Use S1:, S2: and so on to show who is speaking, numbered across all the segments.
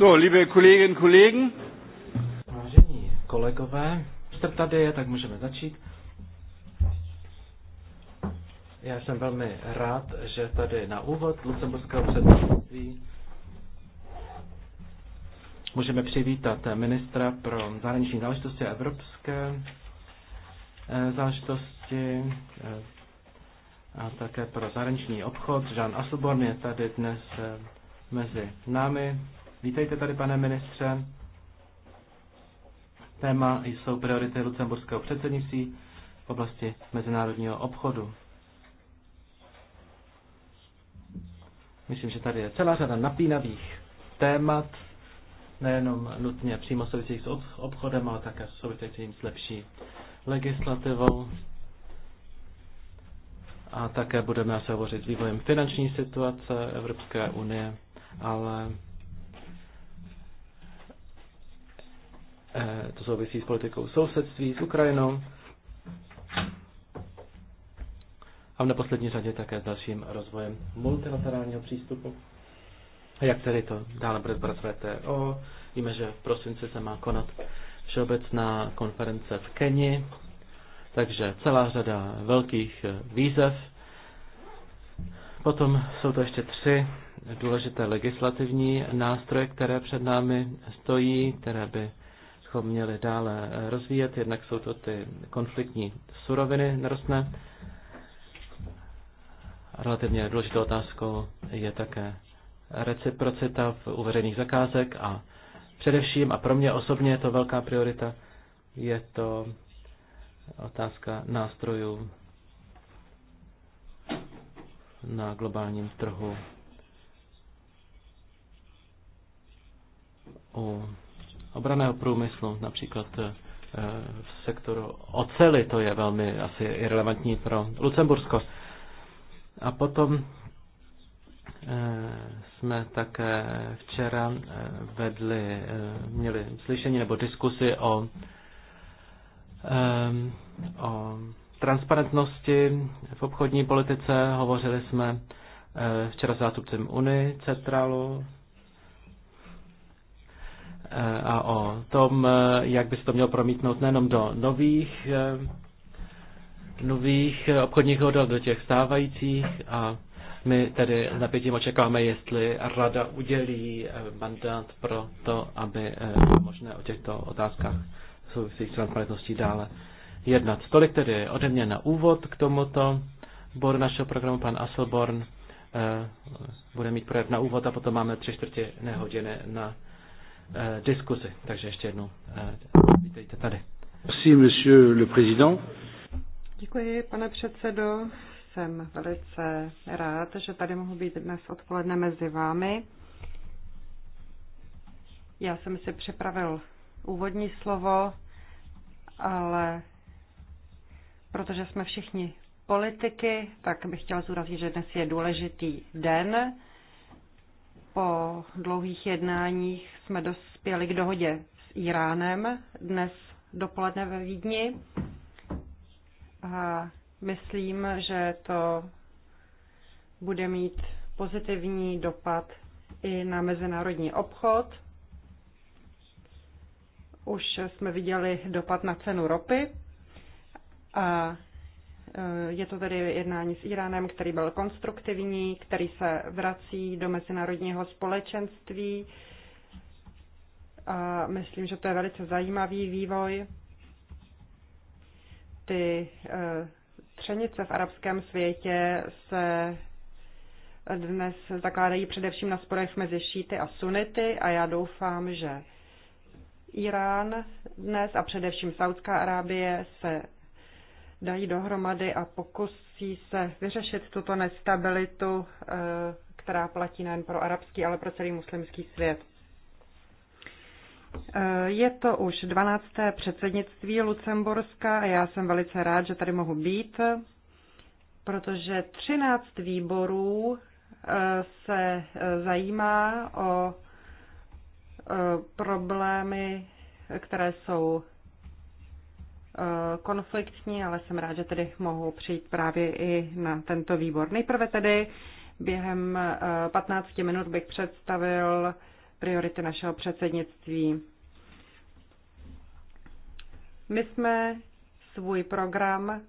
S1: So, liebe Kolleginnen, Kollegen. Vážení kolegové, jste tady tak můžeme začít. Já jsem velmi rád, že tady na úvod Lucemburského předsednictví můžeme přivítat ministra pro zahraniční záležitosti a evropské eh, záležitosti eh, a také pro zahraniční obchod. Jean Asselborn je tady dnes eh, mezi námi. Vítejte tady, pane ministře. Téma jsou priority lucemburského předsednictví v oblasti mezinárodního obchodu. Myslím, že tady je celá řada napínavých témat, nejenom nutně přímo souvisejících s obchodem, ale také souvisejících s lepší legislativou. A také budeme se hovořit s vývojem finanční situace Evropské unie, ale Eh, to souvisí s politikou sousedství, s Ukrajinou a v neposlední řadě také s dalším rozvojem multilaterálního přístupu. Jak tedy to dále bude pracovat VTO? Víme, že v prosinci se má konat všeobecná konference v Keni, takže celá řada velkých eh, výzev. Potom jsou to ještě tři důležité legislativní nástroje, které před námi stojí, které by bychom měli dále eh, rozvíjet. Jednak jsou to ty konfliktní suroviny nerostné. Relativně důležitou otázkou je také reciprocita v uveřejných zakázek a především, a pro mě osobně je to velká priorita, je to otázka nástrojů na globálním trhu u obraného průmyslu, například eh, v sektoru ocely, to je velmi asi irrelevantní pro Lucembursko. A potom eh, jsme také včera eh, vedli, měli slyšení nebo diskusi o, o transparentnosti v obchodní politice. Hovořili jsme včera s zástupcem Unii, Centrálu, a o tom, eh, jak by se to mělo promítnout nejenom do nových, eh, nových obchodních hodl do těch stávajících a my tedy s napětím očekáváme, jestli rada udělí eh, mandát pro to, aby bylo možné o těchto otázkách souvisejících s transparentností dále jednat. Tolik tedy ode mě na úvod k tomuto bodu našeho programu. Pan Asselborn bude mít projev na úvod a potom máme tři čtvrtě hodiny na Eh, diskuzi. Takže ještě jednou eh, vítejte tady. Merci, monsieur le président. Děkuji, pane předsedo.
S2: Jsem velice rád, že tady mohu být dnes odpoledne mezi vámi. Já jsem si připravil úvodní slovo, ale protože jsme všichni politiky, tak bych chtěla zúraznit, že dnes je důležitý den. Po dlouhých jednáních jsme dospěli k dohodě s Iránem dnes dopoledne ve Vídni. A myslím, že to bude mít pozitivní dopad i na mezinárodní obchod. Už jsme viděli dopad na cenu ropy a Eh, je to tedy jednání s Iránem, který byl konstruktivní, který se vrací do mezinárodního společenství. A myslím, že to je velice zajímavý vývoj. Ty eh, třenice v arabském světě se dnes zakládají především na sporech mezi šíty a sunity a já doufám, že Irán dnes a především Saudská Arábie se dají dohromady a pokusí se vyřešit tuto nestabilitu, eh, která platí nejen pro arabský, ale pro celý muslimský svět. Eh, je to už 12. předsednictví Lucemburska a já jsem velice rád, že tady mohu být, protože 13 výborů eh, se zajímá o problémy, které jsou Eh, konfliktní, ale jsem rád, že tedy mohu přijít právě i na tento výbor. Nejprve tedy během 15 eh, minut bych představil priority našeho předsednictví. My jsme svůj program eh,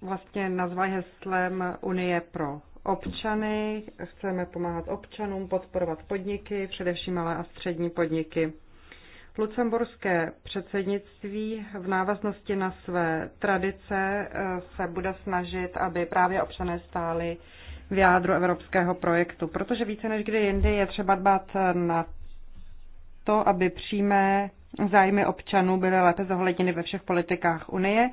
S2: vlastně nazvali heslem Unie pro občany. Chceme pomáhat občanům, podporovat podniky, především malé a střední podniky. Lucemburské předsednictví v návaznosti na své tradice eh, se bude snažit, aby právě občané stáli v jádru evropského projektu, protože více než kdy jindy je třeba dbát eh, na to, aby přímé zájmy občanů byly lépe zohledněny ve všech politikách Unie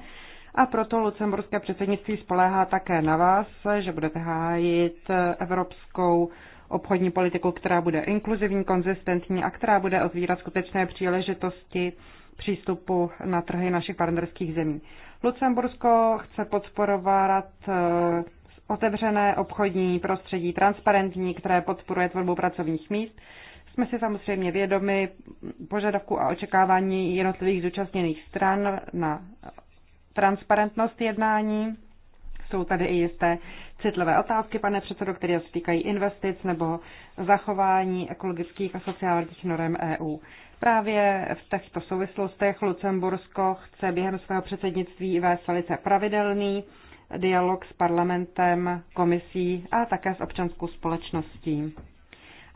S2: a proto lucemburské předsednictví spoléhá také na vás, že budete hájit eh, evropskou obchodní politiku, která bude inkluzivní, konzistentní a která bude otvírat skutečné příležitosti přístupu na trhy našich partnerských zemí. Lucembursko chce podporovat eh, otevřené obchodní prostředí, transparentní, které podporuje tvorbu pracovních míst. Jsme si samozřejmě vědomi požadavku a očekávání jednotlivých zúčastněných stran na transparentnost jednání jsou tady i jisté citlivé otázky, pane předsedo, které se týkají investic nebo zachování ekologických a sociálních norm EU. Právě v těchto souvislostech Lucembursko chce během svého předsednictví vést velice pravidelný dialog s parlamentem, komisí a také s občanskou společností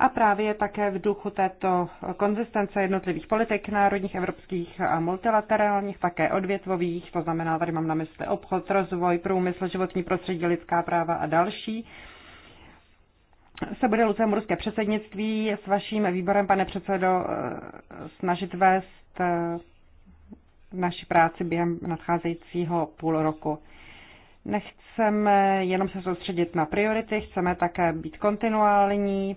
S2: a právě také v duchu této konzistence jednotlivých politik národních, evropských a multilaterálních, také odvětvových, to znamená, tady mám na mysli obchod, rozvoj, průmysl, životní prostředí, lidská práva a další, se bude lucemburské předsednictví s vaším výborem, pane předsedo, eh, snažit vést eh, naši práci během nadcházejícího půl roku. Nechceme jenom se soustředit na priority, chceme také být kontinuální,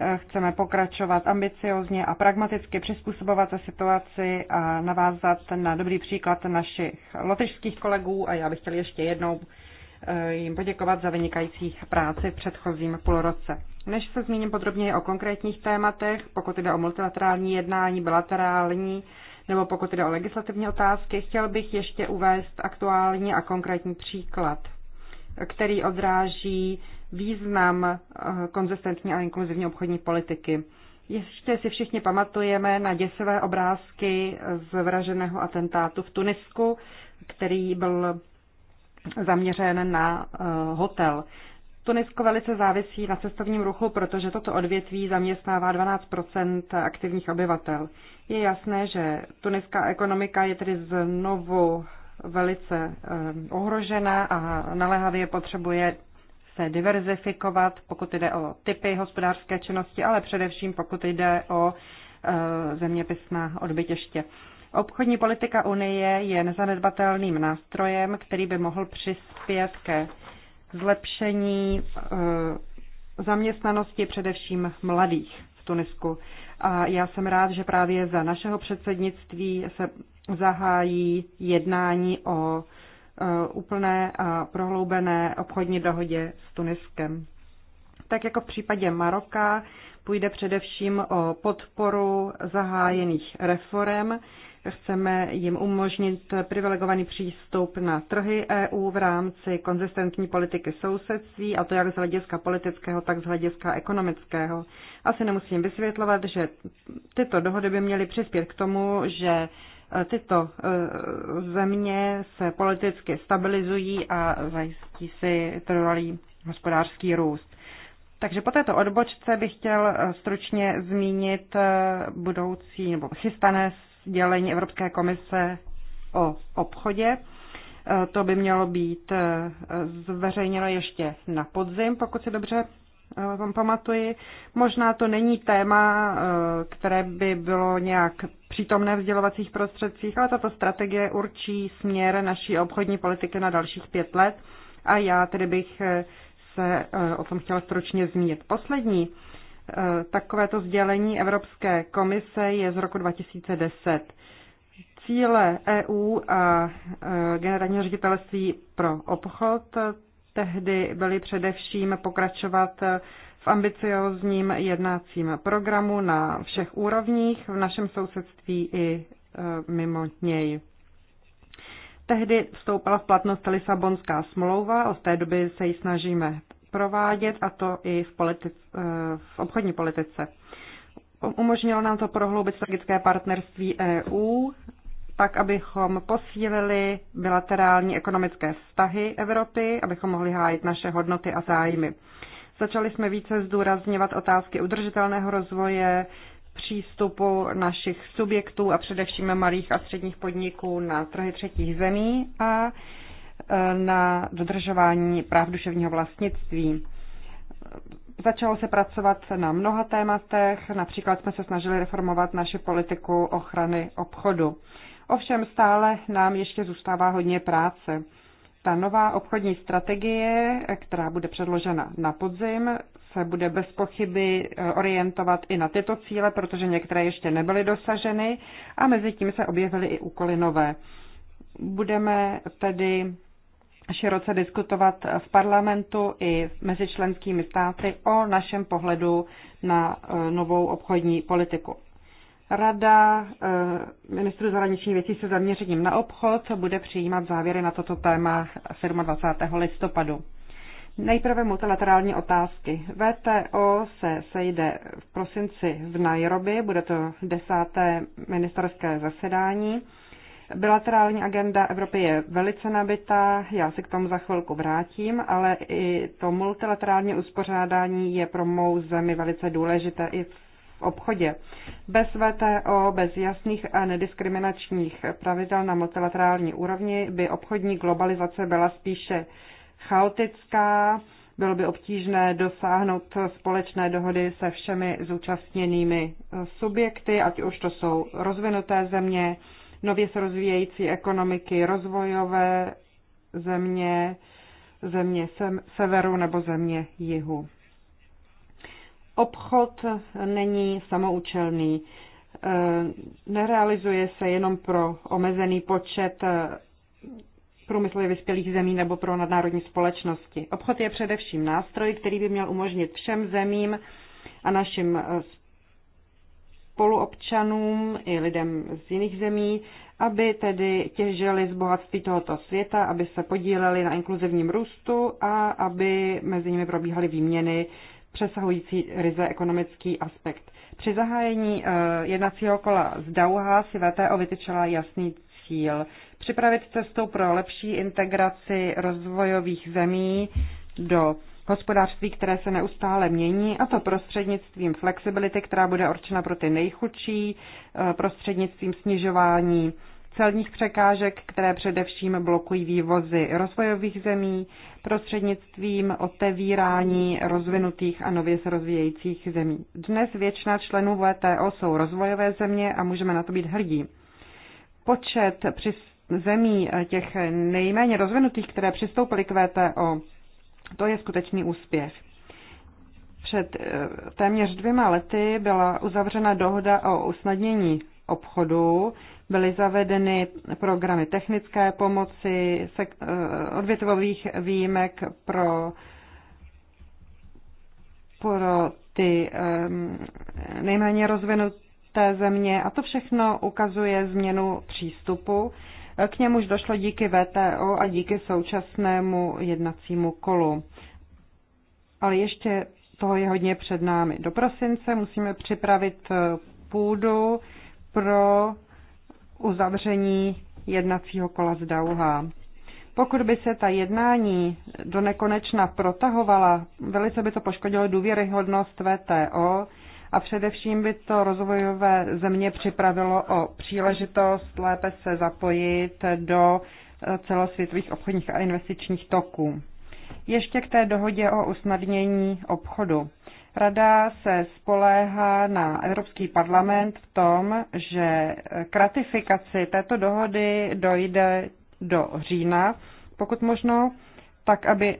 S2: Eh, chceme pokračovat ambiciozně a pragmaticky přizpůsobovat se situaci a navázat na dobrý příklad našich lotyšských kolegů a já bych chtěl ještě jednou eh, jim poděkovat za vynikající práci v předchozím půlroce. Než se zmíním podrobněji o konkrétních tématech, pokud jde o multilaterální jednání, bilaterální, nebo pokud jde o legislativní otázky, chtěl bych ještě uvést aktuální a konkrétní příklad, který odráží význam eh, konzistentní a inkluzivní obchodní politiky. Ještě si všichni pamatujeme na děsivé obrázky z vraženého atentátu v Tunisku, který byl zaměřen na eh, hotel. Tunisko velice závisí na cestovním ruchu, protože toto odvětví zaměstnává 12 aktivních obyvatel. Je jasné, že tuniská ekonomika je tedy znovu velice eh, ohrožena a naléhavě potřebuje se diverzifikovat, pokud jde o typy hospodářské činnosti, ale především pokud jde o e, zeměpisná odbytěště. Obchodní politika Unie je nezanedbatelným nástrojem, který by mohl přispět ke zlepšení e, zaměstnanosti především mladých v Tunisku. A já jsem rád, že právě za našeho předsednictví se zahájí jednání o Eh, úplné a prohloubené obchodní dohodě s Tuniskem. Tak jako v případě Maroka půjde především o podporu zahájených reform. Chceme jim umožnit privilegovaný přístup na trhy EU v rámci konzistentní politiky sousedství, a to jak z hlediska politického, tak z hlediska ekonomického. Asi nemusím vysvětlovat, že tyto dohody by měly přispět k tomu, že Tyto eh, země se politicky stabilizují a zajistí si trvalý hospodářský růst. Takže po této odbočce bych chtěl eh, stručně zmínit eh, budoucí nebo chystané sdělení Evropské komise o obchodě. To by mělo být zveřejněno ještě na podzim, pokud si dobře pamatuji. Možná to není téma, které by bylo nějak přítomné vzdělovacích prostředcích, ale tato strategie určí směr naší obchodní politiky na dalších pět let a já tedy bych eh, se eh, o tom chtěla stručně zmínit. Poslední eh, takovéto sdělení Evropské komise je z roku 2010. Cíle EU a generálního ředitelství pro obchod tehdy byly především pokračovat v ambiciozním jednacím programu na všech úrovních v našem sousedství i e, mimo něj. Tehdy vstoupila v platnost Lisabonská smlouva, od té doby se ji snažíme provádět, a to i v, politic, e, v obchodní politice. Um, umožnilo nám to prohloubit strategické partnerství EU, tak abychom posílili bilaterální ekonomické vztahy Evropy, abychom mohli hájit naše hodnoty a zájmy. Začali jsme více zdůrazněvat otázky udržitelného rozvoje, přístupu našich subjektů a především malých a středních podniků na trhy třetích zemí a e, na dodržování práv duševního vlastnictví. Začalo se pracovat na mnoha tématech, například jsme se snažili reformovat naši politiku ochrany obchodu. Ovšem stále nám ještě zůstává hodně práce. Ta nová obchodní strategie, která bude předložena na podzim, se bude bez pochyby eh, orientovat i na tyto cíle, protože některé ještě nebyly dosaženy a mezi tím se objevily i úkoly nové. Budeme tedy široce diskutovat v parlamentu i mezi členskými státy o našem pohledu na eh, novou obchodní politiku. Rada eh, ministru zahraniční věcí se zaměřením na obchod co bude přijímat závěry na toto téma 27. listopadu. Nejprve multilaterální otázky. VTO se sejde v prosinci v Nairobi, bude to desáté ministerské zasedání. Bilaterální agenda Evropy je velice nabitá, já se k tomu za chvilku vrátím, ale i to multilaterální uspořádání je pro mou zemi velice důležité i v obchodě. Bez VTO, bez jasných a nediskriminačních pravidel na multilaterální úrovni by obchodní globalizace byla spíše chaotická, bylo by obtížné dosáhnout společné dohody se všemi zúčastněnými subjekty, ať už to jsou rozvinuté země, nově se rozvíjející ekonomiky, rozvojové země, země severu nebo země jihu. Obchod není samoučelný. E, nerealizuje se jenom pro omezený počet e, průmyslově vyspělých zemí nebo pro nadnárodní společnosti. Obchod je především nástroj, který by měl umožnit všem zemím a našim e, spoluobčanům i lidem z jiných zemí, aby tedy těžili z bohatství tohoto světa, aby se podíleli na inkluzivním růstu a aby mezi nimi probíhaly výměny přesahující ryze ekonomický aspekt. Při zahájení eh, jednacího kola z Dauha si VTO vytyčila jasný cíl připravit cestu pro lepší integraci rozvojových zemí do hospodářství, které se neustále mění, a to prostřednictvím flexibility, která bude určena pro ty nejchudší, eh, prostřednictvím snižování celních překážek, které především blokují vývozy rozvojových zemí prostřednictvím otevírání rozvinutých a nově se rozvíjejících zemí. Dnes většina členů VTO jsou rozvojové země a můžeme na to být hrdí. Počet při zemí eh, těch nejméně rozvinutých, které přistoupily k VTO, to je skutečný úspěch. Před eh, téměř dvěma lety byla uzavřena dohoda o usnadnění obchodu byly zavedeny programy technické pomoci, eh, odvětvových výjimek pro, pro ty eh, nejméně rozvinuté země. A to všechno ukazuje změnu přístupu. Eh, k němuž došlo díky VTO a díky současnému jednacímu kolu. Ale ještě toho je hodně před námi. Do prosince musíme připravit půdu pro uzavření jednacího kola z Dauha. Pokud by se ta jednání do nekonečna protahovala, velice by to poškodilo důvěryhodnost VTO a především by to rozvojové země připravilo o příležitost lépe se zapojit do eh, celosvětových obchodních a investičních toků. Ještě k té dohodě o usnadnění obchodu. Rada se spoléhá na Evropský parlament v tom, že k ratifikaci této dohody dojde do října, pokud možno, tak aby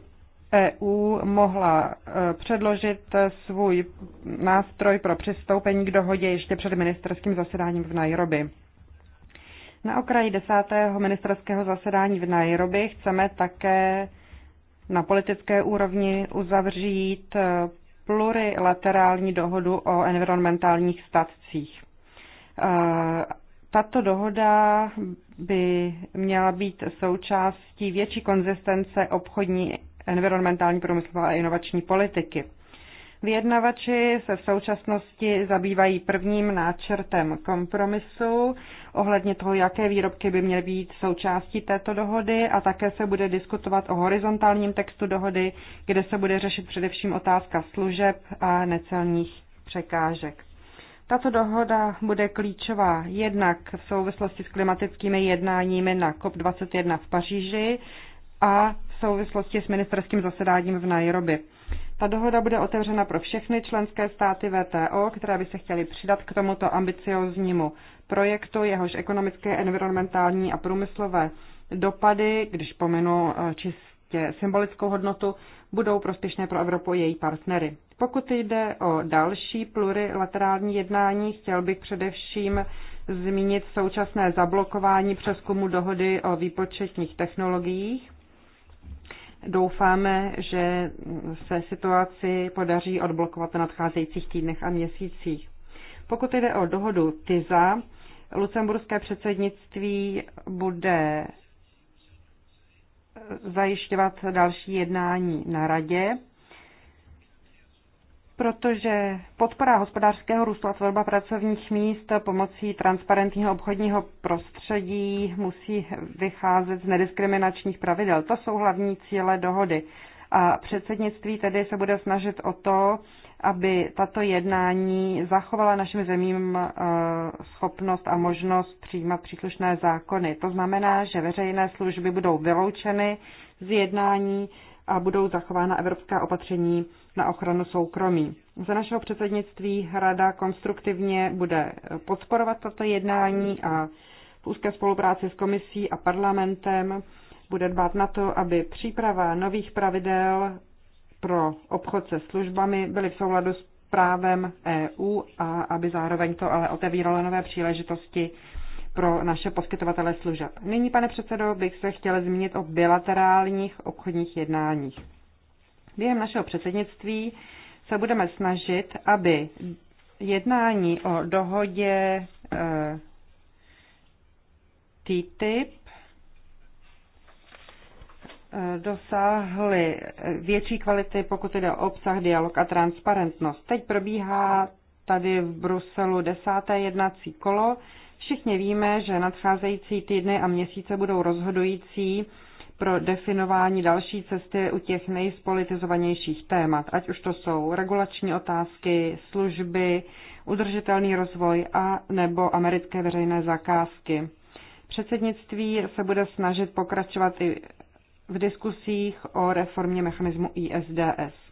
S2: EU mohla e, předložit svůj nástroj pro přistoupení k dohodě ještě před ministerským zasedáním v Nairobi. Na okraji desátého ministerského zasedání v Nairobi chceme také na politické úrovni uzavřít e, plurilaterální dohodu o environmentálních statcích. Eh, tato dohoda by měla být součástí větší konzistence obchodní, environmentální, průmyslové a inovační politiky. Vyjednavači se v současnosti zabývají prvním náčrtem kompromisu ohledně toho, jaké výrobky by měly být součástí této dohody a také se bude diskutovat o horizontálním textu dohody, kde se bude řešit především otázka služeb a necelních překážek. Tato dohoda bude klíčová jednak v souvislosti s klimatickými jednáními na COP21 v Paříži a v souvislosti s ministerským zasedáním v Nairobi. Ta dohoda bude otevřena pro všechny členské státy VTO, které by se chtěly přidat k tomuto ambicioznímu projektu, jehož ekonomické, environmentální a průmyslové dopady, když pominu eh, čistě symbolickou hodnotu, budou prospěšné pro Evropu a její partnery. Pokud jde o další plurilaterální jednání, chtěl bych především zmínit současné zablokování přeskumu dohody o výpočetních technologiích Doufáme, že se situaci podaří odblokovat v nadcházejících týdnech a měsících. Pokud jde o dohodu TISA, lucemburské předsednictví bude zajišťovat další jednání na radě protože podpora hospodářského růstu a tvorba pracovních míst pomocí transparentního obchodního prostředí musí vycházet z nediskriminačních pravidel. To jsou hlavní cíle dohody. A předsednictví tedy se bude snažit o to, aby tato jednání zachovala našim zemím eh, schopnost a možnost přijímat příslušné zákony. To znamená, že veřejné služby budou vyloučeny z jednání a budou zachována evropská opatření na ochranu soukromí. Za našeho předsednictví Rada konstruktivně bude podporovat toto jednání a v úzké spolupráci s komisí a parlamentem bude dbát na to, aby příprava nových pravidel pro obchod se službami byly v souladu s právem EU a aby zároveň to ale otevíralo nové příležitosti pro naše poskytovatele služeb. Nyní, pane předsedo, bych se chtěla zmínit o bilaterálních obchodních jednáních. Během našeho předsednictví se budeme snažit, aby jednání o dohodě eh, TTIP eh, dosáhly větší kvality, pokud jde o obsah, dialog a transparentnost. Teď probíhá tady v Bruselu desáté jednací kolo. Všichni víme, že nadcházející týdny a měsíce budou rozhodující pro definování další cesty u těch nejspolitizovanějších témat, ať už to jsou regulační otázky, služby, udržitelný rozvoj a nebo americké veřejné zakázky. Předsednictví se bude snažit pokračovat i v diskusích o reformě mechanismu ISDS.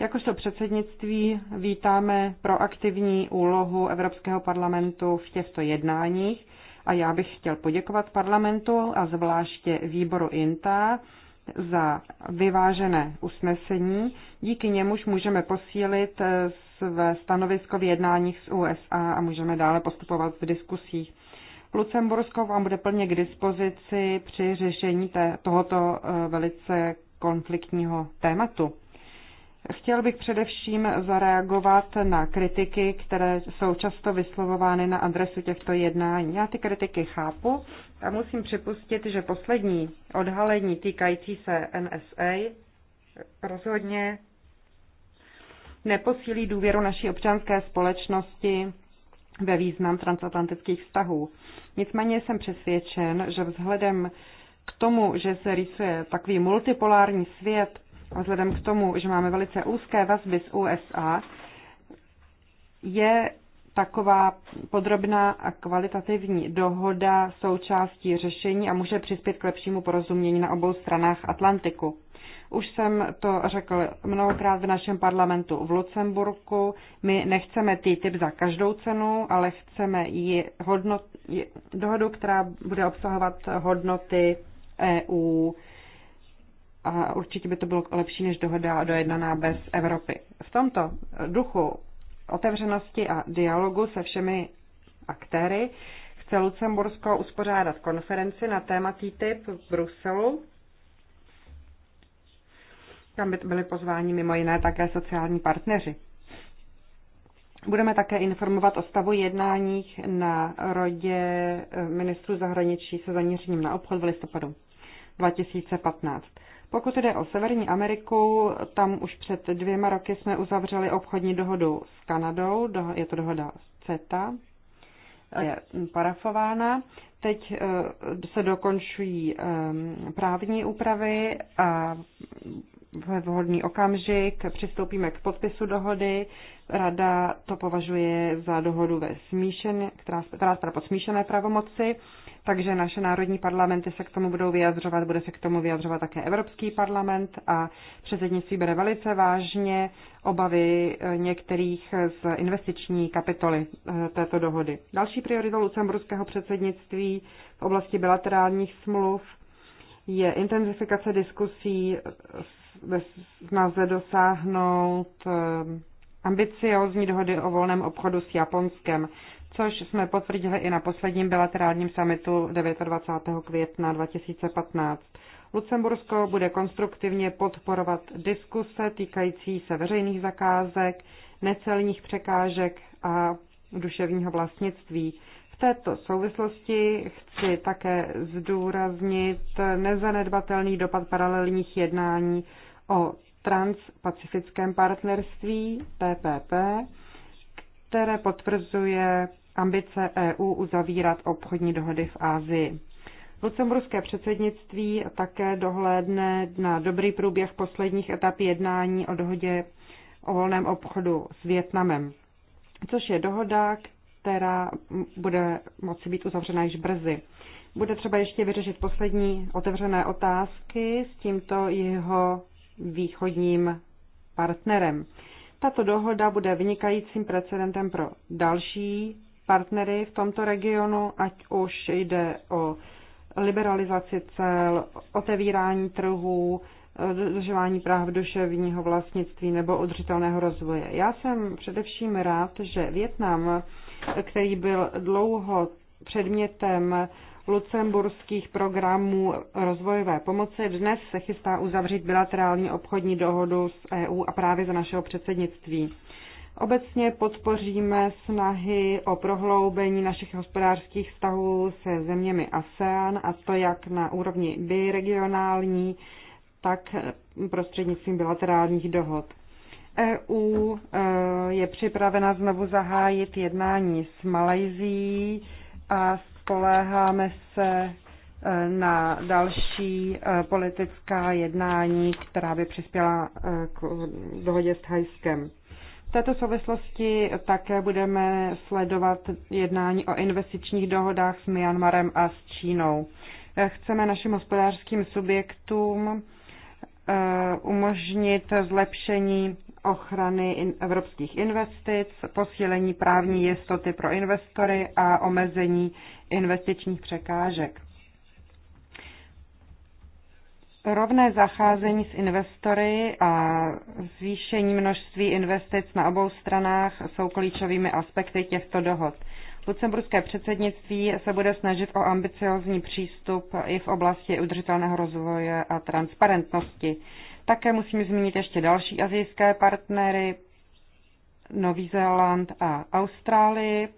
S2: Jakožto předsednictví vítáme proaktivní úlohu Evropského parlamentu v těchto jednáních a já bych chtěl poděkovat parlamentu a zvláště výboru INTA za vyvážené usnesení. Díky němuž můžeme posílit eh, své stanovisko v jednáních s USA a můžeme dále postupovat v diskusích. Lucembursko vám bude plně k dispozici při řešení tohoto eh, velice konfliktního tématu. Chtěl bych především zareagovat na kritiky, které jsou často vyslovovány na adresu těchto jednání. Já ty kritiky chápu a musím připustit, že poslední odhalení týkající se NSA rozhodně neposílí důvěru naší občanské společnosti ve význam transatlantických vztahů. Nicméně jsem přesvědčen, že vzhledem k tomu, že se rysuje takový multipolární svět, a vzhledem k tomu, že máme velice úzké vazby s USA, je taková podrobná a kvalitativní dohoda součástí řešení a může přispět k lepšímu porozumění na obou stranách Atlantiku. Už jsem to řekl mnohokrát v našem parlamentu v Lucemburku. My nechceme TTIP za každou cenu, ale chceme ji hodnot, dohodu, která bude obsahovat hodnoty EU, a určitě by to bylo lepší než dohoda dojednaná bez Evropy. V tomto duchu otevřenosti a dialogu se všemi aktéry chce Lucembursko uspořádat konferenci na téma TTIP v Bruselu. Tam by byly pozváni mimo jiné také sociální partneři. Budeme také informovat o stavu jednáních na rodě ministrů zahraničí se zaměřením na obchod v listopadu 2015. Pokud jde o Severní Ameriku, tam už před dvěma roky jsme uzavřeli obchodní dohodu s Kanadou, je to dohoda CETA, je parafována. Teď eh, se dokončují eh, právní úpravy a ve vhodný okamžik přistoupíme k podpisu dohody. Rada to považuje za dohodu ve smíšen, která, která spadá pod smíšené pravomoci takže naše národní parlamenty se k tomu budou vyjadřovat, bude se k tomu vyjadřovat také Evropský parlament a předsednictví bere velice vážně obavy eh, některých z investiční kapitoly eh, této dohody. Další prioritou lucemburského předsednictví v oblasti bilaterálních smluv je intenzifikace diskusí eh, ve snaze dosáhnout ambiciozní dohody o volném obchodu s Japonskem což jsme potvrdili i na posledním bilaterálním summitu 29. května 2015. Lucembursko bude konstruktivně podporovat diskuse týkající se veřejných zakázek, necelních překážek a duševního vlastnictví. V této souvislosti chci také zdůraznit nezanedbatelný dopad paralelních jednání o transpacifickém partnerství TPP, které potvrzuje ambice EU uzavírat obchodní dohody v Ázii. Lucemburské předsednictví také dohlédne na dobrý průběh posledních etap jednání o dohodě o volném obchodu s Větnamem, což je dohoda, která bude moci být uzavřena již brzy. Bude třeba ještě vyřešit poslední otevřené otázky s tímto jeho východním partnerem. Tato dohoda bude vynikajícím precedentem pro další partnery v tomto regionu, ať už jde o liberalizaci cel, otevírání trhů, dodržování práv duševního vlastnictví nebo udržitelného rozvoje. Já jsem především rád, že Větnam, který byl dlouho předmětem lucemburských programů rozvojové pomoci, dnes se chystá uzavřít bilaterální obchodní dohodu s EU a právě za našeho předsednictví. Obecně podpoříme snahy o prohloubení našich hospodářských vztahů se zeměmi ASEAN, a to jak na úrovni biregionální, tak prostřednictvím bilaterálních dohod. EU e, je připravena znovu zahájit jednání s Malajzií a spoléháme se e, na další e, politická jednání, která by přispěla k dohodě s Thajskem. V této souvislosti také budeme sledovat jednání o investičních dohodách s Myanmarem a s Čínou. Eh, chceme našim hospodářským subjektům eh, umožnit zlepšení ochrany evropských investic, posílení právní jistoty pro investory a omezení investičních překážek. Rovné zacházení s investory a zvýšení množství investic na obou stranách jsou klíčovými aspekty těchto dohod. Lucemburské předsednictví se bude snažit o ambiciozní přístup i v oblasti udržitelného rozvoje a transparentnosti. Také musím zmínit ještě další azijské partnery, Nový Zéland a Austrálii.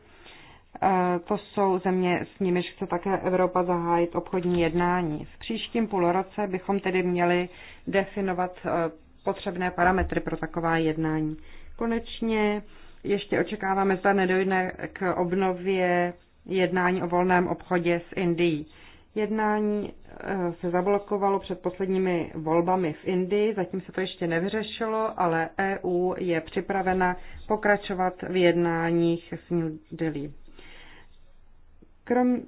S2: To jsou země, s nimiž chce také Evropa zahájit obchodní jednání. V příštím půlroce bychom tedy měli definovat e, potřebné parametry pro taková jednání. Konečně ještě očekáváme, zda nedojde k obnově jednání o volném obchodě s Indií. Jednání e, se zablokovalo před posledními volbami v Indii, zatím se to ještě nevyřešilo, ale EU je připravena pokračovat v jednáních s New Delhi. Krom, eh,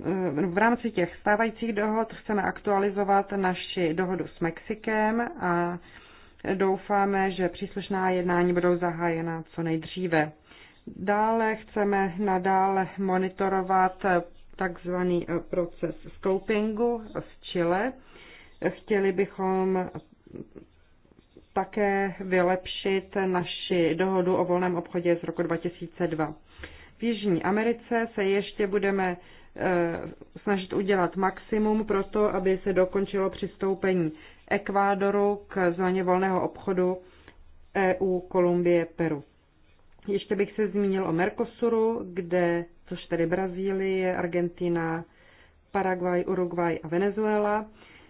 S2: v rámci těch stávajících dohod chceme aktualizovat naši dohodu s Mexikem a doufáme, že příslušná jednání budou zahájena co nejdříve. Dále chceme nadále monitorovat takzvaný eh, proces scopingu v Chile. Chtěli bychom také vylepšit naši dohodu o volném obchodě z roku 2002. V Jižní Americe se ještě budeme Eh, snažit udělat maximum pro to, aby se dokončilo přistoupení Ekvádoru k zóně volného obchodu EU, Kolumbie, Peru. Ještě bych se zmínil o Mercosuru, kde, což tedy Brazílie, Argentina, Paraguay, Uruguay a Venezuela,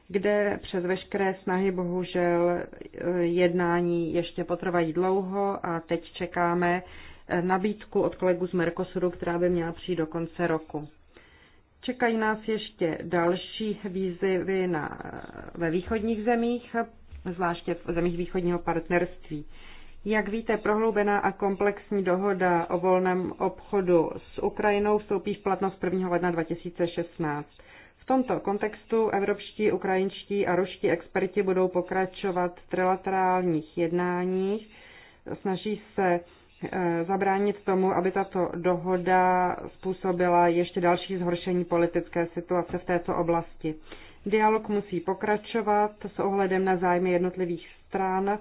S2: kde přes veškeré snahy bohužel eh, jednání ještě potrvají dlouho a teď čekáme eh, nabídku od kolegů z Mercosuru, která by měla přijít do konce roku. Čekají nás ještě další výzvy na, ve východních zemích, zvláště v zemích východního partnerství. Jak víte, prohloubená a komplexní dohoda o volném obchodu s Ukrajinou vstoupí v platnost 1. ledna 2016. V tomto kontextu evropští, ukrajinští a ruští experti budou pokračovat v trilaterálních jednáních. Snaží se Eh, zabránit tomu, aby tato dohoda způsobila ještě další zhoršení politické situace v této oblasti. Dialog musí pokračovat s ohledem na zájmy jednotlivých stran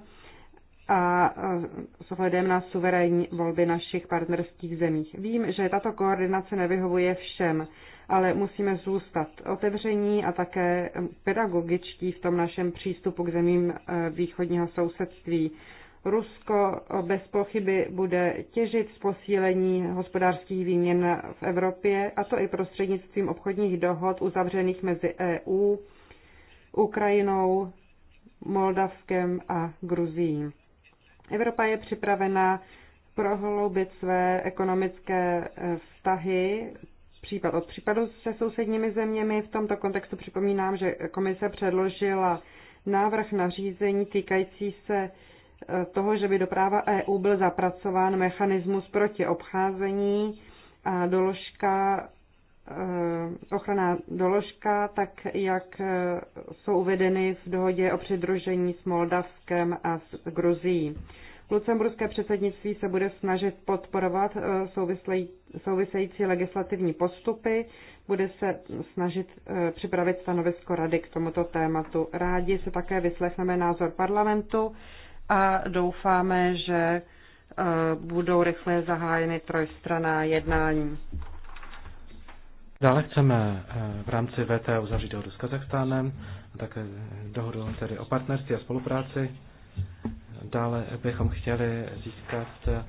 S2: a eh, s ohledem na suverénní volby našich partnerských zemích. Vím, že tato koordinace nevyhovuje všem, ale musíme zůstat otevření a také pedagogičtí v tom našem přístupu k zemím eh, východního sousedství. Rusko bez pochyby bude těžit z posílení hospodářských výměn v Evropě, a to i prostřednictvím obchodních dohod uzavřených mezi EU, Ukrajinou, Moldavskem a Gruzií. Evropa je připravena prohloubit své ekonomické eh, vztahy případ od případu se sousedními zeměmi. V tomto kontextu připomínám, že komise předložila návrh na řízení týkající se toho, že by do práva EU byl zapracován mechanismus proti obcházení a doložka, eh, ochranná doložka, tak jak eh, jsou uvedeny v dohodě o přidružení s Moldavskem a s Gruzií. Lucemburské předsednictví se bude snažit podporovat eh, související legislativní postupy, bude se snažit připravit stanovisko Rady k tomuto tématu. Rádi se také vyslechneme názor parlamentu a doufáme, že eh, budou rychle zahájeny trojstraná jednání.
S1: Dále chceme eh, v rámci VT uzavřít dohodu s Kazachstánem, také dohodu tedy o partnerství a spolupráci. Dále bychom chtěli získat eh,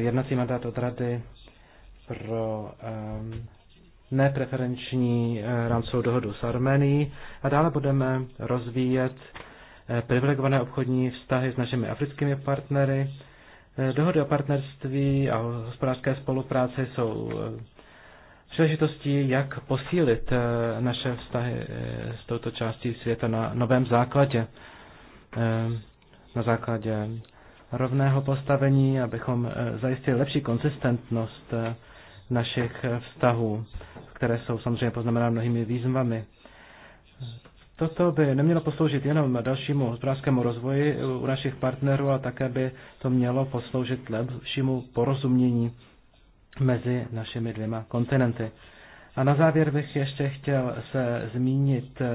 S1: jednací mandát od Rady pro nepreferenční rámcovou dohodu s Armenií a dále budeme rozvíjet Eh, privilegované obchodní vztahy s našimi africkými partnery. Eh, dohody o partnerství a o hospodářské spolupráci jsou eh, příležitostí, jak posílit naše vztahy s touto částí světa na novém základě, na základě rovného postavení, abychom zajistili lepší konsistentnost našich vztahů, které jsou samozřejmě poznamenány mnohými výzvami. Toto by nemělo posloužit jenom dalšímu hospodářskému rozvoji u našich partnerů, ale také by to mělo posloužit lepšímu porozumění mezi našimi dvěma kontinenty. A na závěr bych ještě chtěl se zmínit eh,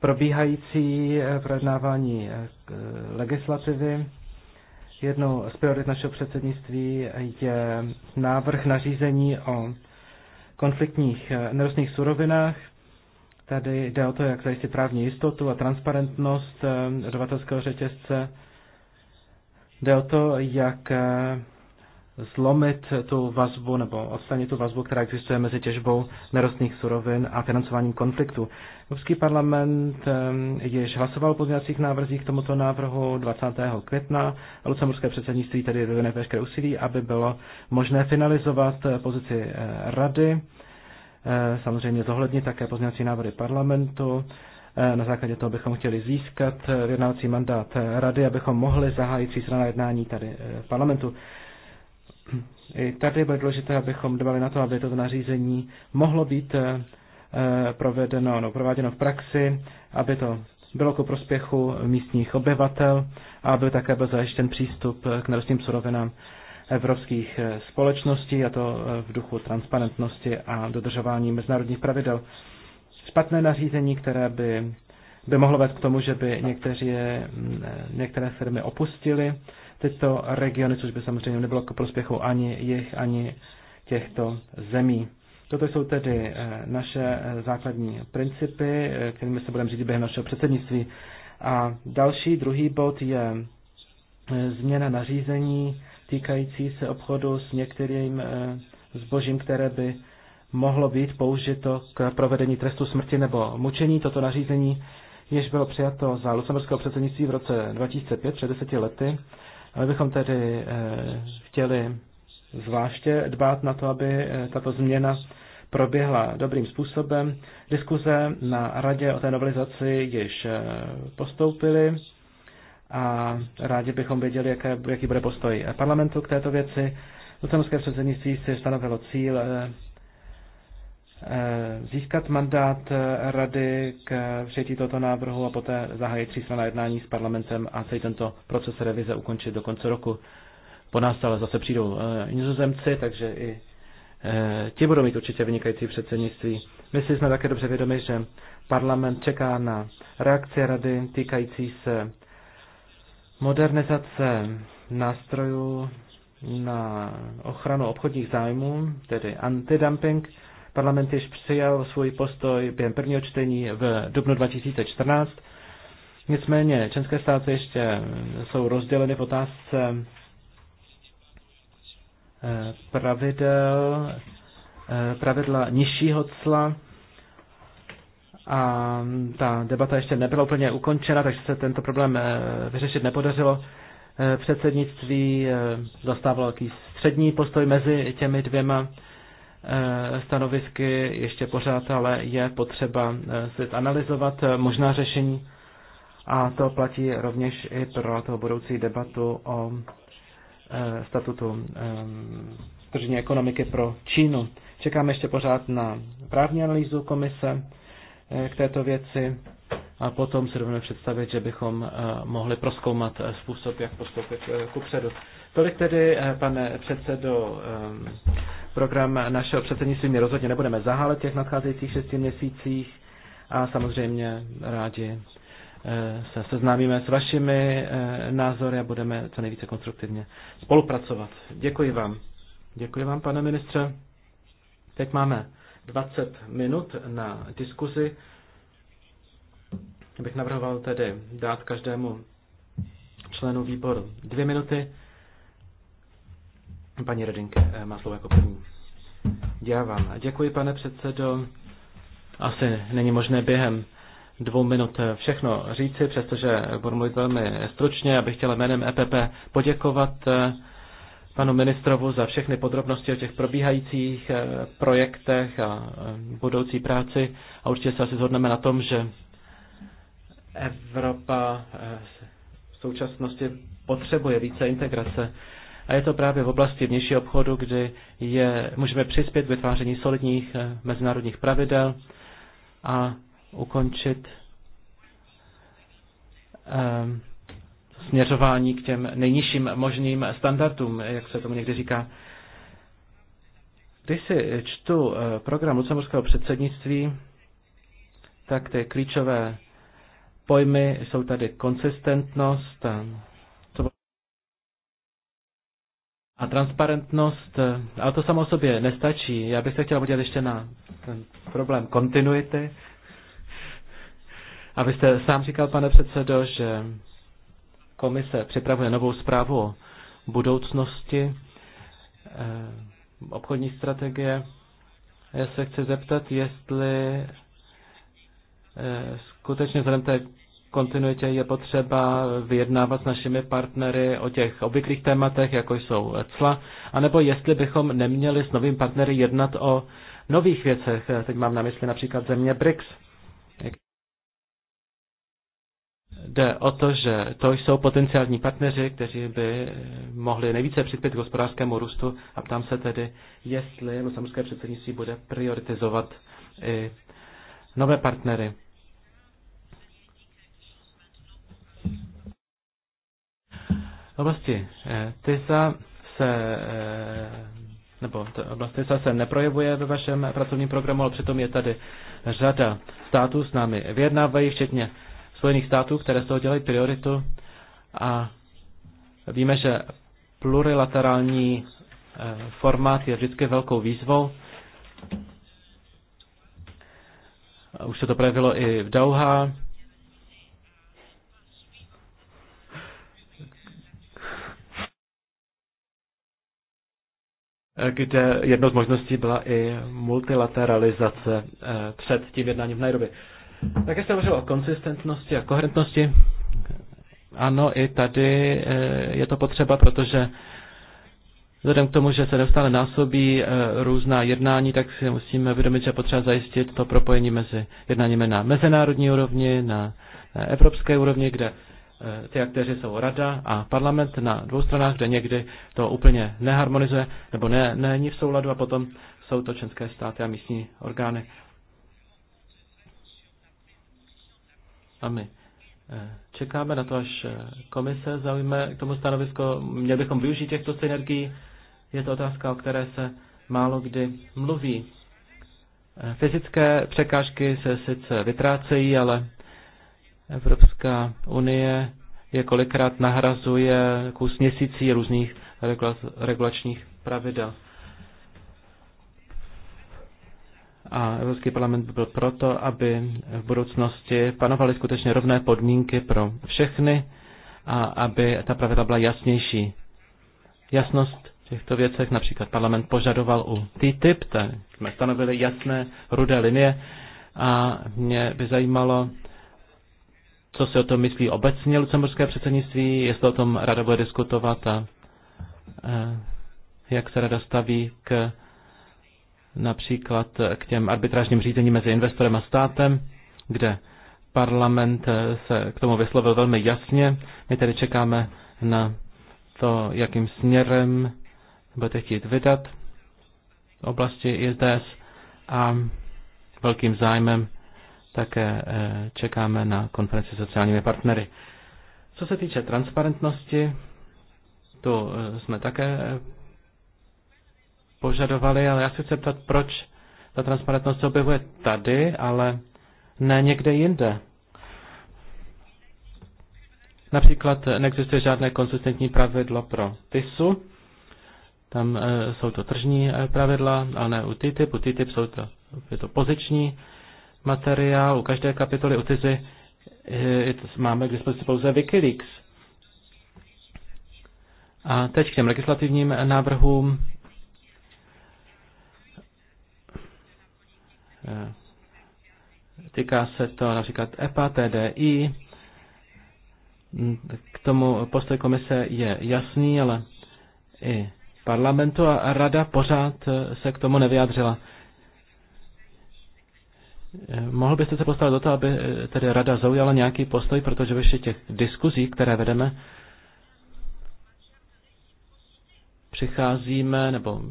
S1: probíhající eh, projednávání eh, legislativy. Jednou z priorit našeho předsednictví je návrh nařízení o konfliktních nerostných surovinách. Tady jde o to, jak zajistit právní jistotu a transparentnost eh, dodavatelského řetězce. Jde o to, jak eh, zlomit tu vazbu nebo odstranit tu vazbu, která existuje mezi těžbou nerostných surovin a financováním konfliktu. Evropský parlament eh, již hlasoval o pozměňovacích návrzích k tomuto návrhu 20. května a lucemburské předsednictví tedy vyvine veškeré úsilí, aby bylo možné finalizovat pozici rady Eh, samozřejmě zohlednit také pozměňovací návrhy parlamentu. Eh, na základě toho bychom chtěli získat eh, vyjednávací mandát rady, abychom mohli zahájit třístranná jednání tady v parlamentu. I tady bude důležité, abychom dbali na to, aby toto nařízení mohlo být provedeno, no, prováděno v praxi, aby to bylo ku prospěchu místních obyvatel a aby také byl zajištěn přístup k nerostným surovinám evropských eh, společností, a to eh, v duchu transparentnosti a dodržování mezinárodních pravidel. Špatné nařízení, které by, by mohlo vést k tomu, že by někteří, eh, některé firmy opustily tyto regiony, což by samozřejmě nebylo k prospěchu ani jich, ani těchto zemí. Toto jsou tedy naše základní principy, kterými se budeme řídit během našeho předsednictví. A další, druhý bod je změna nařízení týkající se obchodu s některým eh, zbožím, které by mohlo být použito k provedení trestu smrti nebo mučení. Toto nařízení jež bylo přijato za lucemburského předsednictví v roce 2005, před deseti lety, ale bychom tedy eh, chtěli zvláště dbát na to, aby eh, tato změna proběhla dobrým způsobem. Diskuze na radě o té novelizaci již postoupily a rádi bychom věděli, jaké, jaký bude postoj parlamentu k této věci. Lucemburské předsednictví si stanovilo cíl eh, eh, získat mandát eh, rady k přijetí tohoto návrhu a poté zahájit na jednání s parlamentem a celý tento proces revize ukončit do konce roku. Po nás ale zase přijdou nizozemci, takže i ti budou mít určitě vynikající předsednictví. My si jsme také dobře vědomi, že parlament čeká na reakci rady týkající se Modernizace nástrojů na ochranu obchodních zájmů, tedy antidumping. Parlament již přijal svůj postoj během prvního čtení v dubnu 2014. Nicméně české státy ještě jsou rozděleny v otázce eh, pravidel, eh, pravidla nižšího cla a ta debata ještě nebyla úplně ukončena, takže se tento problém eh, vyřešit nepodařilo. Eh, předsednictví eh, zastávalo takový střední postoj mezi těmi dvěma stanovisky ještě pořád, ale je potřeba si analyzovat možná řešení a to platí rovněž i pro toho budoucí debatu o statutu tržní ekonomiky pro Čínu. Čekáme ještě pořád na právní analýzu komise Eh, k této věci a potom si dovedeme představit, že bychom eh, mohli proskoumat eh, způsob, jak postoupit ku předu. Tolik tedy, pane předsedo, program našeho předsednictví. My rozhodně nebudeme zahálet těch nadcházejících šesti měsících a samozřejmě rádi se seznámíme s vašimi názory a budeme co nejvíce konstruktivně spolupracovat. Děkuji vám. Děkuji vám, pane ministře. Teď máme 20 minut na diskuzi. Bych navrhoval tedy dát každému členu výboru dvě minuty. Paní Redinke eh, má slovo jako první. Já vám děkuji, pane předsedo. Asi není možné během dvou minut všechno říci, přestože budu mluvit velmi stručně. Já bych jménem EPP poděkovat eh, panu ministrovu za všechny podrobnosti o těch probíhajících eh, projektech a eh, budoucí práci a určitě se asi zhodneme na tom, že Evropa eh, v současnosti potřebuje více integrace. A je to právě v oblasti vnějšího obchodu, kdy je, můžeme přispět k vytváření solidních mezinárodních pravidel a ukončit um, směřování k těm nejnižším možným standardům, jak se tomu někdy říká. Když si čtu eh, program lucemburského předsednictví, tak ty klíčové pojmy jsou tady konsistentnost eh, a transparentnost, eh, ale to samo o sobě nestačí. Já bych se chtěl podívat ještě na ten problém kontinuity. Abyste sám říkal, pane předsedo, že Komise připravuje novou zprávu o budoucnosti eh, obchodní strategie. Já se chci zeptat, jestli eh, skutečně vzhledem té kontinuitě je potřeba vyjednávat s našimi partnery o těch obvyklých tématech, jako jsou cla, anebo jestli bychom neměli s novým partnery jednat o nových věcech. Eh, teď mám na mysli například země BRICS Jde o to, že to jsou potenciální partneři, kteří by eh, mohli nejvíce přispět k hospodářskému růstu a ptám se tedy, jestli lucemburské předsednictví bude prioritizovat i nové partnery. oblasti eh, TISA se eh, nebo oblasti TISA se neprojevuje ve vašem pracovním programu, ale přitom je tady řada států s námi vyjednávají, včetně Spojených států, které z toho dělají prioritu a víme, že plurilaterální eh, formát je vždycky velkou výzvou. Už se to projevilo i v Dauha. kde jednou z možností byla i multilateralizace eh, před tím jednáním v Nairobi. Také se hovořilo o konsistentnosti a koherentnosti. Ano, i tady eh, je to potřeba, protože vzhledem k tomu, že se neustále násobí eh, různá jednání, tak si musíme vědomit, že potřeba zajistit to propojení mezi jednáními na mezinárodní úrovni, na evropské úrovni, kde eh, ty aktéři jsou rada a parlament na dvou stranách, kde někdy to úplně neharmonizuje nebo ne, není v souladu a potom jsou to členské státy a místní orgány. A my eh, čekáme na to, až eh, komise zaujme k tomu stanovisko. Měli bychom využít těchto synergií. Je to otázka, o které se málo kdy mluví. Eh, fyzické překážky se sice vytrácejí, ale Evropská unie je kolikrát nahrazuje kus měsící různých regulačních pravidel. a Evropský parlament by byl proto, aby v budoucnosti panovaly skutečně rovné podmínky pro všechny a aby ta pravidla byla jasnější. Jasnost v těchto věcech například parlament požadoval u TTIP, tak jsme stanovili jasné rudé linie a mě by zajímalo, co si o tom myslí obecně lucemburské předsednictví, jestli o tom rada bude diskutovat a eh, jak se rada staví k například k těm arbitrážním řízením mezi investorem a státem, kde parlament se k tomu vyslovil velmi jasně. My tedy čekáme na to, jakým směrem budete chtít vydat v oblasti ISDS a velkým zájmem také eh, čekáme na konferenci sociálními partnery. Co se týče transparentnosti, to eh, jsme také eh, požadovali, ale já se chci ptat, proč ta transparentnost se objevuje tady, ale ne někde jinde. Například neexistuje žádné konsistentní pravidlo pro TISu, tam e, jsou to tržní eh, pravidla, ale ne u TTIP, u TTIP jsou to, je to poziční materiál, u každé kapitoly u TISy e, eh, máme k dispozici pouze Wikileaks. A teď k těm legislativním návrhům Eh, týká se to například EPA, TDI. Mm, k tomu postoj komise je jasný, ale i parlamentu a rada pořád eh, se k tomu nevyjádřila. Eh, mohl byste se postavit do toho, aby tedy rada zaujala nějaký postoj, protože ve těch diskuzí, které vedeme, přicházíme, nebo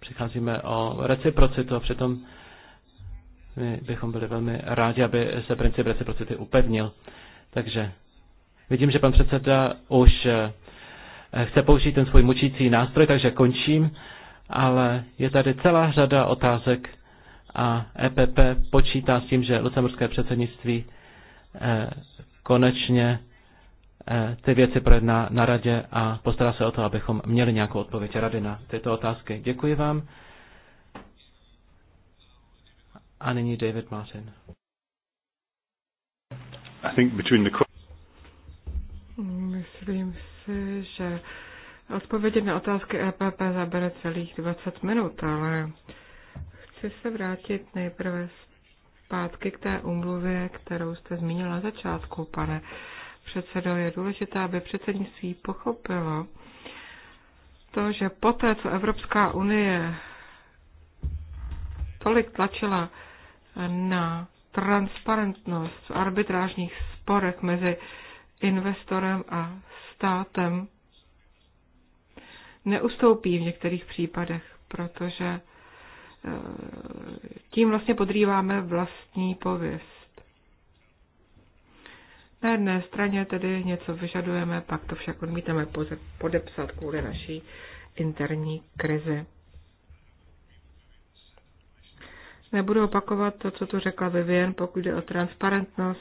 S1: přicházíme o reciprocitu a přitom my bychom byli velmi rádi, aby se princip reciprocity upevnil. Takže vidím, že pan předseda už eh, chce použít ten svůj mučící nástroj, takže končím, ale je tady celá řada otázek a EPP počítá s tím, že lucemburské předsednictví eh, konečně eh, ty věci projedná na radě a postará se o to, abychom měli nějakou odpověď rady na tyto otázky. Děkuji vám. A nyní David Martin. I think between the...
S3: Myslím si, že odpovědět na otázky EPP zabere celých 20 minut, ale chci se vrátit nejprve zpátky k té umluvě, kterou jste zmínil na začátku, pane předsedo. Je důležité, aby předsednictví pochopilo to, že poté, co Evropská unie tolik tlačila na transparentnost v arbitrážních sporech mezi investorem a státem neustoupí v některých případech, protože eh, tím vlastně podrýváme vlastní pověst. Na jedné straně tedy něco vyžadujeme, pak to však odmítáme podepsat kvůli naší interní krizi. Nebudu opakovat to, co tu řekla Vivian, pokud jde o transparentnost.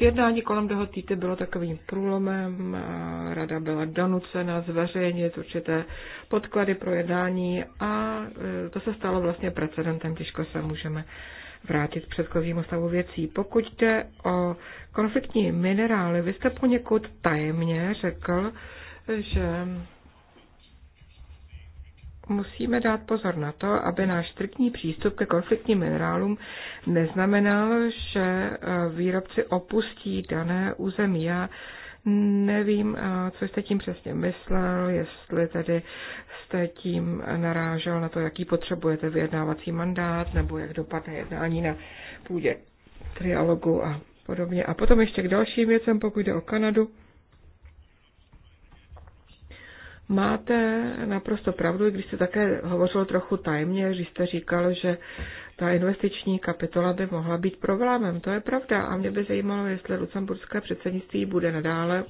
S3: Jednání kolem toho týty bylo takovým průlomem. Rada byla donucena zveřejnit určité podklady pro jednání a e, to se stalo vlastně precedentem, těžko se můžeme vrátit k předchozímu stavu věcí. Pokud jde o konfliktní minerály, vy jste poněkud tajemně řekl, že musíme dát pozor na to, aby náš striktní přístup ke konfliktním minerálům neznamenal, že eh, výrobci opustí dané území. Já Nevím, co jste tím přesně myslel, jestli tedy jste tím narážel na to, jaký potřebujete vyjednávací mandát, nebo jak dopadne jednání na půdě trialogu a podobně. A potom ještě k dalším věcem, pokud jde o Kanadu. Máte naprosto pravdu, když jste také hovořil trochu tajemně, když jste říkal, že ta investiční kapitola by mohla být problémem. To je pravda a mě by zajímalo, jestli lucemburské předsednictví bude nadále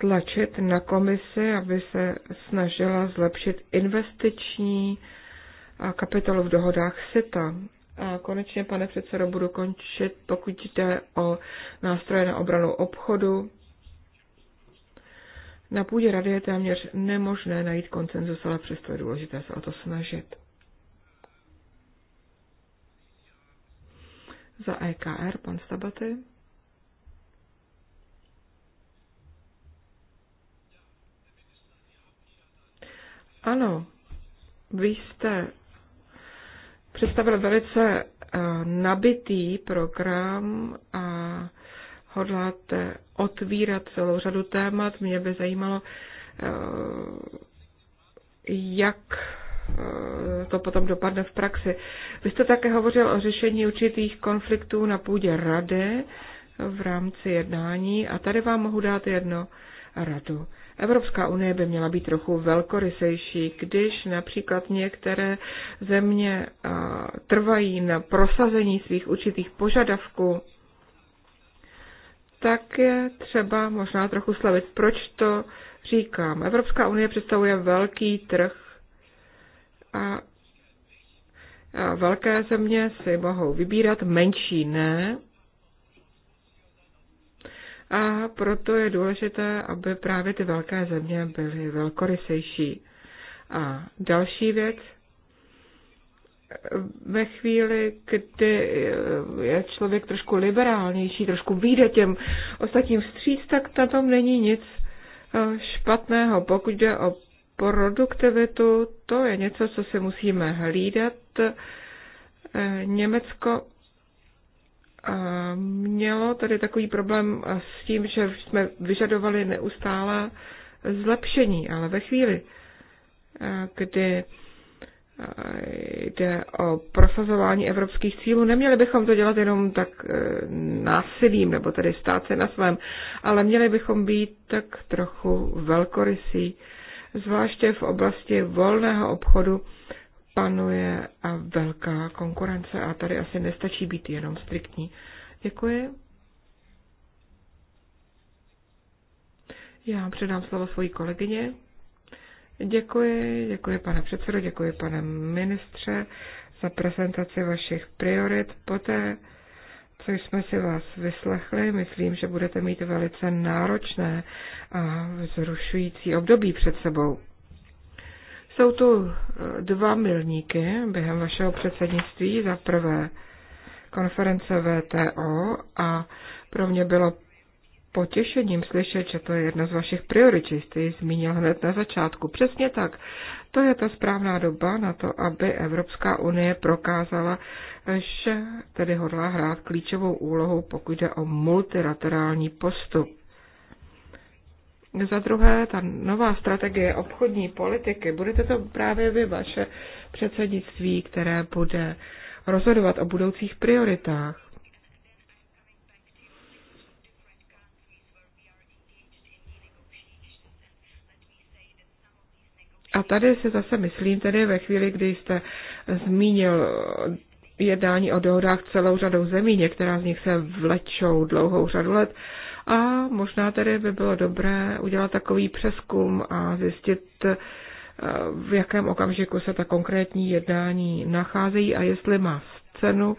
S3: tlačit na komisi, aby se snažila zlepšit investiční kapitolu v dohodách SITA. A konečně, pane předsedo, budu končit, pokud jde o nástroje na obranu obchodu. Na půdě rady je téměř nemožné najít koncenzus, ale přesto je důležité se o to snažit. Za EKR pan Sabaty. Ano, vy jste představil velice eh, nabitý program a hodláte otvírat celou řadu témat. Mě by zajímalo, eh, jak to potom dopadne v praxi. Vy jste také hovořil o řešení určitých konfliktů na půdě rady v rámci jednání a tady vám mohu dát jedno radu. Evropská unie by měla být trochu velkorysejší, když například některé země trvají na prosazení svých určitých požadavků, tak je třeba možná trochu slavit. Proč to říkám? Evropská unie představuje velký trh a velké země si mohou vybírat, menší ne. A proto je důležité, aby právě ty velké země byly velkorysejší. A další věc, ve chvíli, kdy je člověk trošku liberálnější, trošku výjde těm ostatním vstříc, tak na tom není nic eh, špatného. Pokud jde o produktivitu, to je něco, co si musíme hlídat. Eh, Německo eh, mělo tady takový problém eh, s tím, že jsme vyžadovali neustále zlepšení, ale ve chvíli, kdy jde o prosazování evropských cílů. Neměli bychom to dělat jenom tak násilím, nebo tedy stát se na svém, ale měli bychom být tak trochu velkorysí zvláště v oblasti volného obchodu panuje a velká konkurence a tady asi nestačí být jenom striktní. Děkuji. Já předám slovo svojí kolegyně. Děkuji, děkuji pane předsedo, děkuji pane ministře za prezentaci vašich priorit. Poté co jsme si vás vyslechli, myslím, že budete mít velice náročné a vzrušující období před sebou. Jsou tu eh, dva milníky během vašeho předsednictví. Za prvé konference VTO a pro mě bylo potěšením slyšet, že to je jedna z vašich priorit, jste ji zmínil hned na začátku. Přesně tak. To je ta správná doba na to, aby Evropská unie prokázala, že tedy hodlá hrát klíčovou úlohu, pokud jde o multilaterální postup. Za druhé, ta nová strategie obchodní politiky, budete to právě vy, vaše předsednictví, které bude rozhodovat o budoucích prioritách. A tady si zase myslím, tedy ve chvíli, kdy jste zmínil jednání o dohodách celou řadou zemí, některá z nich se vlečou dlouhou řadu let, a možná tedy by bylo dobré udělat takový přeskum a zjistit, eh, v jakém okamžiku se ta konkrétní jednání nacházejí a jestli má cenu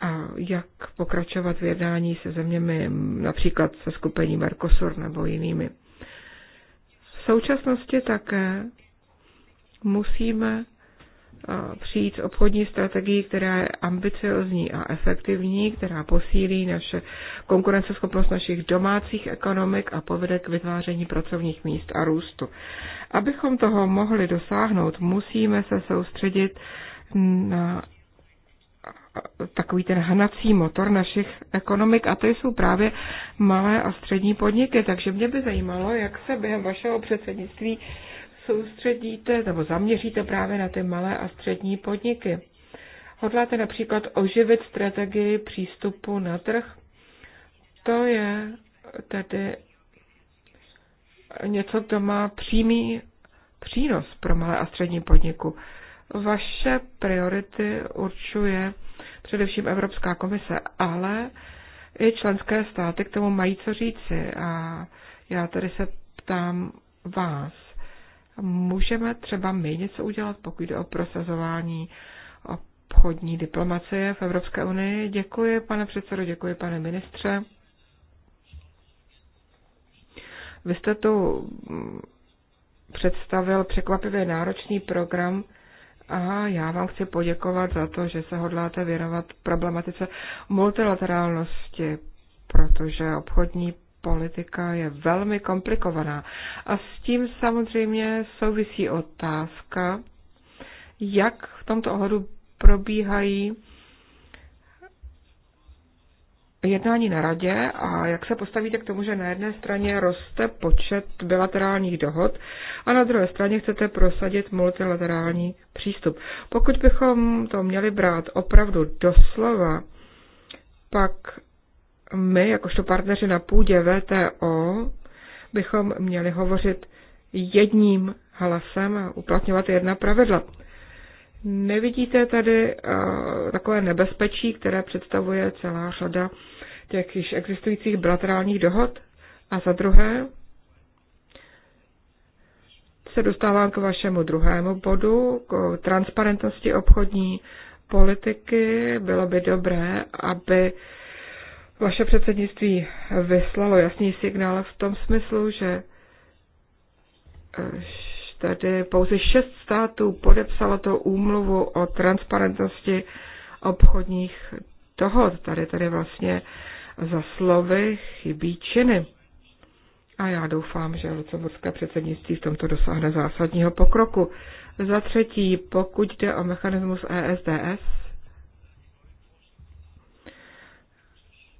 S3: a jak pokračovat v jednání se zeměmi, například se skupením Mercosur nebo jinými. V současnosti také musíme přijít s obchodní strategií, která je ambiciozní a efektivní, která posílí naše konkurenceschopnost našich domácích ekonomik a povede k vytváření pracovních míst a růstu. Abychom toho mohli dosáhnout, musíme se soustředit na takový ten hnací motor našich ekonomik a to jsou právě malé a střední podniky. Takže mě by zajímalo, jak se během vašeho předsednictví soustředíte nebo zaměříte právě na ty malé a střední podniky? Hodláte například oživit strategii přístupu na trh? To je tedy něco, co má přímý přínos pro malé a střední podniku. Vaše priority určuje především Evropská komise, ale i členské státy k tomu mají co říci. A já tady se ptám vás můžeme třeba my něco udělat, pokud jde o prosazování obchodní diplomacie v Evropské unii. Děkuji, pane předsedo, děkuji, pane ministře. Vy jste tu mm, představil překvapivě náročný program a já vám chci poděkovat za to, že se hodláte věnovat problematice multilaterálnosti, protože obchodní politika je velmi komplikovaná. A s tím samozřejmě souvisí otázka, jak v tomto ohledu probíhají jednání na radě a jak se postavíte k tomu, že na jedné straně roste počet bilaterálních dohod a na druhé straně chcete prosadit multilaterální přístup. Pokud bychom to měli brát opravdu doslova, pak my, jakožto partneři na půdě VTO, bychom měli hovořit jedním hlasem a uplatňovat jedna pravidla. Nevidíte tady uh, takové nebezpečí, které představuje celá řada těch již existujících bilaterálních dohod? A za druhé, se dostávám k vašemu druhému bodu, k transparentnosti obchodní politiky. Bylo by dobré, aby vaše předsednictví vyslalo jasný signál v tom smyslu, že eh, tady pouze šest států podepsalo to úmluvu o transparentnosti obchodních dohod. Tady tady vlastně za slovy chybí činy. A já doufám, že lucemburské předsednictví v tomto dosáhne zásadního pokroku. Za třetí, pokud jde o mechanismus ESDS,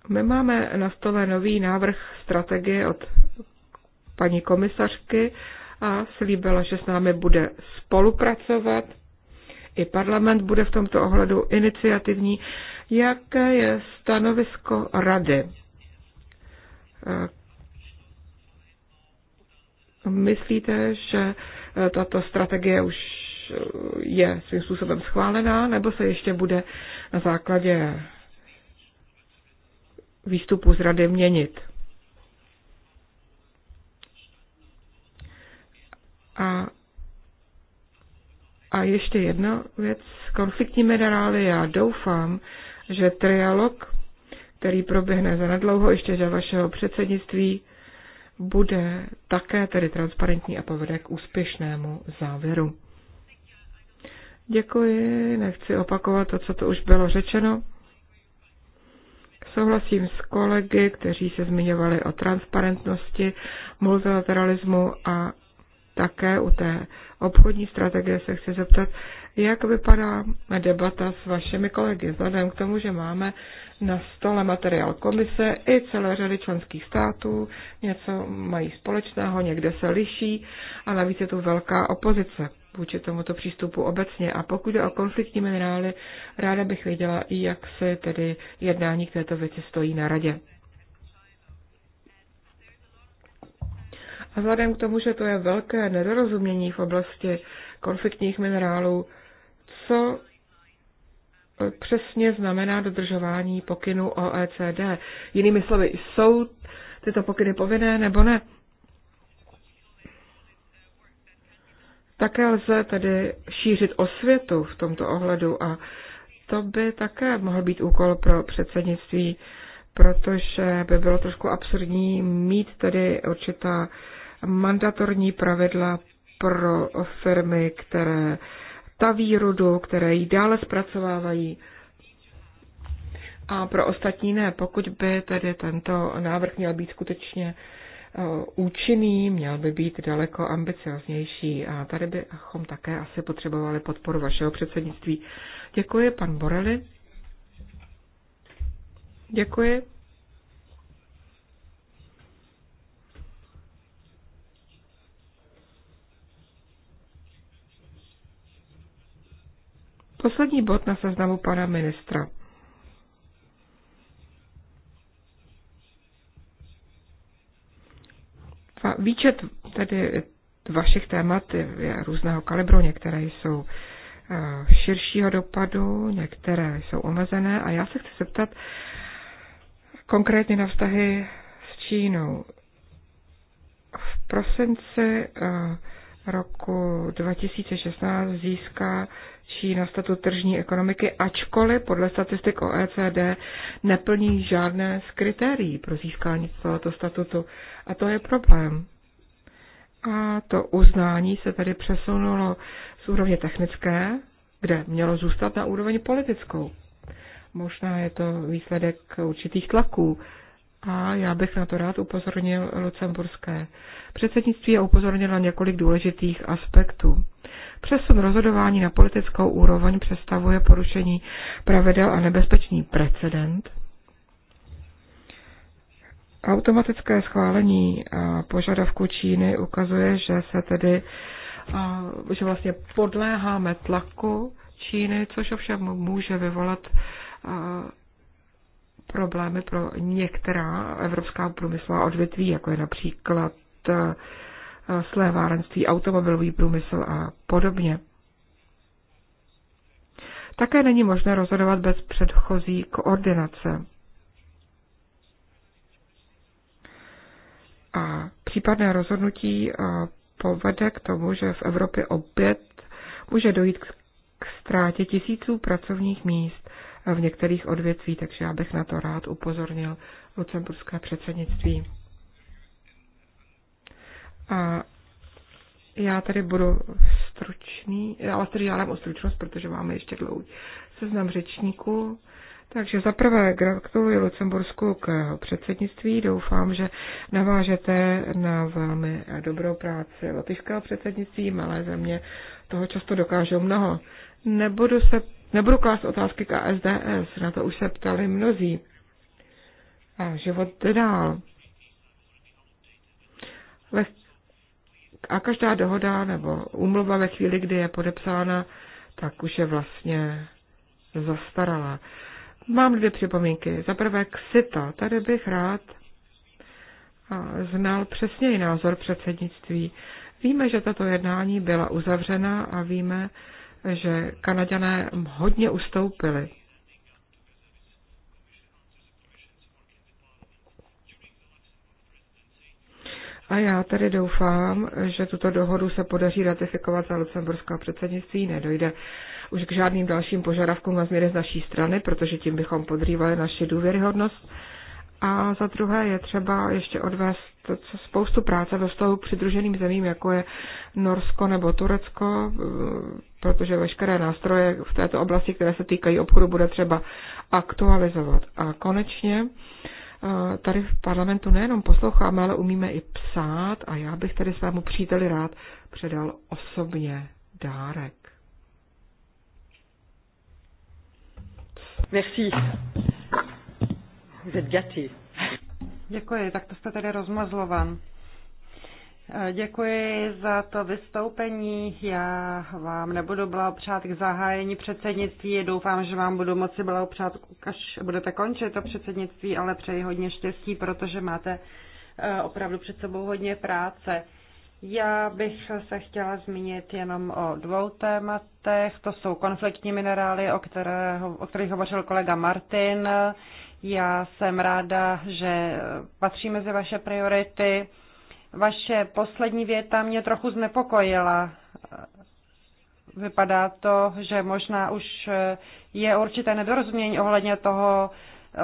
S3: My máme na stole nový návrh strategie od paní komisařky a slíbila, že s námi bude spolupracovat. I parlament bude v tomto ohledu iniciativní. Jaké je stanovisko rady? Myslíte, že tato strategie už je svým způsobem schválená, nebo se ještě bude na základě výstupu z rady měnit. A, a ještě jedna věc. Konfliktní minerály, já doufám, že trialog, který proběhne za nadlouho ještě za vašeho předsednictví, bude také tedy transparentní a povede k úspěšnému závěru. Děkuji, nechci opakovat to, co to už bylo řečeno. Souhlasím s kolegy, kteří se zmiňovali o transparentnosti, multilateralismu a také u té obchodní strategie se chci zeptat, jak vypadá debata s vašimi kolegy, vzhledem k tomu, že máme na stole materiál komise i celé řady členských států, něco mají společného, někde se liší a navíc je tu velká opozice vůči tomuto přístupu obecně. A pokud jde o konfliktní minerály, ráda bych věděla, jak se tedy jednání k této věci stojí na radě. A vzhledem k tomu, že to je velké nedorozumění v oblasti konfliktních minerálů, co e, přesně znamená dodržování pokynů OECD? Jinými slovy, jsou tyto pokyny povinné nebo ne? Také lze tedy šířit osvětu v tomto ohledu a to by také mohl být úkol pro předsednictví, protože by bylo trošku absurdní mít tedy určitá mandatorní pravidla pro firmy, které taví rudu, které ji dále zpracovávají a pro ostatní ne. Pokud by tedy tento návrh měl být skutečně Eh, účinný, měl by být daleko ambicioznější. A tady bychom také asi potřebovali podporu vašeho předsednictví. Děkuji, pan Borely. Děkuji. Poslední bod na seznamu pana ministra. Výčet tedy vašich témat je různého kalibru, některé jsou eh, širšího dopadu, některé jsou omezené a já se chci zeptat konkrétně na vztahy s Čínou. V prosinci eh, roku 2016 získá Čína statut tržní ekonomiky, ačkoliv podle statistik OECD neplní žádné z kritérií pro získání tohoto statutu. A to je problém. A to uznání se tady přesunulo z úrovně technické, kde mělo zůstat na úroveň politickou. Možná je to výsledek určitých tlaků a já bych na to rád upozornil lucemburské předsednictví je upozornil na několik důležitých aspektů. Přesun rozhodování na politickou úroveň představuje porušení pravidel a nebezpečný precedent. Automatické schválení požadavku Číny ukazuje, že se tedy že vlastně podléháme tlaku Číny, což ovšem může vyvolat problémy pro některá evropská průmyslová odvětví, jako je například eh, slévárenství, automobilový průmysl a podobně. Také není možné rozhodovat bez předchozí koordinace. A případné rozhodnutí eh, povede k tomu, že v Evropě opět může dojít k ztrátě tisíců pracovních míst v některých odvětví, takže já bych na to rád upozornil lucemburské předsednictví. A já tady budu stručný, ale tady žádám o stručnost, protože máme ještě dlouhý seznam řečníků. Takže zaprvé gratuluji Lucembursku k předsednictví. Doufám, že navážete na velmi dobrou práci lotyšského předsednictví. Malé země toho často dokážou mnoho. Nebudu se Nebudu klást otázky k ASDS, na to už se ptali mnozí. A život jde dál. A každá dohoda nebo umluva ve chvíli, kdy je podepsána, tak už je vlastně zastarala. Mám dvě připomínky. Za prvé k SITA. Tady bych rád znal přesněji názor předsednictví. Víme, že tato jednání byla uzavřena a víme, že Kanaděné hodně ustoupili. A já tedy doufám, že tuto dohodu se podaří ratifikovat za lucemburská předsednictví, nedojde už k žádným dalším požadavkům na změny z naší strany, protože tím bychom podrývali naši důvěryhodnost. A za druhé je třeba ještě odvést spoustu práce ve vztahu k přidruženým zemím, jako je Norsko nebo Turecko protože veškeré nástroje v této oblasti, které se týkají obchodu, bude třeba aktualizovat. A konečně eh, tady v parlamentu nejenom posloucháme, ale umíme i psát a já bych tady svému příteli rád předal osobně dárek.
S2: Merci. Vous êtes gâtés. Děkuji, tak to jste tedy rozmazlovan. Děkuji za to vystoupení. Já vám nebudu blahopřát k zahájení předsednictví. Doufám, že vám budu moci blahopřát, až budete končit to předsednictví, ale přeji hodně štěstí, protože máte eh, opravdu před sebou hodně práce. Já bych se chtěla zmínit jenom o dvou tématech. To jsou konfliktní minerály, o, které, o kterých hovořil kolega Martin. Já jsem ráda, že patří mezi vaše priority. Vaše poslední věta mě trochu znepokojila. Vypadá to, že možná už je určité nedorozumění ohledně toho,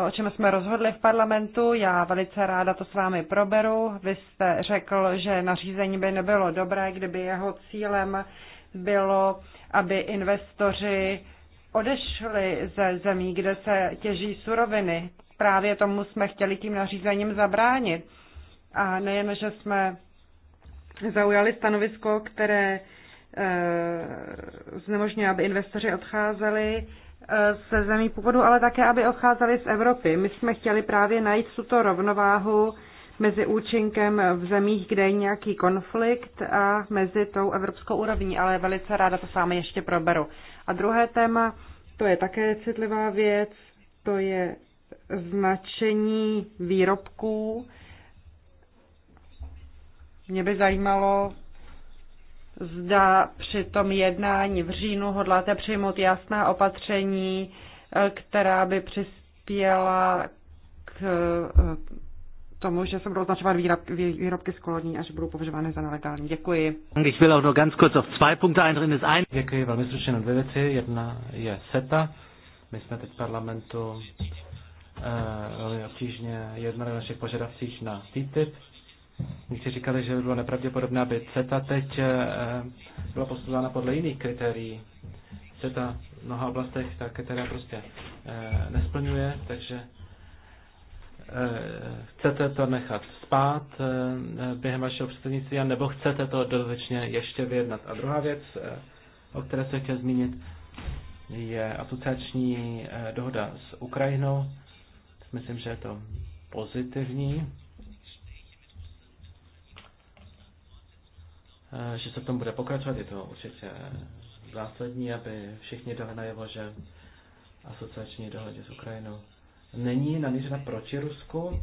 S2: o čem jsme rozhodli v parlamentu. Já velice ráda to s vámi proberu. Vy jste řekl, že nařízení by nebylo dobré, kdyby jeho cílem bylo, aby investoři odešli ze zemí, kde se těží suroviny. Právě tomu jsme chtěli tím nařízením zabránit. A nejen, že jsme zaujali stanovisko, které eh, znemožňuje, aby investoři odcházeli eh, ze zemí původu, ale také, aby odcházeli z Evropy. My jsme chtěli právě najít tuto rovnováhu mezi účinkem v zemích, kde je nějaký konflikt a mezi tou evropskou úrovní, ale velice ráda to s vámi ještě proberu. A druhé téma, to je také citlivá věc, to je značení výrobků, mě by zajímalo, zda při tom jednání v říjnu hodláte přijmout jasná opatření, eh, která by přispěla k eh, tomu, že se budou označovat výrobky z kolodní a že budou považovány za nelegální. Děkuji.
S1: Ich will auch nur ganz kurz auf zwei Punkte eindringen. Děkuji velmi stručně na dvě věci. Jedna je SETA. My jsme teď v parlamentu eh, obtížně jednali o našich požadavcích na TTIP Někteří říkali, že by bylo nepravděpodobné, aby CETA teď eh, byla posuzována podle jiných kritérií. CETA v mnoha oblastech ta kritéria prostě eh, nesplňuje, takže eh, chcete to nechat spát během vašeho předsednictví, nebo chcete to dodatečně ještě vyjednat. A druhá věc, o které se chtěl zmínit, je asociační dohoda s Ukrajinou. Myslím, že je to pozitivní Eh, že se v tom bude pokračovat. Je to určitě zásadní, aby všichni dali najevo, že asociační dohodě s Ukrajinou není namířena proti Rusku.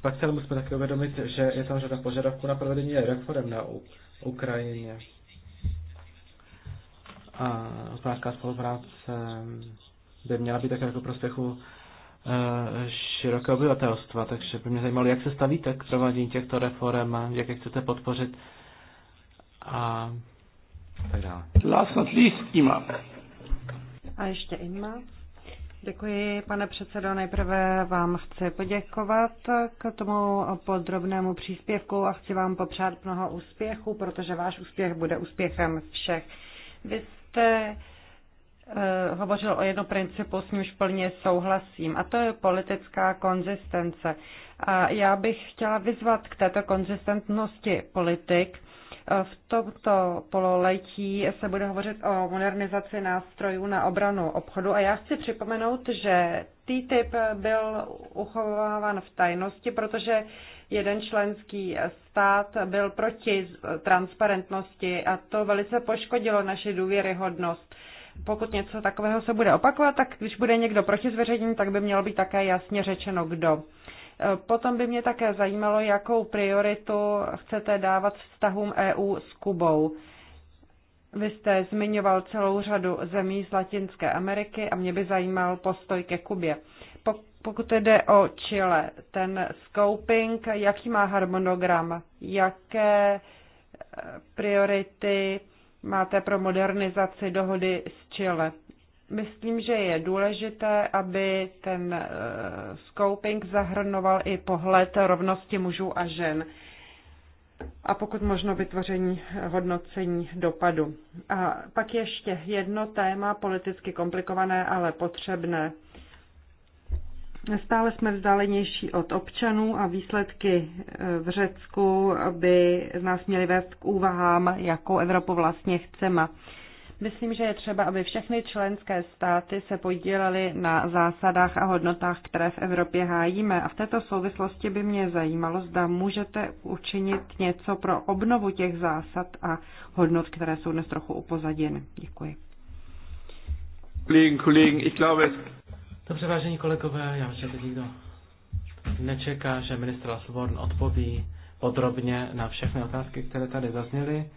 S1: Pak se musíme také uvědomit, že je tam řada požadavků na provedení reform na Ukrajině. A otázka spolupráce by měla být také jako prospěchu Eh, široké obyvatelstva, takže by mě zajímalo, jak se stavíte k provádění těchto reform, jak je chcete podpořit a tak dále. Last not least, Ima.
S2: A ještě Ima. Děkuji, pane předsedo. Nejprve vám chci poděkovat k tomu podrobnému příspěvku a chci vám popřát mnoho úspěchu, protože váš úspěch bude úspěchem všech. Vy jste Eh, hovořil o jednom principu, s nímž plně souhlasím, a to je politická konzistence. A já bych chtěla vyzvat k této konzistentnosti politik. Eh, v tomto pololetí se bude hovořit o modernizaci nástrojů na obranu obchodu a já chci připomenout, že TTIP byl uchováván v tajnosti, protože jeden členský stát byl proti transparentnosti a to velice poškodilo naši důvěryhodnost pokud něco takového se bude opakovat, tak když bude někdo proti zveřejnění, tak by mělo být také jasně řečeno, kdo. E, potom by mě také zajímalo, jakou prioritu chcete dávat vztahům EU s Kubou. Vy jste zmiňoval celou řadu zemí z Latinské Ameriky a mě by zajímal postoj ke Kubě. Pokud jde o Chile, ten scoping, jaký má harmonogram, jaké e, priority máte pro modernizaci dohody s Chile. Myslím, že je důležité, aby ten uh, scoping zahrnoval i pohled rovnosti mužů a žen a pokud možno vytvoření eh, hodnocení dopadu. A pak ještě jedno téma, politicky komplikované, ale potřebné. Stále jsme vzdálenější od občanů a výsledky eh, v Řecku by nás měly vést k úvahám, jakou Evropu vlastně chceme. Myslím, že je třeba, aby všechny členské státy se podílely na zásadách a hodnotách, které v Evropě hájíme. A v této souvislosti by mě zajímalo, zda můžete učinit něco pro obnovu těch zásad a hodnot, které
S1: jsou dnes trochu upozaděny. Děkuji. Kollegen, Kollegen, ich glaube, Dobře, vážení kolegové, já myslím, že nikdo nečeká, že ministr Lasvorn odpoví podrobně na všechny otázky, které tady zazněly.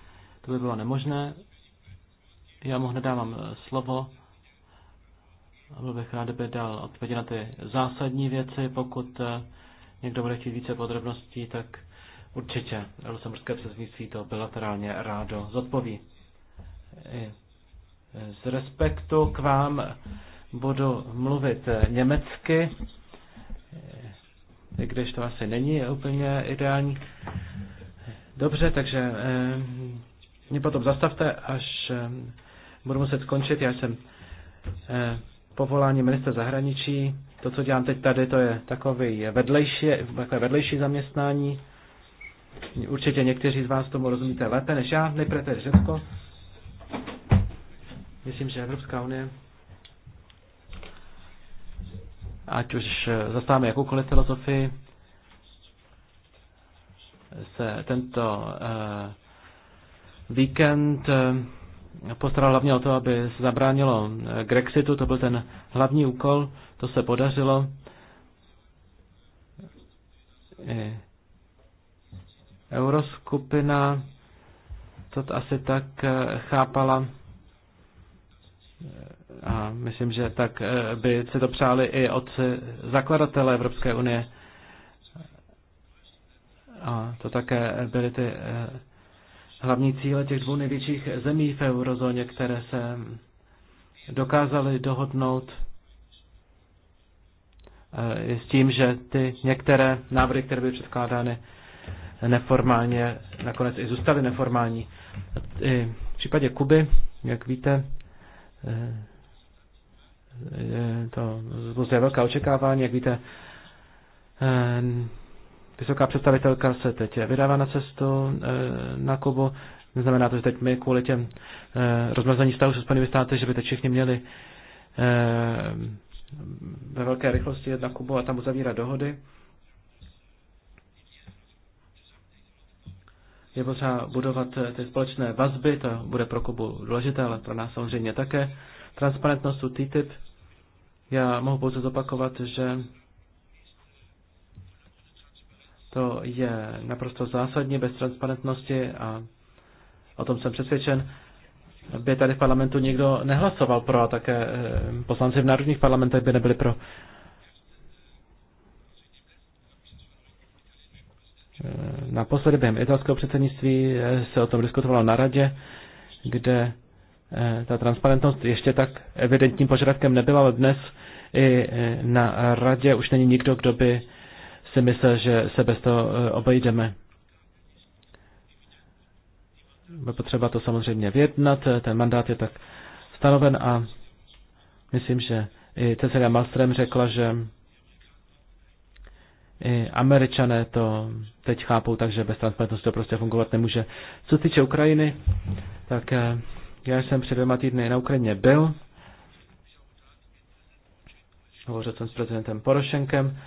S1: To by bylo nemožné. Já mu hned dávám eh, slovo. A byl bych rád, kdyby dal odpovědi na ty zásadní věci. Pokud eh, někdo bude chtít více podrobností, tak určitě Lucemburské přesnictví to bilaterálně rádo zodpoví. I z respektu k vám budu mluvit německy, i když to asi není úplně ideální. Dobře, takže eh, mě potom zastavte, až eh, budu muset skončit. Já jsem eh, povolání ministra zahraničí. To, co dělám teď tady, to je takový vedlejší, takové vedlejší zaměstnání. Určitě někteří z vás tomu rozumíte lépe než já. Nejprve to je Řecko. Myslím, že Evropská unie ať už zastáváme jakoukoliv filozofii, se tento eh, víkend eh, postaral hlavně o to, aby se zabránilo eh, Grexitu, to byl ten hlavní úkol, to se podařilo. Euroskupina to asi tak chápala a myslím, že tak eh, by si to přáli i od zakladatele Evropské unie. A to také byly ty eh, hlavní cíle těch dvou největších zemí v eurozóně, které se dokázaly dohodnout eh, s tím, že ty některé návrhy, které byly předkládány neformálně, nakonec i zůstaly neformální. I v případě Kuby, jak víte, to je velká očekávání, jak víte. Ehm, vysoká představitelka se teď vydává na cestu eh, na Kobo. Neznamená to, že teď my kvůli těm eh, rozmrazení vztahu se Spojenými státy, že by teď všichni měli eh, ve velké rychlosti jet na Kubu a tam uzavírat dohody. Je potřeba budovat ty společné vazby, to bude pro Kubu důležité, ale pro nás samozřejmě také transparentnost TTIP. Já mohu pouze zopakovat, že to je naprosto zásadní bez transparentnosti a o tom jsem přesvědčen, by tady v parlamentu nikdo nehlasoval pro a také eh, poslanci v národních parlamentech by nebyli pro. Eh, naposledy během italského předsednictví eh, se o tom diskutovalo na radě, kde Eh, ta transparentnost ještě tak evidentním požadavkem nebyla, ale dnes i eh, na radě už není nikdo, kdo by si myslel, že se bez toho eh, obejdeme. Bude potřeba to samozřejmě vyjednat, ten mandát je tak stanoven a myslím, že i Cecilia Malström řekla, že i američané to teď chápou, takže bez transparentnosti to prostě fungovat nemůže. Co se týče Ukrajiny, tak já jsem před dvěma týdny na Ukrajině byl, hovořil jsem s prezidentem Porošenkem,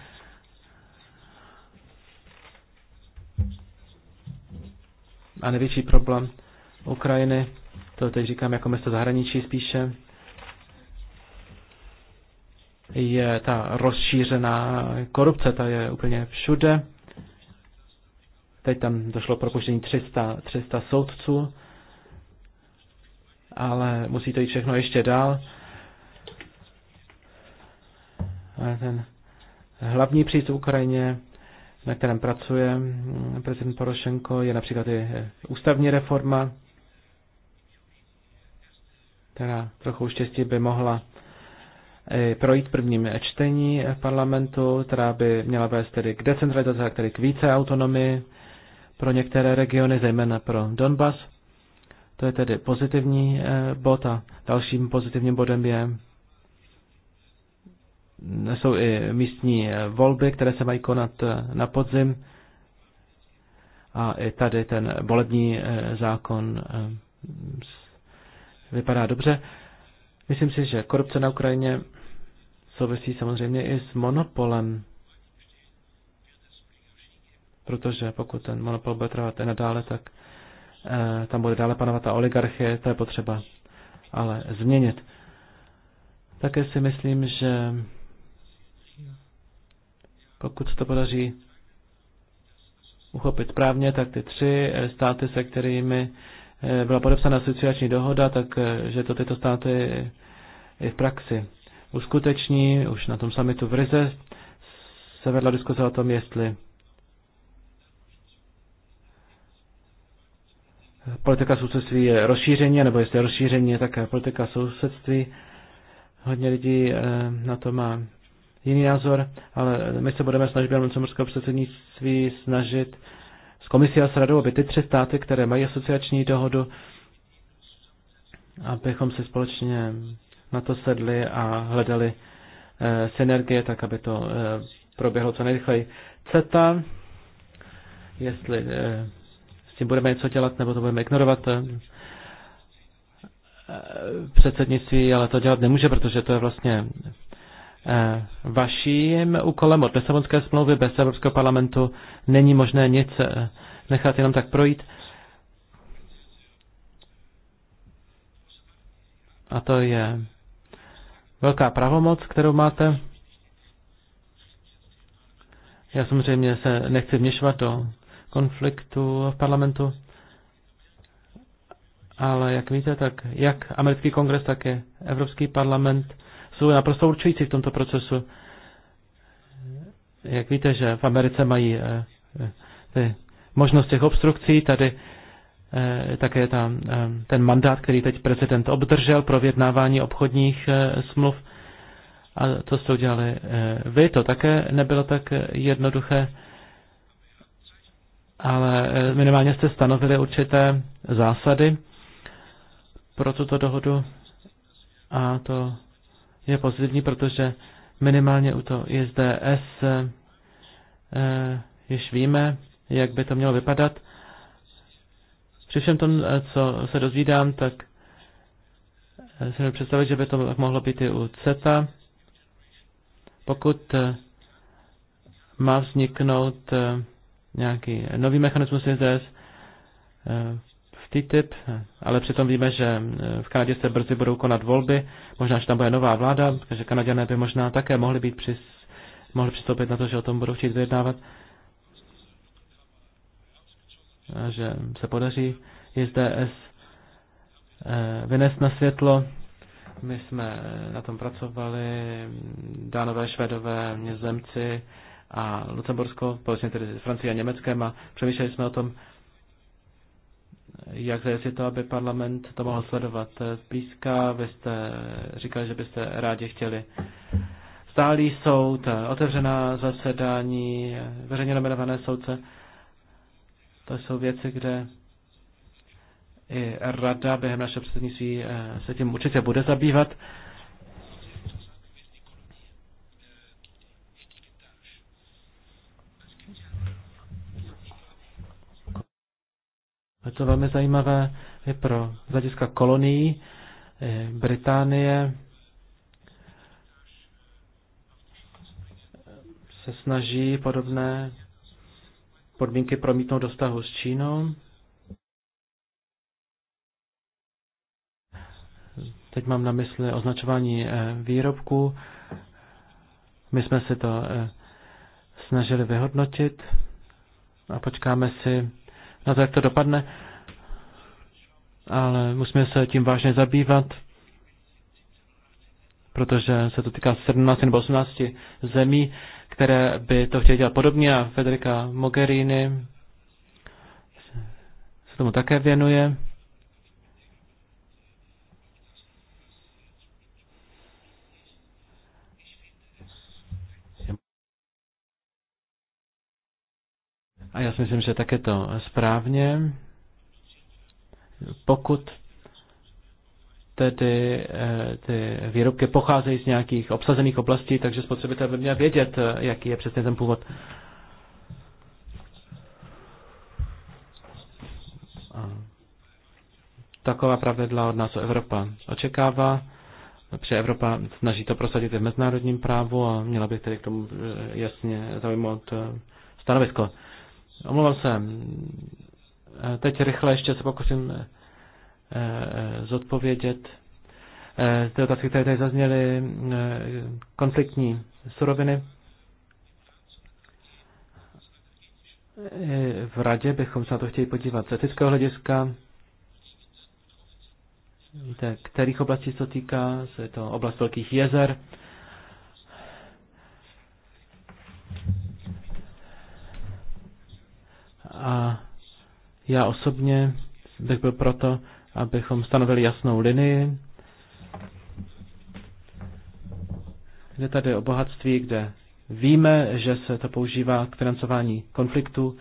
S1: a největší problém Ukrajiny, to teď říkám jako město zahraničí spíše, je ta rozšířená korupce, ta je úplně všude. Teď tam došlo k propuštění 300, 300 soudců ale musí to jít všechno ještě dál. A ten hlavní přístup Ukrajině, na kterém pracuje prezident Porošenko, je například i eh, ústavní reforma, která trochu štěstí by mohla eh, projít prvním čtení v parlamentu, která by měla vést tedy k decentralizaci, tedy k více autonomii pro některé regiony, zejména pro Donbass. To je tedy pozitivní eh, bod a dalším pozitivním bodem je jsou i místní eh, volby, které se mají konat eh, na podzim. A i tady ten volební zákon vypadá dobře. Myslím si, že korupce na Ukrajině souvisí samozřejmě i s monopolem, protože pokud ten monopol bude trvat i nadále, tak Eh, tam bude dále panovat ta oligarchie, to je potřeba ale změnit. Také si myslím, že pokud to podaří uchopit správně, tak ty tři eh, státy, se kterými eh, byla podepsána asociační dohoda, tak že to tyto státy i v praxi uskuteční. Už na tom samitu v Rize se vedla diskuse o tom, jestli politika sousedství je rozšíření, nebo jestli rozšíření je také eh, politika sousedství. Hodně lidí eh, na to má jiný názor, ale my se budeme snažit během lucemburského předsednictví snažit s komisí a s radou, aby ty tři státy, které mají asociační dohodu, abychom si společně na to sedli a hledali e, synergie, tak aby to e, proběhlo co nejrychleji. CETA, jestli e, s tím budeme něco dělat, nebo to budeme ignorovat eh, předsednictví, ale to dělat nemůže, protože to je vlastně eh, vaším úkolem od Lisabonské smlouvy bez Evropského parlamentu není možné nic eh, nechat jenom tak projít. A to je velká pravomoc, kterou máte. Já samozřejmě se nechci vměšovat do konfliktu v parlamentu. Ale jak víte, tak jak americký kongres, tak i Evropský parlament jsou naprosto určující v tomto procesu. Jak víte, že v Americe mají eh, eh, ty možnost těch obstrukcí, tady eh, také ta, ten mandát, který teď prezident obdržel pro vědnávání obchodních smluv. A to jste udělali vy, to také nebylo tak jednoduché ale e, minimálně jste stanovili určité zásady pro tuto dohodu a to je pozitivní, protože minimálně u toho ISDS eh, již víme, jak by to mělo vypadat. Při všem tom, e, co se dozvídám, tak e, si mi představit, že by to mohlo být i u CETA. Pokud má vzniknout eh, nějaký nový mechanismus IZS eh, v TTIP, ale přitom víme, že eh, v Kanadě se brzy budou konat volby, možná, že tam bude nová vláda, takže Kanaděné by možná také mohli, být přis, mohli přistoupit na to, že o tom budou chtít vyjednávat. A že se podaří IZS eh, vynést na světlo. My jsme na tom pracovali, dánové, švedové, nězemci, a Lucembursko, společně tedy s Francií a Německem a přemýšleli jsme o tom, jak zajistit to, aby parlament to mohl sledovat blízka. Vy jste říkali, že byste rádi chtěli stálý soud, otevřená zasedání, veřejně nominované soudce. To jsou věci, kde i rada během našeho předsednictví eh, se tím určitě bude zabývat. Je to velmi zajímavé i pro hlediska kolonií eh, Británie se snaží podobné podmínky promítnout do vztahu s Čínou. Teď mám na mysli označování eh, výrobků. My jsme si to eh, snažili vyhodnotit a počkáme si, na to, jak to dopadne, ale musíme se tím vážně zabývat, protože se to týká 17 nebo 18 zemí, které by to chtěly dělat podobně a Federica Mogherini se tomu také věnuje. A já si myslím, že tak je to správně. Pokud tedy eh, ty výrobky pocházejí z nějakých obsazených oblastí, takže spotřebitel by měl vědět, eh, jaký je přesně ten původ. taková pravidla od nás Evropa očekává, protože Evropa snaží to prosadit i v mezinárodním právu a měla bych tedy k tomu eh, jasně zaujmout stanovisko. Omlouvám se. Eh, teď rychle ještě se pokusím eh, eh, zodpovědět ty otázky, které tady zazněly, konfliktní suroviny. V radě bychom se na to chtěli podívat z etického hlediska, Víte, kterých oblastí se to týká, je to oblast velkých jezer, a já osobně bych byl proto, abychom stanovili jasnou linii. kde tady o bohatství, kde víme, že se to používá k financování konfliktu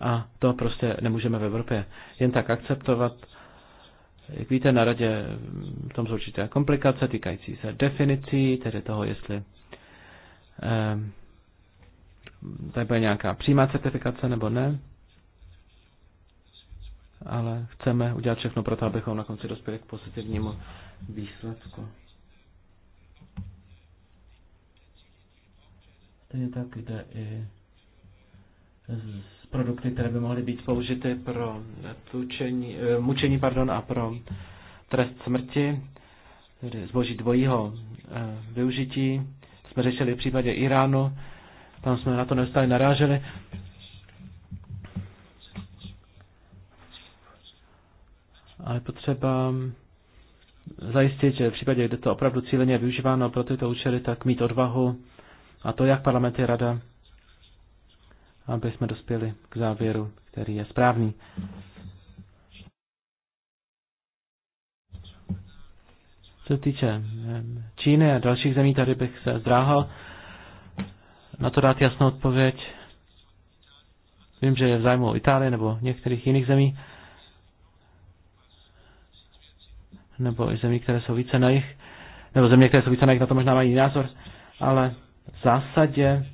S1: a to prostě nemůžeme v Evropě jen tak akceptovat. Jak víte, na radě v tom jsou určité komplikace týkající se definicí, tedy toho, jestli eh, tady bude nějaká přímá certifikace nebo ne ale chceme udělat všechno pro to, abychom na konci dospěli k pozitivnímu výsledku. Stejně tak jde i z produkty, které by mohly být použity pro tučení, eh, mučení pardon, a pro trest smrti, tedy zboží dvojího eh, využití. Jsme řešili v případě Iránu, tam jsme na to neustále naráželi. ale potřeba zajistit, že v případě, kdy to opravdu cíleně je využíváno pro tyto účely, tak mít odvahu a to jak parlament i rada, aby jsme dospěli k závěru, který je správný. Co se týče Číny a dalších zemí, tady bych se zdráhal na to dát jasnou odpověď. Vím, že je v zájmu Itálie nebo některých jiných zemí, nebo i zemí, které jsou více na jich, nebo země, které jsou více na jich, na to možná mají názor, ale v zásadě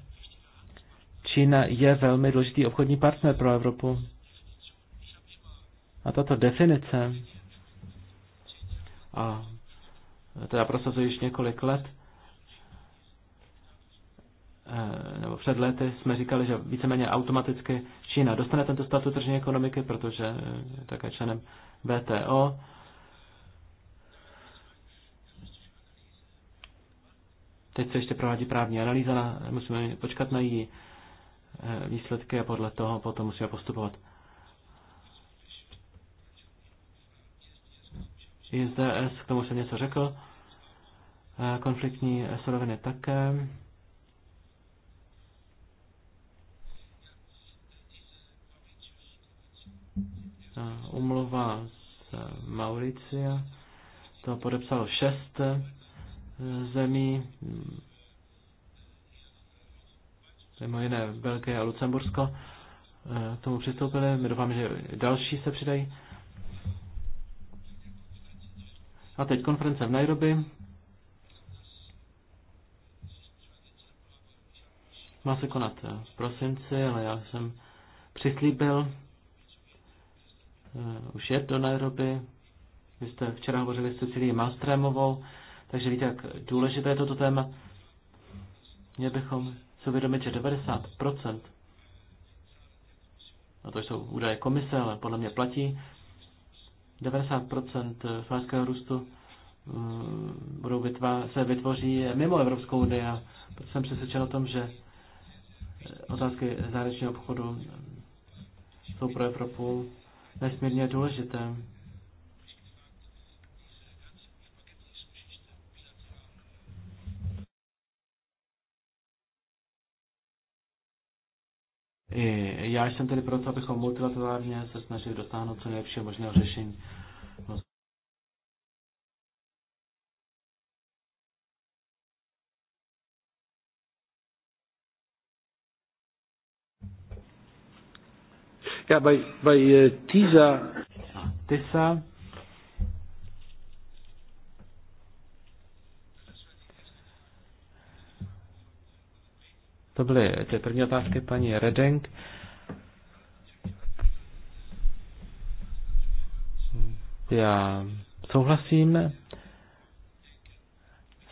S1: Čína je velmi důležitý obchodní partner pro Evropu. A tato definice, a to já prosazuji již několik let, eh, nebo před lety jsme říkali, že víceméně automaticky Čína dostane tento statut tržní ekonomiky, protože je také členem VTO Teď se ještě provádí právní analýza, musíme počkat na její eh, výsledky a podle toho potom musíme postupovat. ISDS, k tomu jsem něco řekl. Eh, konfliktní suroviny také. Eh, umluva z Mauricia. To podepsalo šest zemí, mimo jiné Belgie a Lucembursko, eh, k tomu přistoupili. My doufám, že další se přidají. A teď konference v Nairobi. Má se konat eh, v prosinci, ale já jsem přislíbil. Eh, už jet do Nairobi. Vy jste včera hovořili s Cecilí mastrémovou. Takže víte, jak důležité je toto téma. Měli bychom si uvědomit, že 90%, a no to jsou údaje komise, ale podle mě platí, 90% hospodářského růstu mm, budou vytvá- se vytvoří mimo Evropskou unii a proto jsem přesvědčen o tom, že otázky zahraničního obchodu jsou pro Evropu nesmírně důležité. I já jsem tedy proto, abychom multilaterálně se snažili dosáhnout co nejlepšího možného řešení. No. Ja, bei, bei uh, TISA. TISA To byly ty první otázky paní Redeng. Já souhlasím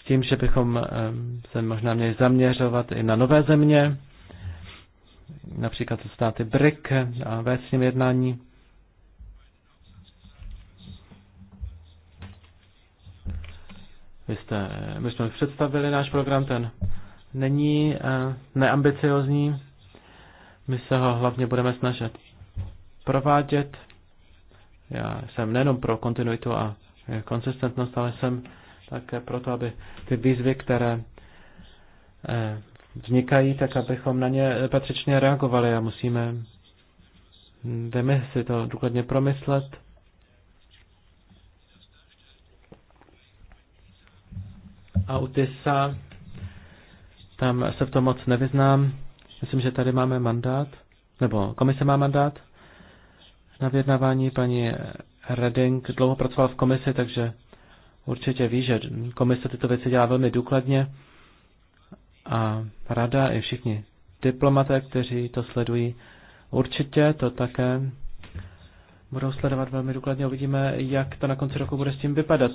S1: s tím, že bychom se možná měli zaměřovat i na nové země, například státy BRIC a vést s ním jednání. Vy jste, my jsme představili náš program, ten není eh, neambiciozní. My se ho hlavně budeme snažit provádět. Já jsem nejenom pro kontinuitu a konsistentnost, ale jsem také proto, aby ty výzvy, které eh, vznikají, tak abychom na ně patřičně reagovali a musíme hm, jdeme si to důkladně promyslet. A u TISA tam se v tom moc nevyznám. Myslím, že tady máme mandát, nebo komise má mandát na vyjednávání. Paní Reding dlouho pracovala v komisi, takže určitě ví, že komise tyto věci dělá velmi důkladně a rada i všichni diplomaté, kteří to sledují, určitě to také budou sledovat velmi důkladně. Uvidíme, jak to na konci roku bude s tím vypadat.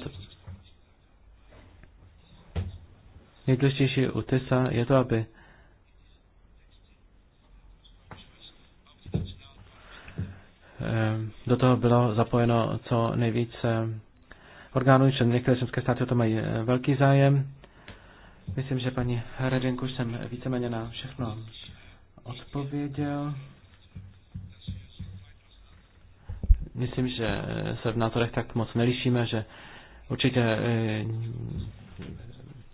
S1: nejdůležitější u Tesa. je to, aby do toho bylo zapojeno co nejvíce orgánů, že některé členské státy o to mají eh, velký zájem. Myslím, že paní Hradinku jsem víceméně na všechno odpověděl. Myslím, že se v názorech tak moc nelišíme, že určitě eh,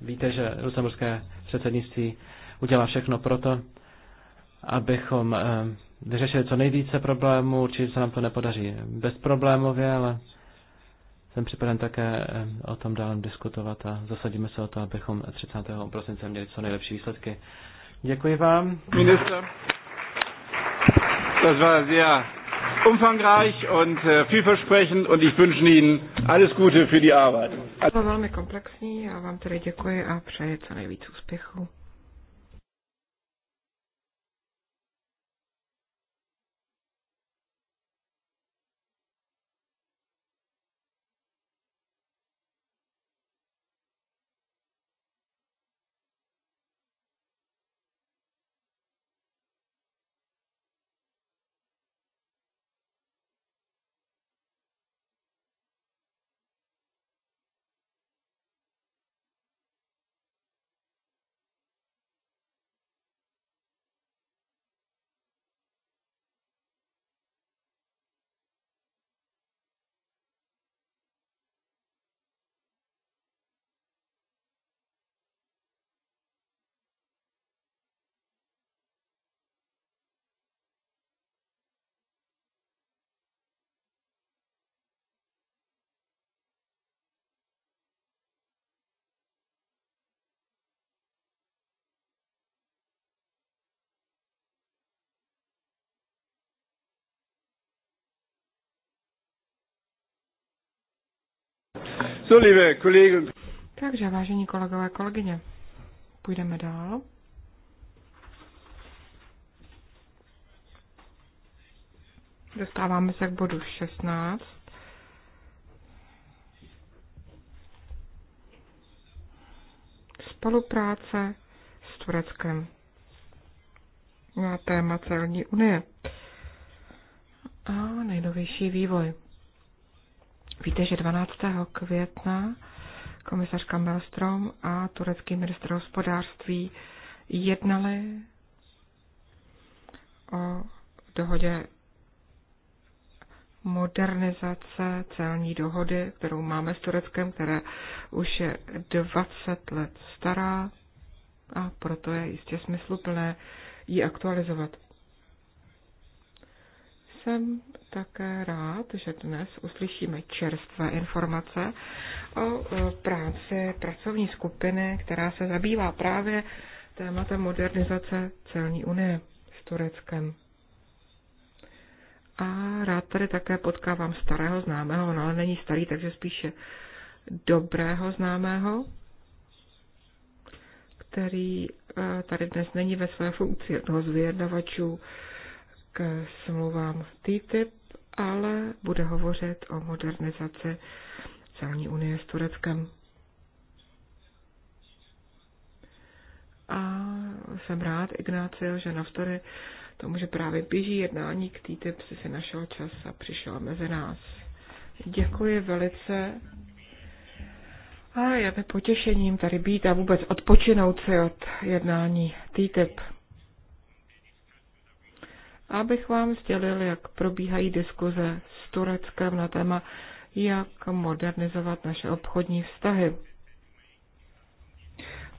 S1: Víte, že lucemburské předsednictví udělá všechno proto, abychom eh, vyřešili co nejvíce problémů. Určitě se nám to nepodaří bezproblémově, ale jsem připraven také eh, o tom dál diskutovat a zasadíme se o to, abychom 30. prosince měli co nejlepší výsledky. Děkuji vám. Minister. Das war sehr umfangreich und äh, vielversprechend und ich wünsche Ihnen alles
S2: Gute für die Arbeit.
S3: To
S1: So, liebe Kollegen.
S3: Takže, vážení kolegové, kolegyně, půjdeme dál. Dostáváme se k bodu 16. Spolupráce s Tureckem na téma celní unie a nejnovější vývoj. Víte, že 12. května komisařka Melstrom a turecký ministr hospodářství jednali o dohodě modernizace celní dohody, kterou máme s Tureckem, která už je 20 let stará a proto je jistě smysluplné ji aktualizovat. Jsem také rád, že dnes uslyšíme čerstvé informace o práci pracovní skupiny, která se zabývá právě tématem modernizace celní unie s Tureckem. A rád tady také potkávám starého známého, no ale není starý, takže spíše dobrého známého, který e, tady dnes není ve své funkci jednoho z vyjednavačů k smluvám TTIP ale bude hovořit o modernizaci celní unie s Tureckem. A jsem rád, Ignácio, že navzdory tomu, že právě běží jednání k TTIP, si si našel čas a přišel mezi nás. Děkuji velice. A je mi potěšením tady být a vůbec odpočinout si od jednání TTIP abych vám sdělil, jak probíhají diskuze s Tureckem na téma, jak modernizovat naše obchodní vztahy.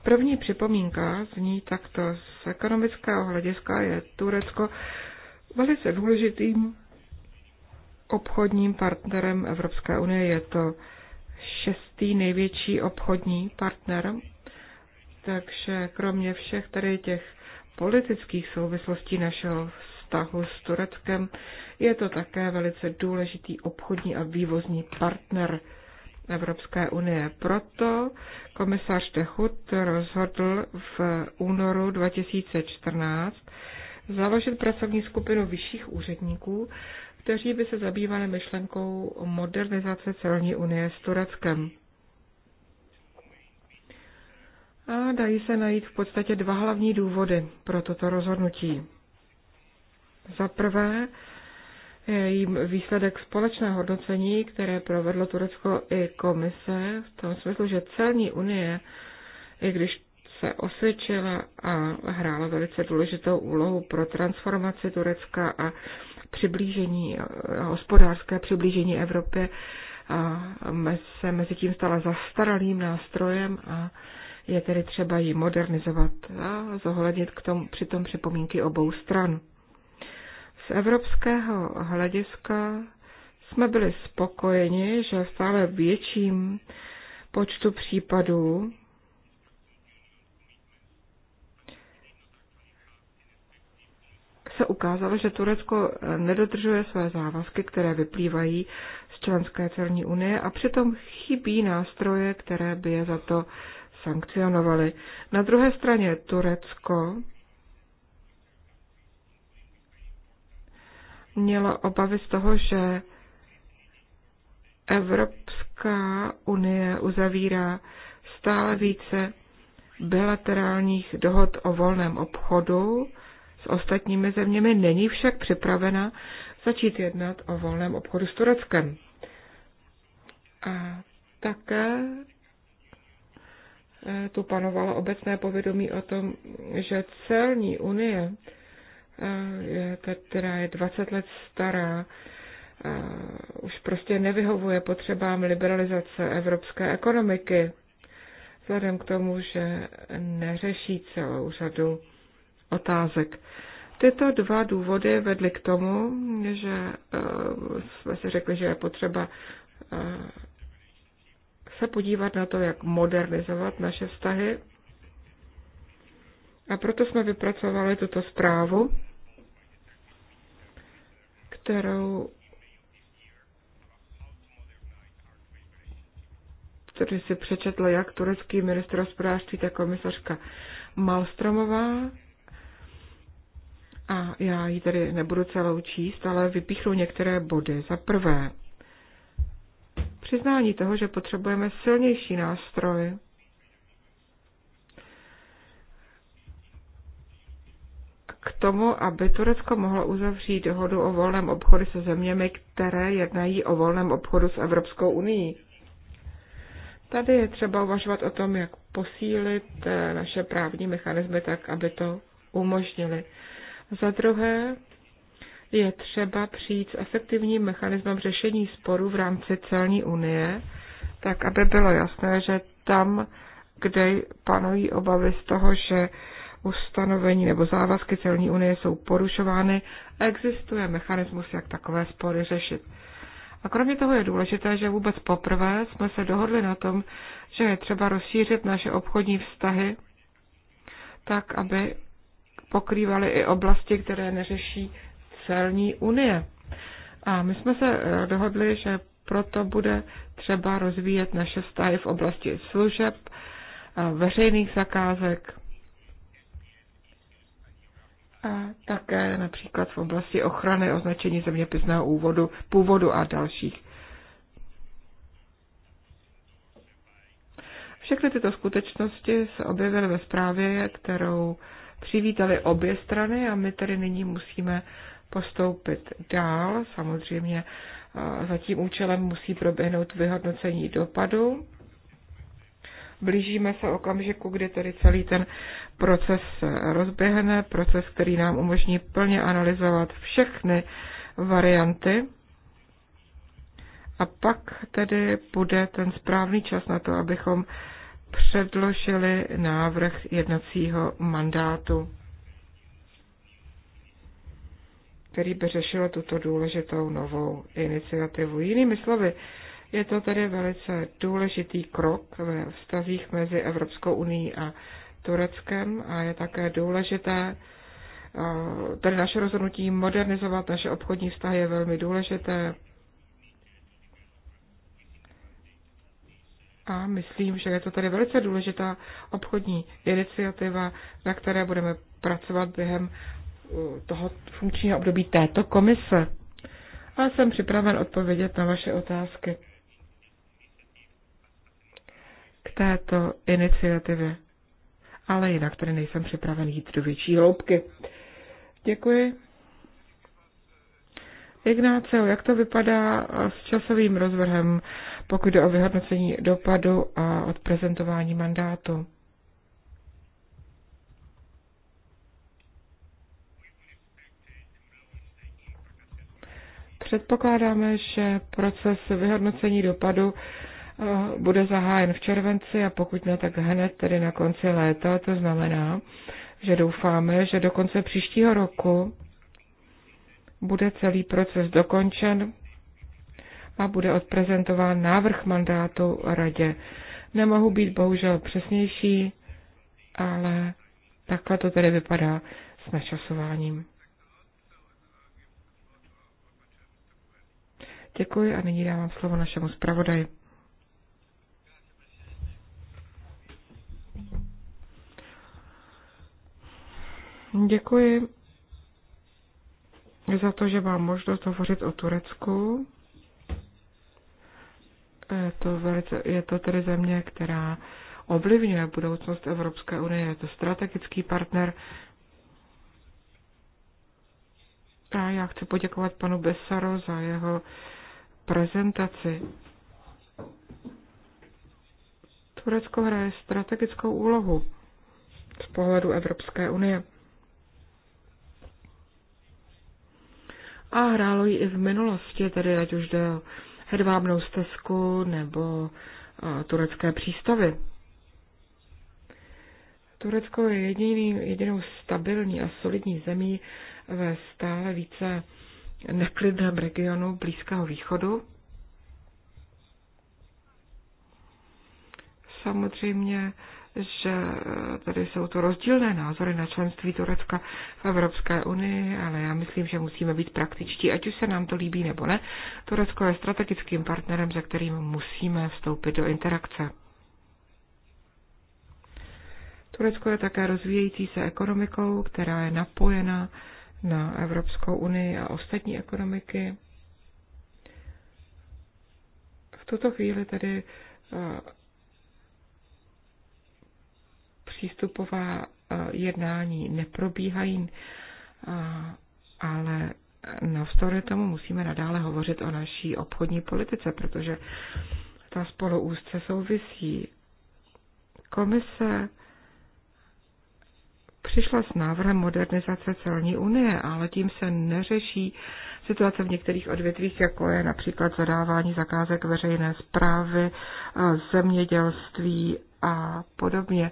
S3: První připomínka zní takto. Z ekonomického hlediska je Turecko velice důležitým obchodním partnerem Evropské unie. Je to šestý největší obchodní partner, takže kromě všech tady těch politických souvislostí našeho vztahu s Tureckem. Je to také velice důležitý obchodní a vývozní partner Evropské unie. Proto komisař de rozhodl v únoru 2014 založit pracovní skupinu vyšších úředníků, kteří by se zabývali myšlenkou modernizace celní unie s Tureckem. A dají se najít v podstatě dva hlavní důvody pro toto rozhodnutí. Za prvé, jejím výsledek společné hodnocení, které provedlo Turecko i komise, v tom smyslu, že celní unie, i když se osvědčila a hrála velice důležitou úlohu pro transformaci Turecka a přiblížení, hospodářské přiblížení Evropě, a se mezi tím stala zastaralým nástrojem a je tedy třeba ji modernizovat a zohlednit k tomu, přitom připomínky obou stran. Z evropského hlediska jsme byli spokojeni, že v stále větším počtu případů se ukázalo, že Turecko nedodržuje své závazky, které vyplývají z členské celní unie a přitom chybí nástroje, které by je za to sankcionovaly. Na druhé straně Turecko měla obavy z toho, že Evropská unie uzavírá stále více bilaterálních dohod o volném obchodu s ostatními zeměmi, není však připravena začít jednat o volném obchodu s Tureckem. A také eh, tu panovalo obecné povědomí o tom, že celní unie je která je 20 let stará, už prostě nevyhovuje potřebám liberalizace evropské ekonomiky, vzhledem k tomu, že neřeší celou řadu otázek. Tyto dva důvody vedly k tomu, že e, jsme si řekli, že je potřeba e, se podívat na to, jak modernizovat naše vztahy a proto jsme vypracovali tuto zprávu, kterou který si přečetla. jak turecký ministr hospodářství, tak komisařka Malstromová. A já ji tady nebudu celou číst, ale vypíchnu některé body. Za prvé, přiznání toho, že potřebujeme silnější nástroj k tomu, aby Turecko mohlo uzavřít dohodu o volném obchodu se zeměmi, které jednají o volném obchodu s Evropskou unii. Tady je třeba uvažovat o tom, jak posílit eh, naše právní mechanismy tak, aby to umožnili. Za druhé je třeba přijít s efektivním mechanismem řešení sporů v rámci celní unie, tak aby bylo jasné, že tam, kde panují obavy z toho, že ustanovení nebo závazky celní unie jsou porušovány, existuje mechanismus, jak takové spory řešit. A kromě toho je důležité, že vůbec poprvé jsme se dohodli na tom, že je třeba rozšířit naše obchodní vztahy tak, aby pokrývaly i oblasti, které neřeší celní unie. A my jsme se eh, dohodli, že proto bude třeba rozvíjet naše vztahy v oblasti služeb, veřejných zakázek, a také například v oblasti ochrany označení zeměpisného úvodu, původu a dalších. Všechny tyto skutečnosti se objevily ve zprávě, kterou přivítali obě strany a my tedy nyní musíme postoupit dál. Samozřejmě eh, za tím účelem musí proběhnout vyhodnocení dopadu blížíme se okamžiku, kdy tedy celý ten proces rozběhne, proces, který nám umožní plně analyzovat všechny varianty a pak tedy bude ten správný čas na to, abychom předložili návrh jednacího mandátu, který by řešil tuto důležitou novou iniciativu. Jinými slovy, je to tedy velice důležitý krok ve vztazích mezi Evropskou unii a Tureckem a je také důležité, tedy naše rozhodnutí modernizovat naše obchodní vztahy je velmi důležité. A myslím, že je to tady velice důležitá obchodní iniciativa, na které budeme pracovat během toho funkčního období této komise. A jsem připraven odpovědět na vaše otázky k této iniciativě. Ale jinak tady nejsem připraven jít do větší hloubky. Děkuji. Ignáceo, jak to vypadá s časovým rozvrhem, pokud jde o vyhodnocení dopadu a odprezentování mandátu? Předpokládáme, že proces vyhodnocení dopadu Eh, bude zahájen v červenci a pokud ne, tak hned tedy na konci léta. To znamená, že doufáme, že do konce příštího roku bude celý proces dokončen a bude odprezentován návrh mandátu radě. Nemohu být bohužel přesnější, ale takhle to tedy vypadá s načasováním. Děkuji a nyní dávám slovo našemu zpravodaji. Děkuji za to, že mám možnost hovořit o Turecku. Je to, velice, je to tedy země, která ovlivňuje budoucnost Evropské unie. Je to strategický partner. A já chci poděkovat panu Besaro za jeho prezentaci. Turecko hraje strategickou úlohu z pohledu Evropské unie. a hrálo ji i v minulosti, tedy ať už jde o hedvábnou stezku nebo eh, turecké přístavy. Turecko je jediný, jedinou stabilní a solidní zemí ve stále více neklidném regionu Blízkého východu. Samozřejmě že eh, tady jsou to rozdílné názory na členství Turecka v Evropské unii, ale já myslím, že musíme být praktičtí, ať už se nám to líbí nebo ne. Turecko je strategickým partnerem, se kterým musíme vstoupit do interakce. Turecko je také rozvíjející se ekonomikou, která je napojena na Evropskou unii a ostatní ekonomiky. V tuto chvíli tedy eh, přístupová eh, jednání neprobíhají, eh, ale navzdory tomu musíme nadále hovořit o naší obchodní politice, protože ta spolu úzce souvisí. Komise přišla s návrhem modernizace celní unie, ale tím se neřeší situace v některých odvětvích, jako je například zadávání zakázek veřejné zprávy, eh, zemědělství a podobně.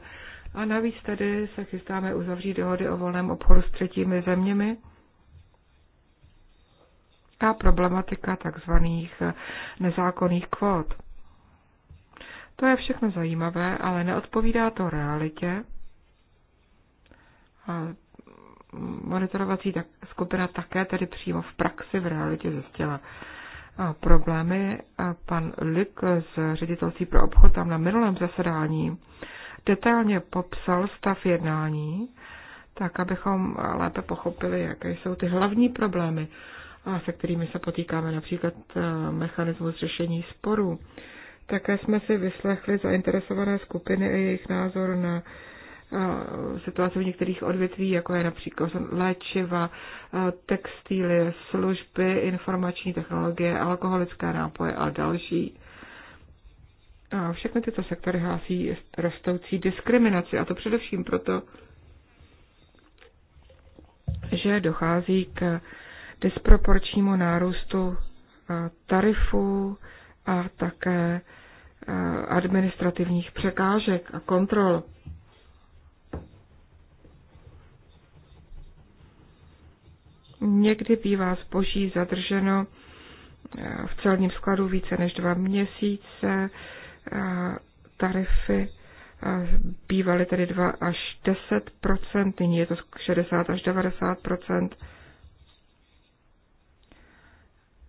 S3: A navíc tady se chystáme uzavřít dohody o volném obchodu s třetími zeměmi a problematika takzvaných nezákonných kvót. To je všechno zajímavé, ale neodpovídá to realitě. A monitorovací tak, skupina také tedy přímo v praxi v realitě zjistila problémy. A pan Lik z ředitelství pro obchod tam na minulém zasedání detailně popsal stav jednání, tak abychom lépe pochopili, jaké jsou ty hlavní problémy, se kterými se potýkáme, například eh, mechanismus řešení sporů. Také jsme si vyslechli zainteresované skupiny i jejich názor na eh, situaci v některých odvětví, jako je například léčiva, eh, textíly, služby, informační technologie, alkoholické nápoje a další všechny tyto sektory hlásí rostoucí diskriminaci, a to především proto, že dochází k disproporčnímu nárůstu tarifů a také administrativních překážek a kontrol. Někdy bývá zboží zadrženo v celním skladu více než dva měsíce, tarify bývaly tedy 2 až 10 nyní je to 60 až 90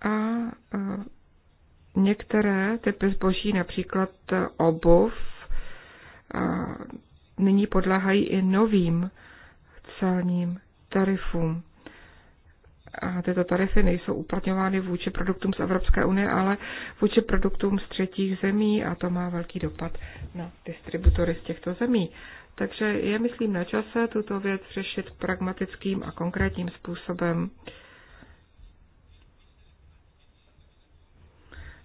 S3: A některé typy zboží, například obuv, nyní podléhají i novým celním tarifům a tyto tarify nejsou uplatňovány vůči produktům z Evropské unie, ale vůči produktům z třetích zemí a to má velký dopad na distributory z těchto zemí. Takže je, myslím, na čase tuto věc řešit pragmatickým a konkrétním způsobem.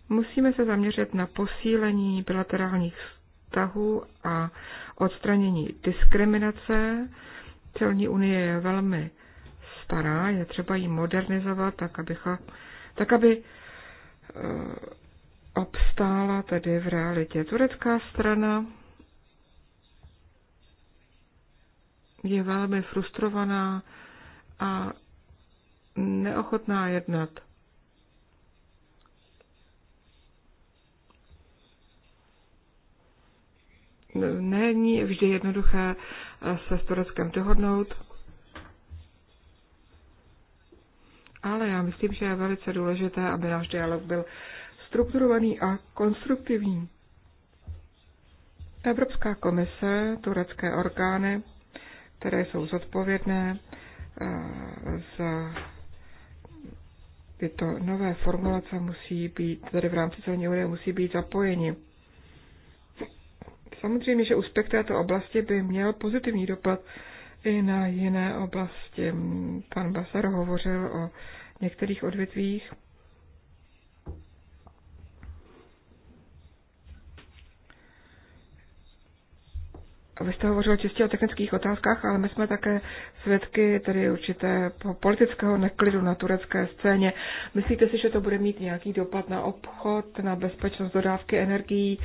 S3: Musíme se zaměřit na posílení bilaterálních vztahů a odstranění diskriminace. Celní unie je velmi stará, je třeba ji modernizovat tak, abycha, tak aby eh, obstála tedy v realitě. Turecká strana je velmi frustrovaná a neochotná jednat. Není vždy jednoduché eh, se s Tureckem dohodnout. ale já myslím, že je velice důležité, aby náš dialog byl strukturovaný a konstruktivní. Evropská komise, turecké orgány, které jsou zodpovědné eh, za tyto nové formulace musí být, tady v rámci celní unie musí být zapojeni. Samozřejmě, že úspěch této oblasti by měl pozitivní dopad i na jiné oblasti. Pan Basar hovořil o některých odvětvích, vy jste hovořil čistě o technických otázkách, ale my jsme také svědky tedy určité politického neklidu na turecké scéně. Myslíte si, že to bude mít nějaký dopad na obchod, na bezpečnost dodávky energií?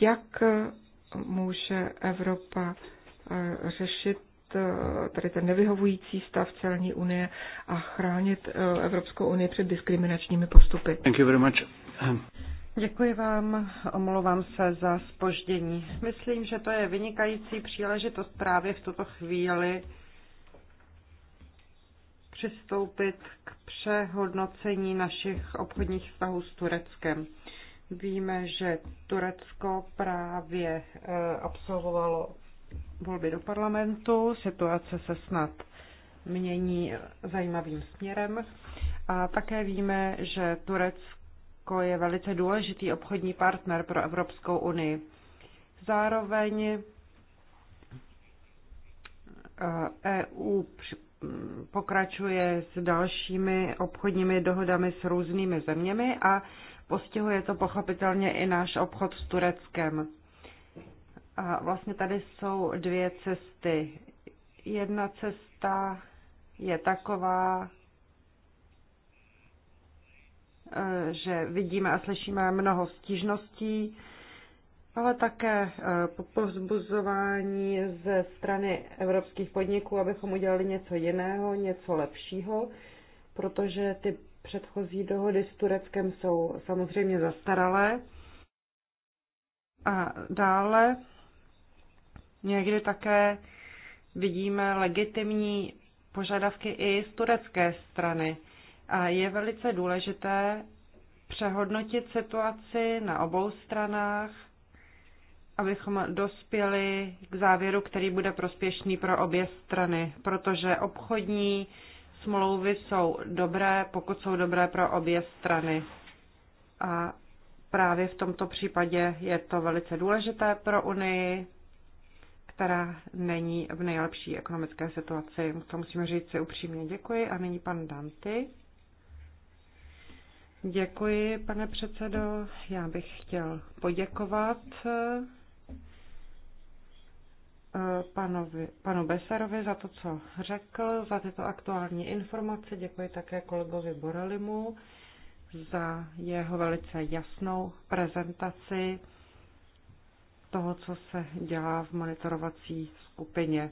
S3: Jak může Evropa eh, řešit Eh, tady ten nevyhovující stav celní unie a chránit eh, Evropskou unii před
S2: diskriminačními postupy. Thank you very much. Děkuji vám, omlouvám se za spoždění. Myslím, že to je vynikající příležitost právě v tuto chvíli přistoupit k přehodnocení našich obchodních vztahů s Tureckem. Víme, že Turecko právě eh, absolvovalo volby do parlamentu. Situace se snad mění zajímavým směrem. A také víme, že Turecko je velice důležitý obchodní partner pro Evropskou unii. Zároveň EU eh, e pokračuje s dalšími obchodními dohodami s různými zeměmi a postihuje to pochopitelně i náš obchod s Tureckem. A vlastně tady jsou dvě cesty. Jedna cesta je taková, eh, že vidíme a slyšíme mnoho stížností, ale také eh, povzbuzování ze strany evropských podniků, abychom udělali něco jiného, něco lepšího, protože ty předchozí dohody s Tureckem jsou samozřejmě zastaralé. A dále Někdy také vidíme legitimní požadavky i z turecké strany. A je velice důležité přehodnotit situaci na obou stranách, abychom dospěli k závěru, který bude prospěšný pro obě strany, protože obchodní smlouvy jsou dobré, pokud jsou dobré pro obě strany. A právě v tomto případě je to velice důležité pro Unii, která není v nejlepší ekonomické situaci. To musíme říct si upřímně. Děkuji. A nyní pan Danty. Děkuji, pane předsedo. Já bych chtěl poděkovat eh, panovi, panu Besarovi za to, co řekl, za tyto aktuální informace. Děkuji také kolegovi Borelimu za jeho velice jasnou prezentaci toho, co se dělá v monitorovací skupině.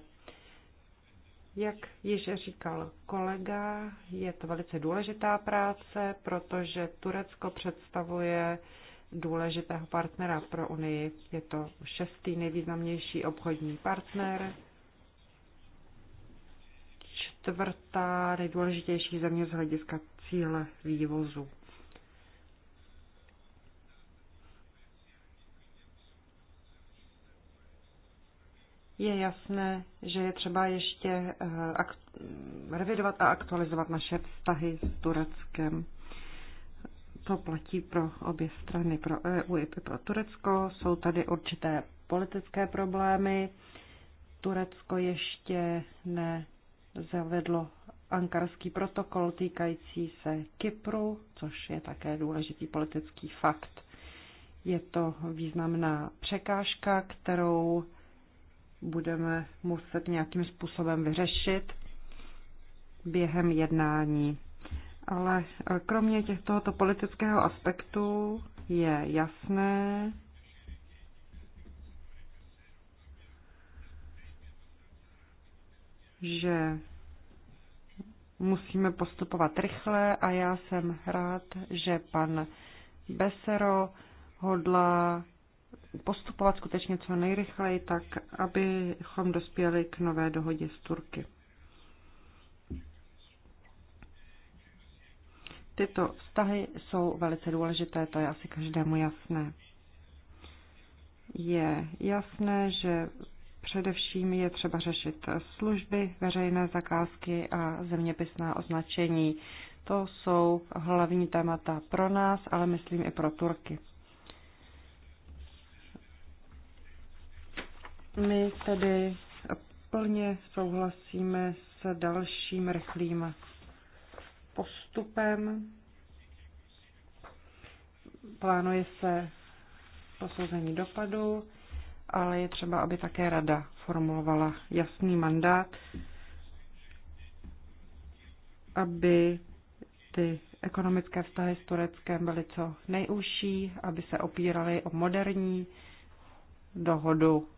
S2: Jak již říkal kolega, je to velice důležitá práce, protože Turecko představuje důležitého partnera pro Unii. Je to šestý nejvýznamnější obchodní partner, čtvrtá nejdůležitější země z hlediska cíle vývozu. je jasné, že je třeba ještě eh, revidovat a aktualizovat naše vztahy s Tureckem. To platí pro obě strany, pro EU i pro Turecko. Jsou tady určité politické problémy. Turecko ještě nezavedlo ankarský protokol týkající se Kypru, což je také důležitý politický fakt. Je to významná překážka, kterou budeme muset nějakým způsobem vyřešit během jednání. Ale e, kromě těch tohoto politického aspektu je jasné, že musíme postupovat rychle a já jsem rád, že pan Besero hodlá postupovat skutečně co nejrychleji, tak abychom dospěli k nové dohodě s Turky. Tyto vztahy jsou velice důležité, to je asi každému jasné. Je jasné, že především je třeba řešit služby, veřejné zakázky a zeměpisná označení. To jsou hlavní témata pro nás, ale myslím i pro Turky. My tedy plně souhlasíme s dalším rychlým postupem. Plánuje se posouzení dopadu, ale je třeba, aby také rada formulovala jasný mandát, aby ty ekonomické vztahy s Tureckem byly co nejúžší, aby se opíraly o moderní dohodu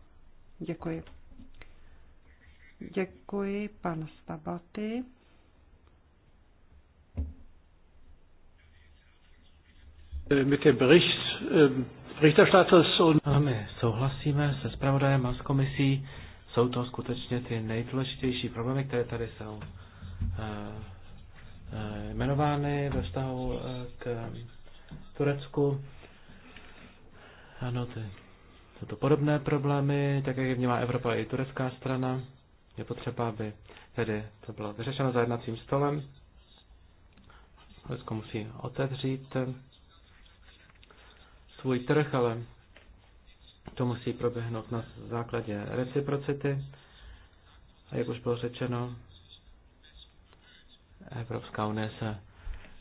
S2: Děkuji. Děkuji, pan Stabaty.
S1: Mit dem Bericht ähm, Berichterstatters und my souhlasíme se zpravodajem a s komisí. Jsou to skutečně ty nejdůležitější problémy, které tady jsou eh, eh, jmenovány ve vztahu eh, k Turecku. Ano, ty jsou to podobné problémy, tak jak je vnímá Evropa i turecká strana. Je potřeba, aby tedy to bylo vyřešeno za jednacím stolem. Turecko musí otevřít eh, svůj trh, ale to musí proběhnout na základě reciprocity. A jak už bylo řečeno, Evropská unie se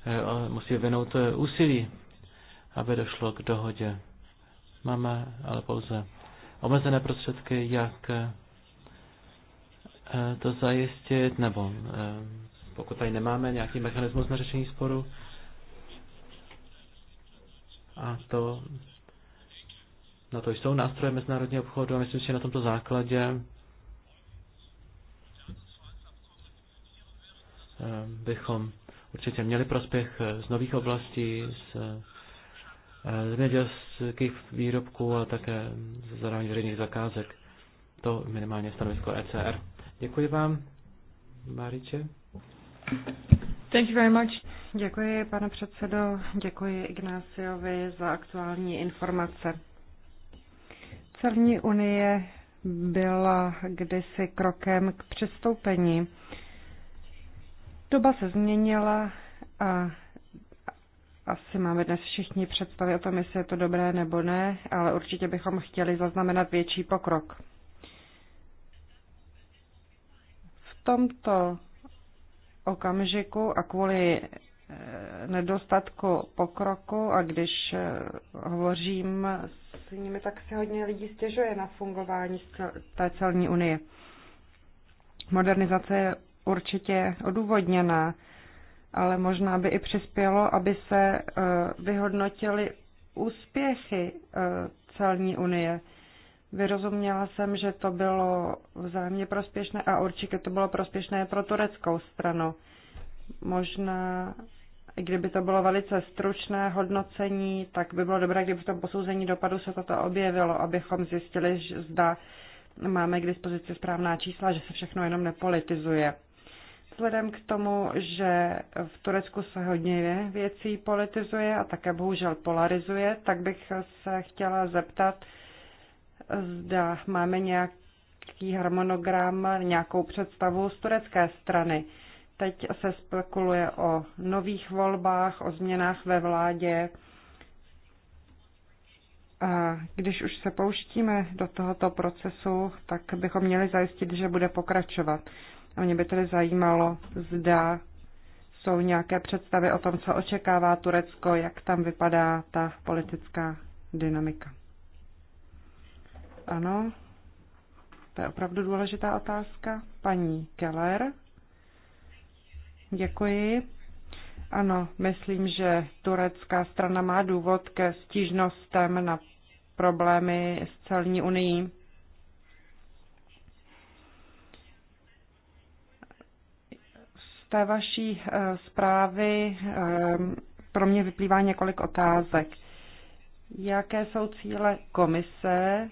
S1: eh, musí vynout eh, úsilí, aby došlo k dohodě. Máme ale pouze omezené prostředky, jak eh, to zajistit, nebo eh, pokud tady nemáme nějaký mechanismus na řešení sporu, a to na no to jsou nástroje mezinárodního obchodu a myslím si, že na tomto základě eh, bychom určitě měli prospěch z nových oblastí, z Eh, zemědělských výrobků, a také zadání veřejných zakázek. To minimálně stanovisko ECR. Děkuji vám, Mariče.
S2: Thank you very much. Děkuji, pane předsedo, děkuji Ignáciovi za aktuální informace. Celní unie byla kdysi krokem k přistoupení. Doba se změnila a asi máme dnes všichni představy o tom, jestli je to dobré nebo ne, ale určitě bychom chtěli zaznamenat větší pokrok. V tomto okamžiku a kvůli eh, nedostatku pokroku a když eh, hovořím s nimi, tak se hodně lidí stěžuje na fungování té celní unie. Modernizace je určitě odůvodněná, ale možná by i přispělo, aby se e, vyhodnotily úspěchy e, celní unie. Vyrozuměla jsem, že to bylo vzájemně prospěšné a určitě to bylo prospěšné pro tureckou stranu. Možná, kdyby to bylo velice stručné hodnocení, tak by bylo dobré, kdyby v tom posouzení dopadu se toto objevilo, abychom zjistili, že zda máme k dispozici správná čísla, že se všechno jenom nepolitizuje. Vzhledem k tomu, že v Turecku se hodně věcí politizuje a také bohužel polarizuje, tak bych se chtěla zeptat, zda máme nějaký harmonogram, nějakou představu z turecké strany. Teď se spekuluje o nových volbách, o změnách ve vládě. A když už se pouštíme do tohoto procesu, tak bychom měli zajistit, že bude pokračovat. A mě by tedy zajímalo, zda jsou nějaké představy o tom, co očekává Turecko, jak tam vypadá ta politická dynamika. Ano, to je opravdu důležitá otázka. Paní Keller. Děkuji. Ano, myslím, že turecká strana má důvod ke stížnostem na problémy s celní unii. té vaší eh, zprávy eh, pro mě vyplývá několik otázek. Jaké jsou cíle komise,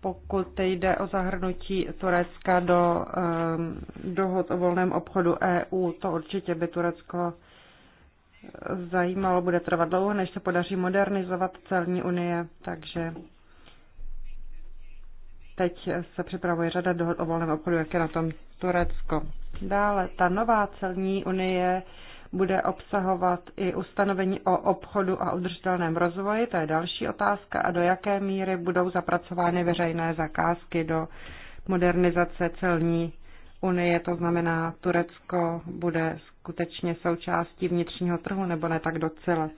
S2: pokud jde o zahrnutí Turecka do eh, dohod o volném obchodu EU? To určitě by Turecko zajímalo, bude trvat dlouho, než se podaří modernizovat celní unie, takže Teď se připravuje řada dohod o volném obchodu, jak je na tom Turecko. Dále, ta nová celní unie bude obsahovat i ustanovení o obchodu a udržitelném rozvoji, to je další otázka, a do jaké míry budou zapracovány veřejné zakázky do modernizace celní unie, to znamená Turecko bude skutečně součástí vnitřního trhu nebo ne tak docela.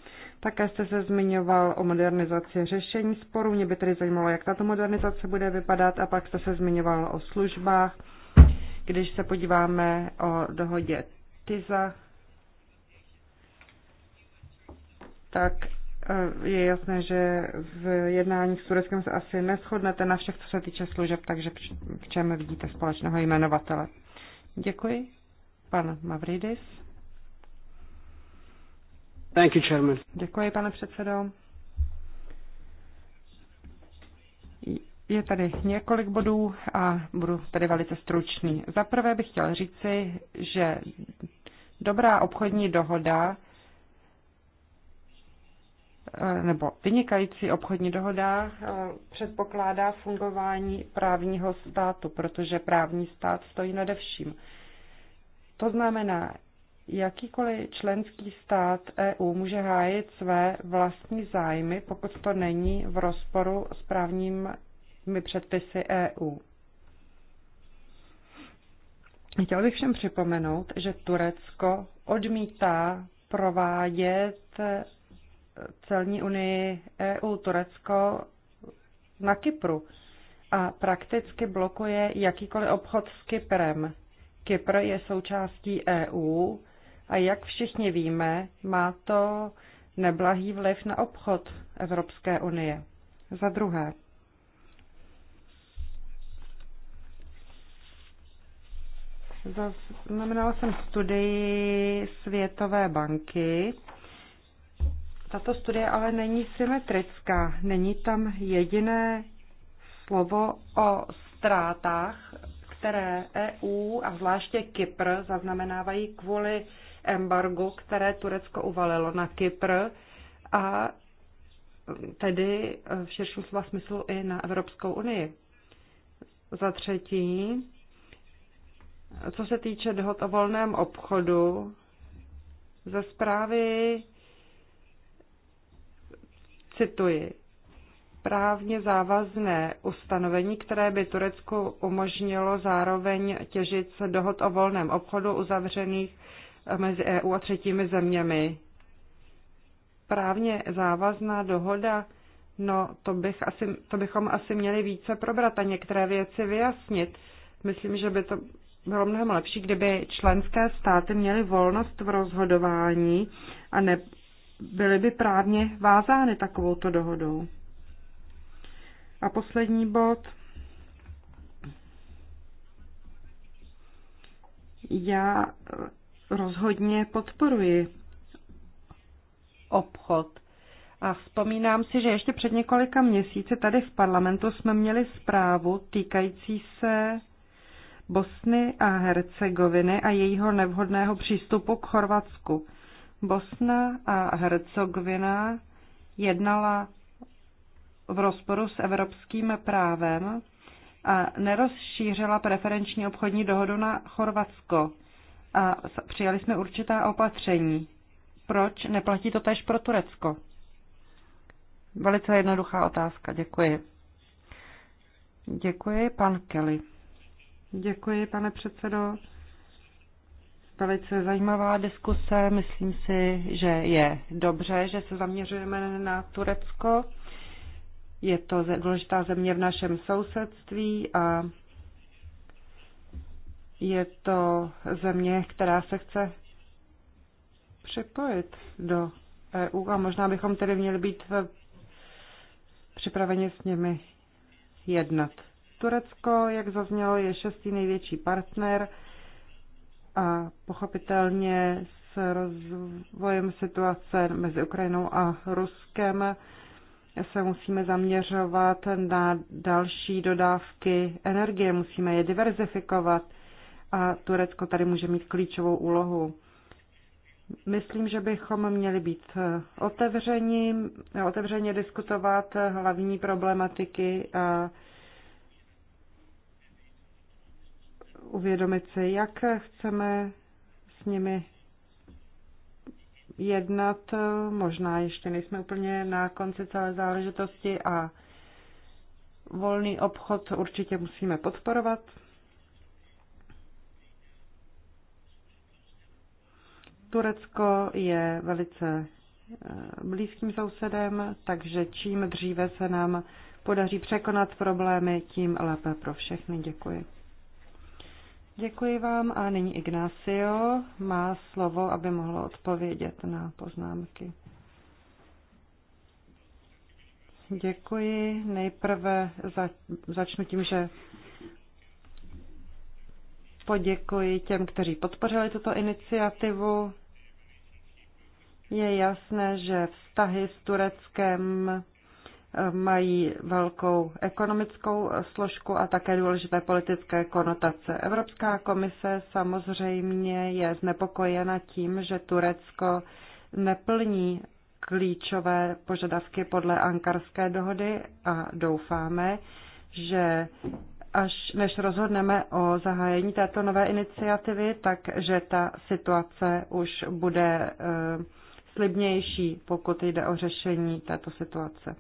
S2: Také jste se zmiňoval o modernizaci řešení sporů. Mě by tedy zajímalo, jak tato modernizace bude vypadat. A pak jste se zmiňoval o službách. Když se podíváme o dohodě TISA, tak eh, je jasné, že v jednáních s Tureckem se asi neschodnete na všech, co se týče služeb, takže v čem vidíte společného jmenovatele. Děkuji. Pan Mavridis. Thank you, Chairman. Děkuji, pane předsedo. Je tady několik bodů a budu tady velice stručný. Za prvé bych chtěl říci, že dobrá obchodní dohoda eh, nebo vynikající obchodní dohoda eh, předpokládá fungování právního státu, protože právní stát stojí nade vším. To znamená, Jakýkoliv členský stát EU může hájit své vlastní zájmy, pokud to není v rozporu s právními předpisy EU. Chtěl bych všem připomenout, že Turecko odmítá provádět celní unii EU-Turecko na Kypru a prakticky blokuje jakýkoliv obchod s Kyprem. Kypr je součástí EU, a jak všichni víme, má to neblahý vliv na obchod Evropské unie. Za druhé, zaznamenala jsem studii Světové banky. Tato studie ale není symetrická. Není tam jediné slovo o ztrátách, které EU a zvláště Kypr zaznamenávají kvůli embargu, které Turecko uvalilo na Kypr a tedy v širším slova smyslu i na Evropskou unii. Za třetí, co se týče dohod o volném obchodu, ze zprávy cituji, právně závazné ustanovení, které by Turecku umožnilo zároveň těžit se dohod o volném obchodu uzavřených mezi EU a třetími zeměmi. Právně závazná dohoda, no to, bych asi, to bychom asi měli více probrat a některé věci vyjasnit. Myslím, že by to bylo mnohem lepší, kdyby členské státy měly volnost v rozhodování a ne, byly by právně vázány takovouto dohodou. A poslední bod. Já rozhodně podporuji obchod. A vzpomínám si, že ještě před několika měsíci tady v parlamentu jsme měli zprávu týkající se Bosny a Hercegoviny a jejího nevhodného přístupu k Chorvatsku. Bosna a Hercegovina jednala v rozporu s evropským právem a nerozšířila preferenční obchodní dohodu na Chorvatsko a přijali jsme určitá opatření. Proč neplatí to tež pro Turecko? Velice jednoduchá otázka, děkuji. Děkuji, pan Kelly. Děkuji, pane předsedo. Velice zajímavá diskuse. Myslím si, že je dobře, že se zaměřujeme na Turecko. Je to důležitá země v našem sousedství a je to země, která se chce připojit do EU a možná bychom tedy měli být připraveni s nimi jednat. Turecko, jak zaznělo, je šestý největší partner a pochopitelně s rozvojem situace mezi Ukrajinou a Ruskem se musíme zaměřovat na další dodávky energie, musíme je diverzifikovat a Turecko tady může mít klíčovou úlohu. Myslím, že bychom měli být eh, otevřeni, otevřeně diskutovat hlavní problematiky a uvědomit si, jak chceme s nimi jednat. Možná ještě nejsme úplně na konci celé záležitosti a volný obchod určitě musíme podporovat. Turecko je velice eh, blízkým sousedem, takže čím dříve se nám podaří překonat problémy, tím lépe pro všechny. Děkuji. Děkuji vám a nyní Ignacio má slovo, aby mohlo odpovědět na poznámky. Děkuji. Nejprve za, začnu tím, že poděkuji těm, kteří podpořili tuto iniciativu. Je jasné, že vztahy s Tureckem eh, mají velkou ekonomickou složku a také důležité politické konotace. Evropská komise samozřejmě je znepokojena tím, že Turecko neplní klíčové požadavky podle ankarské dohody a doufáme, že až než rozhodneme o zahájení této nové iniciativy, takže ta situace už bude eh, slibnější, pokud jde o řešení této situace.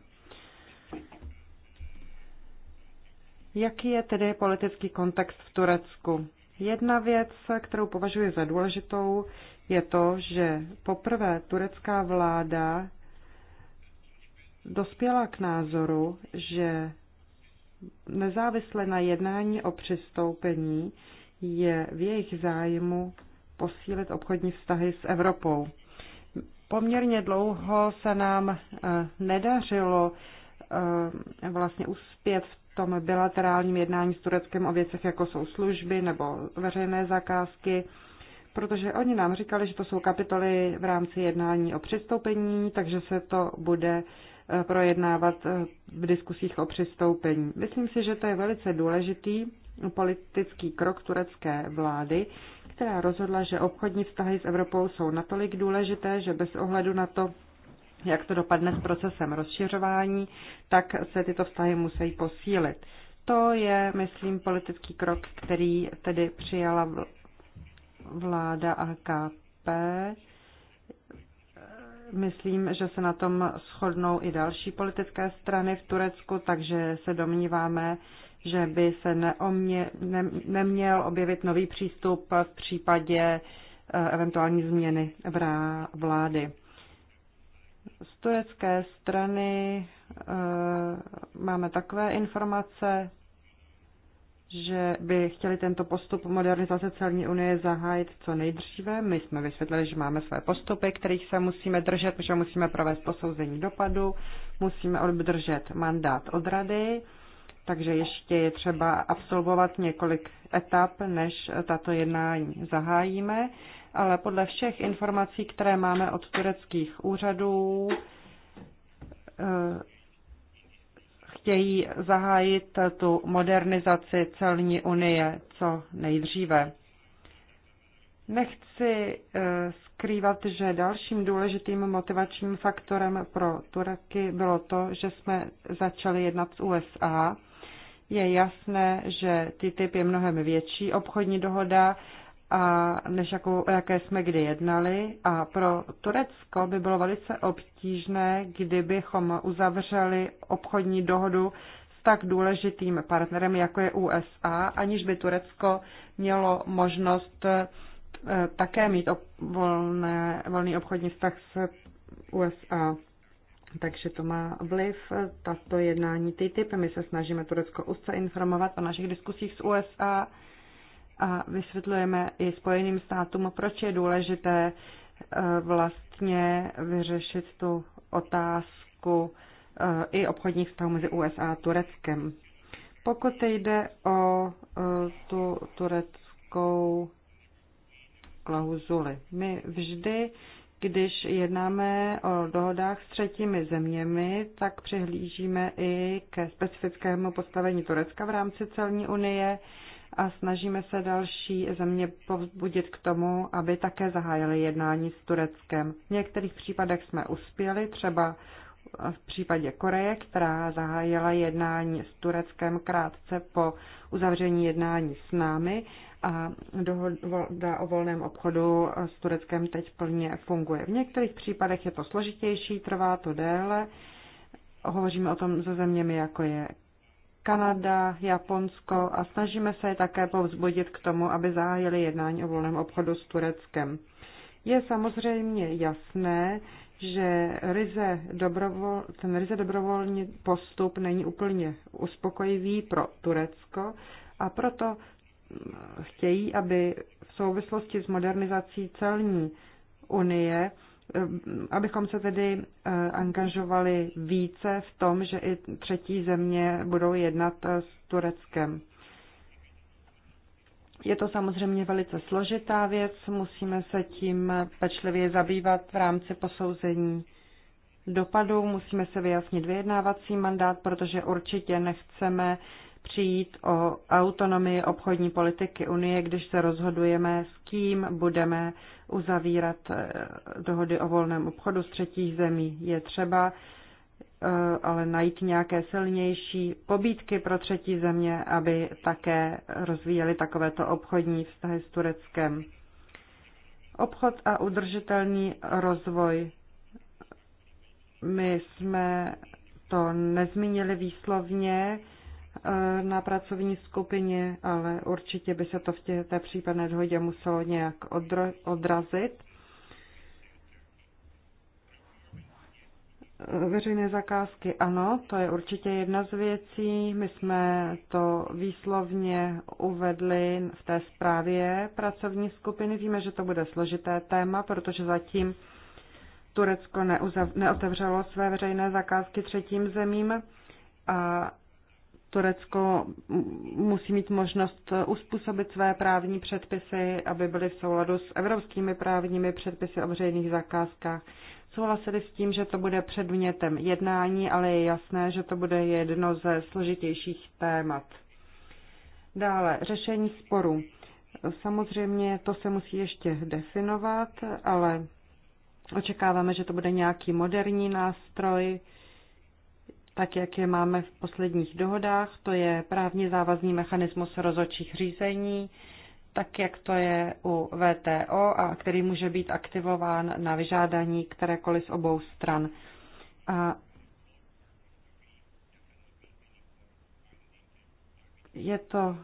S2: Jaký je tedy politický kontext v Turecku? Jedna věc, kterou považuji za důležitou, je to, že poprvé turecká vláda dospěla k názoru, že nezávisle na jednání o přistoupení je v jejich zájmu posílit obchodní vztahy s Evropou. Poměrně dlouho se nám eh, nedařilo eh, vlastně uspět v tom bilaterálním jednání s Tureckem o věcech, jako jsou služby nebo veřejné zakázky, protože oni nám říkali, že to jsou kapitoly v rámci jednání o přistoupení, takže se to bude Eh, projednávat eh, v diskusích o přistoupení. Myslím si, že to je velice důležitý politický krok turecké vlády, která rozhodla, že obchodní vztahy s Evropou jsou natolik důležité, že bez ohledu na to, jak to dopadne s procesem rozšiřování, tak se tyto vztahy musí posílit. To je, myslím, politický krok, který tedy přijala vláda AKP Myslím, že se na tom shodnou i další politické strany v Turecku, takže se domníváme, že by se neomě, ne, neměl objevit nový přístup v případě eh, eventuální změny vlády. Z turecké strany eh, máme takové informace, že by chtěli tento postup modernizace celní unie zahájit co nejdříve. My jsme vysvětlili, že máme své postupy, kterých se musíme držet, protože musíme provést posouzení dopadu, musíme obdržet mandát od rady, takže ještě je třeba absolvovat několik etap, než tato jednání zahájíme. Ale podle všech informací, které máme od tureckých úřadů, eh, chtějí zahájit tu modernizaci celní unie co nejdříve. Nechci eh, skrývat, že dalším důležitým motivačním faktorem pro Tureky bylo to, že jsme začali jednat s USA. Je jasné, že TTIP je mnohem větší obchodní dohoda, a než jako, o jaké jsme kdy jednali. A pro Turecko by bylo velice obtížné, kdybychom uzavřeli obchodní dohodu s tak důležitým partnerem, jako je USA, aniž by Turecko mělo možnost eh, také mít volné, volný obchodní vztah s USA. Takže to má vliv, eh, tato jednání TTIP. My se snažíme Turecko úzce informovat o našich diskusích s USA a vysvětlujeme i Spojeným státům, proč je důležité eh, vlastně vyřešit tu otázku eh, i obchodních vztahů mezi USA a Tureckem. Pokud jde o eh, tu tureckou klauzuli, my vždy, když jednáme o dohodách s třetími zeměmi, tak přihlížíme i ke specifickému postavení Turecka v rámci celní unie a snažíme se další země povzbudit k tomu, aby také zahájili jednání s Tureckem. V některých případech jsme uspěli, třeba v případě Koreje, která zahájila jednání s Tureckem krátce po uzavření jednání s námi a dohoda o volném obchodu s Tureckem teď plně funguje. V některých případech je to složitější, trvá to déle. Hovoříme o tom se zeměmi, jako je Kanada, Japonsko a snažíme se je také povzbudit k tomu, aby zahájili jednání o volném obchodu s Tureckem. Je samozřejmě jasné, že ryze dobrovol, ten ryze dobrovolný postup není úplně uspokojivý pro Turecko a proto chtějí, aby v souvislosti s modernizací celní unie Ehm, abychom se tedy eh, angažovali více v tom, že i třetí země budou jednat eh, s Tureckem. Je to samozřejmě velice složitá věc, musíme se tím pečlivě zabývat v rámci posouzení dopadů, musíme se vyjasnit vyjednávací mandát, protože určitě nechceme přijít o autonomii obchodní politiky Unie, když se rozhodujeme, s kým budeme uzavírat eh, dohody o volném obchodu z třetích zemí. Je třeba eh, ale najít nějaké silnější pobídky pro třetí země, aby také rozvíjeli takovéto obchodní vztahy s Tureckem. Obchod a udržitelný rozvoj. My jsme to nezmínili výslovně, Eh, na pracovní skupině, ale určitě by se to v té případné dohodě muselo nějak odrazit. Eh, veřejné zakázky, ano, to je určitě jedna z věcí. My jsme to výslovně uvedli v té zprávě pracovní skupiny. Víme, že to bude složité téma, protože zatím Turecko neotevřelo své veřejné zakázky třetím zemím a Turecko musí mít možnost uspůsobit své právní předpisy, aby byly v souladu s evropskými právními předpisy o veřejných zakázkách. Souhlasili s tím, že to bude předmětem jednání, ale je jasné, že to bude jedno ze složitějších témat. Dále, řešení sporů. Samozřejmě to se musí ještě definovat, ale očekáváme, že to bude nějaký moderní nástroj, tak jak je máme v posledních dohodách. To je právně závazný mechanismus rozhodčích řízení, tak jak to je u VTO a který může být aktivován na vyžádání kterékoliv z obou stran. A je to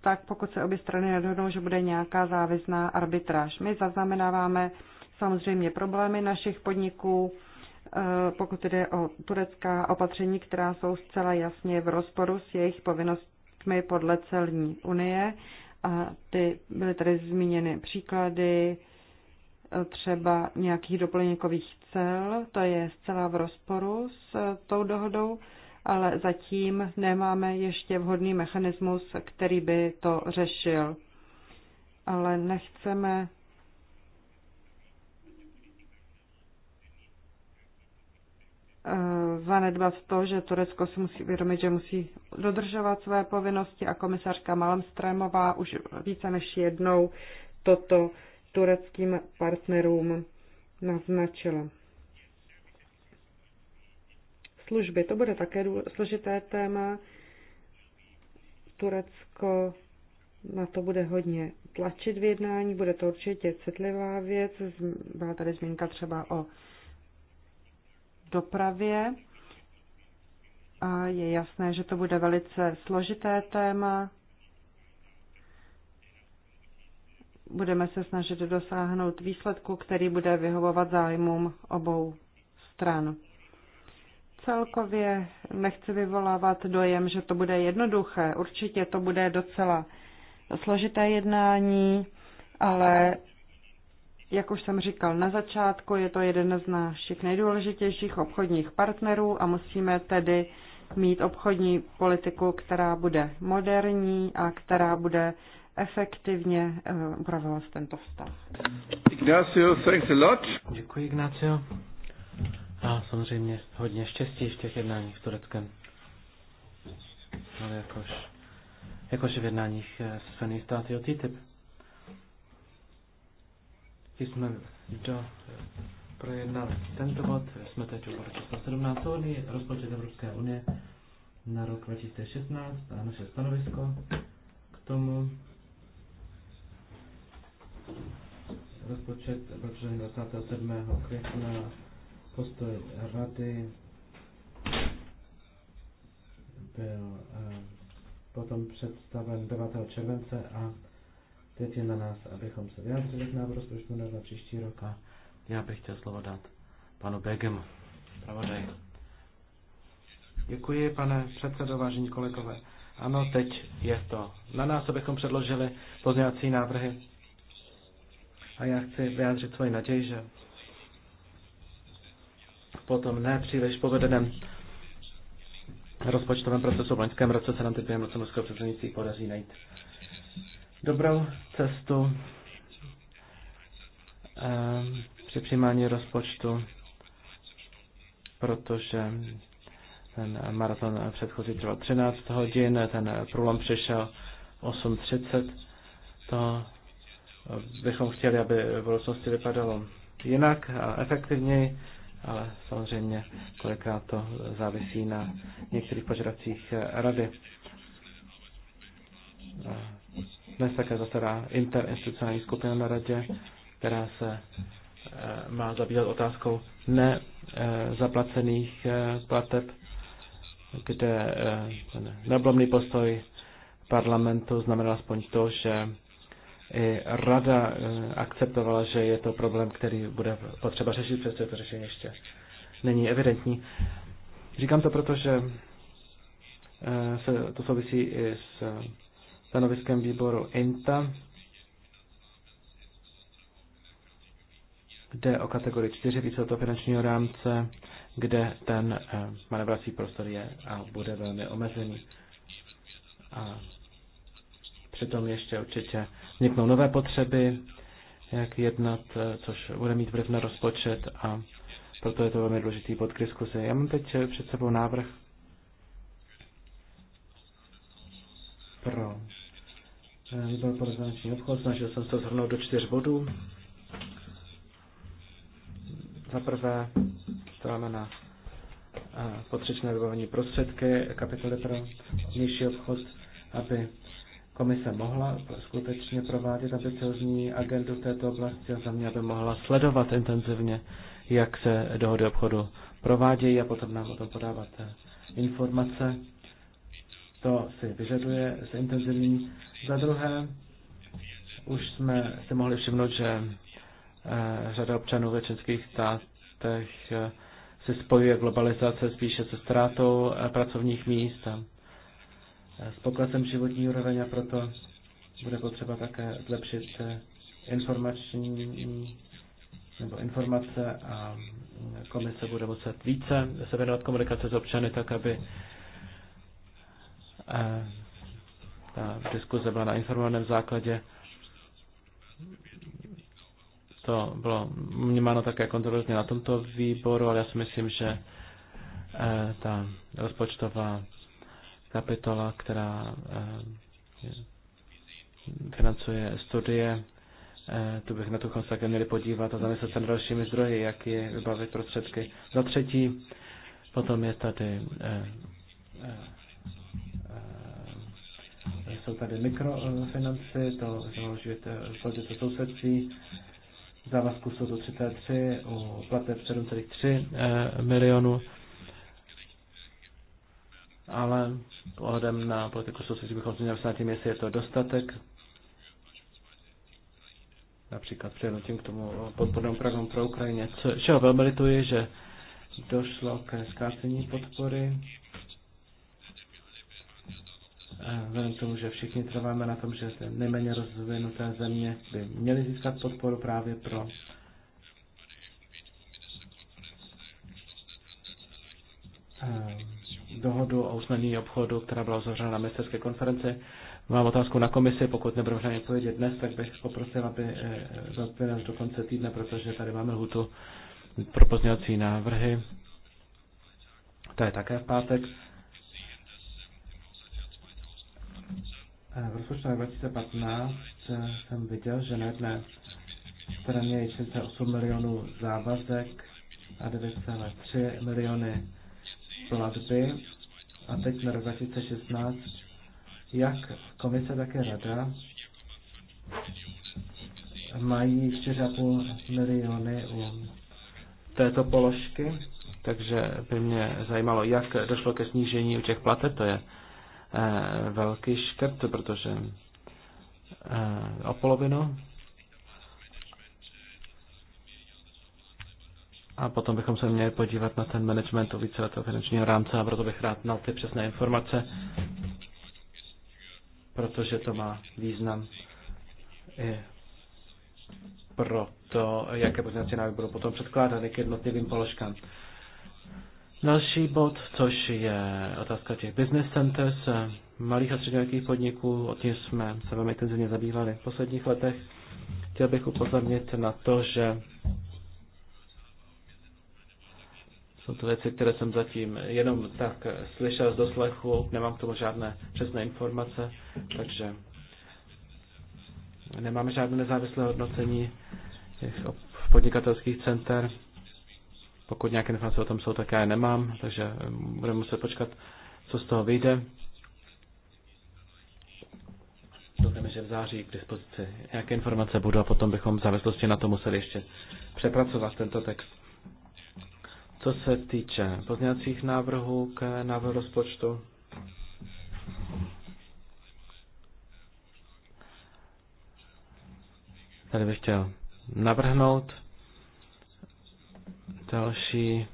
S2: tak, pokud se obě strany nedohodnou, že bude nějaká závisná arbitráž. My zaznamenáváme samozřejmě problémy našich podniků, Eh, pokud jde o turecká opatření, která jsou zcela jasně v rozporu s jejich povinnostmi podle celní unie. A ty byly tady zmíněny příklady eh, třeba nějakých doplňkových cel, to je zcela v rozporu s eh, tou dohodou, ale zatím nemáme ještě vhodný mechanismus, který by to řešil. Ale nechceme Eh, zanedbat to, že Turecko si musí vědomit, že musí dodržovat své povinnosti a komisařka Malmströmová už více než jednou toto tureckým partnerům naznačila. Služby, to bude také složité téma. Turecko na to bude hodně tlačit v jednání, bude to určitě citlivá věc. Byla tady zmínka třeba o dopravě. A je jasné, že to bude velice složité téma. Budeme se snažit dosáhnout výsledku, který bude vyhovovat zájmům obou stran. Celkově nechci vyvolávat dojem, že to bude jednoduché. Určitě to bude docela složité jednání, ale jak už jsem říkal na začátku, je to jeden z našich nejdůležitějších obchodních partnerů a musíme tedy mít obchodní politiku, která bude moderní a která bude efektivně eh, upravovat tento vztah.
S1: Ignacio, thanks a lot. Děkuji, Ignacio. A samozřejmě hodně štěstí v těch jednáních v Tureckém. Ale jakož, jakož v jednáních eh, s Fenistáty o TTIP. Když jsme do, eh, projednali tento bod, jsme teď u bodu číslo 17, rozpočet Evropské unie na rok 2016 a naše stanovisko k tomu rozpočet byl 27. května postoj rady byl eh, potom představen 9. července a Teď je na nás, abychom se vyjádřili k návrhu rozpočtu na příští rok a já bych chtěl slovo dát panu Begemu, pravodaj. Děkuji, pane předsedo, vážení kolegové. Ano, teď je to na nás, abychom předložili pozměňovací návrhy. A já chci vyjádřit svoji naději, že potom ne příliš povedeném rozpočtovém procesu v loňském roce se nám teď během lucemburského předsednictví podaří najít dobrou cestu ehm, při přijímání rozpočtu, protože ten maraton předchozí trval 13 hodin, ten průlom přišel 8.30. To bychom chtěli, aby v budoucnosti vypadalo jinak a efektivněji, ale samozřejmě kolikrát to závisí na některých požadavcích rady. Dnes také zasedá interinstitucionální skupina na radě, která se eh, má zabývat otázkou nezaplacených eh, eh, plateb, kde neblomný postoj parlamentu znamená aspoň to, že i rada akceptovala, že je to problém, který bude potřeba řešit, přestože to řešení ještě není evidentní. Říkám to proto, že se to souvisí i s stanoviskem výboru INTA, jde o kategorii 4 víceletého finančního rámce, kde ten eh, manevrací prostor je a bude velmi omezený. A přitom ještě určitě vzniknou nové potřeby, jak jednat, eh, což bude mít vliv na rozpočet a proto je to velmi důležitý bod k diskuzi. Já mám teď před sebou návrh pro výbor pro zahraniční obchod, snažil jsem se zhrnout do čtyř bodů. Za prvé, trváme na eh, potřečné vybavení prostředky kapitoly pro vnější obchod, aby komise mohla skutečně provádět ambiciozní agendu v této oblasti a za mě, aby mohla sledovat intenzivně, jak se dohody obchodu provádějí a potom nám o tom podávat eh, informace. To si vyžaduje se intenzivní. Za druhé, už jsme si mohli všimnout, že eh, řada občanů ve českých státech eh, se spojuje globalizace spíše se ztrátou eh, pracovních míst a s poklesem životní úroveň a proto bude potřeba také zlepšit informační nebo informace a mm, komise bude muset více se věnovat komunikace s občany tak, aby Eh, ta diskuze byla na informovaném základě. To bylo vnímáno také kontroverzně na tomto výboru, ale já si myslím, že eh, ta rozpočtová kapitola, která eh, financuje studie, tu bych na tu konc také měli podívat a zamyslet se na dalšími zdroji, jak je vybavit prostředky. Za třetí, potom je tady jsou tady mikrofinance, to založujete v to sousedství, závazku jsou do 33, o plateb 7,3 eh, milionů. Ale pohledem na politiku sousedství bychom měli na tím, jestli je to dostatek, například přenutím k tomu podpornému programu pro Ukrajině. Čeho velmi lituji, že došlo k zkrácení podpory vzhledem k tomu, že všichni trváme na tom, že ty nejméně rozvinuté země by měly získat podporu právě pro dohodu o usnadnění obchodu, která byla uzavřena na ministerské konferenci. Mám otázku na komisi, pokud nebudou na odpovědět dnes, tak bych poprosil, aby zodpověděl e, do konce týdne, protože tady máme lhutu pro pozměňovací návrhy. To je také v pátek. Eh, v roce 2015 eh, jsem viděl, že na jedné straně je 38 milionů závazek a 9,3 miliony platby. A teď na rok 2016 jak komise, tak i rada mají 4,5 miliony u této položky, takže by mě zajímalo, jak došlo ke snížení u těch plateb, to je Eh, velký škrt, protože eh, o polovinu. A potom bychom se měli podívat na ten management o víceletého finančního rámce a proto bych rád na ty přesné informace, protože to má význam i pro to, jaké pozměňovací návrhy budou potom předkládány k jednotlivým položkám. Další bod, což je otázka těch business centers, eh, malých a středních podniků, o tím jsme se velmi intenzivně zabývali v posledních letech. Chtěl bych upozornit na to, že jsou to věci, které jsem zatím jenom tak slyšel z doslechu, nemám k tomu žádné přesné informace, takže nemáme žádné nezávislé hodnocení těch podnikatelských center. Pokud nějaké informace o tom jsou, tak já je nemám, takže eh, budeme muset počkat, co z toho vyjde. Doufáme, že v září k dispozici nějaké informace budou a potom bychom v závislosti na to museli ještě přepracovat tento text. Co se týče pozměňovacích návrhů k návrhu rozpočtu, tady bych chtěl navrhnout, Další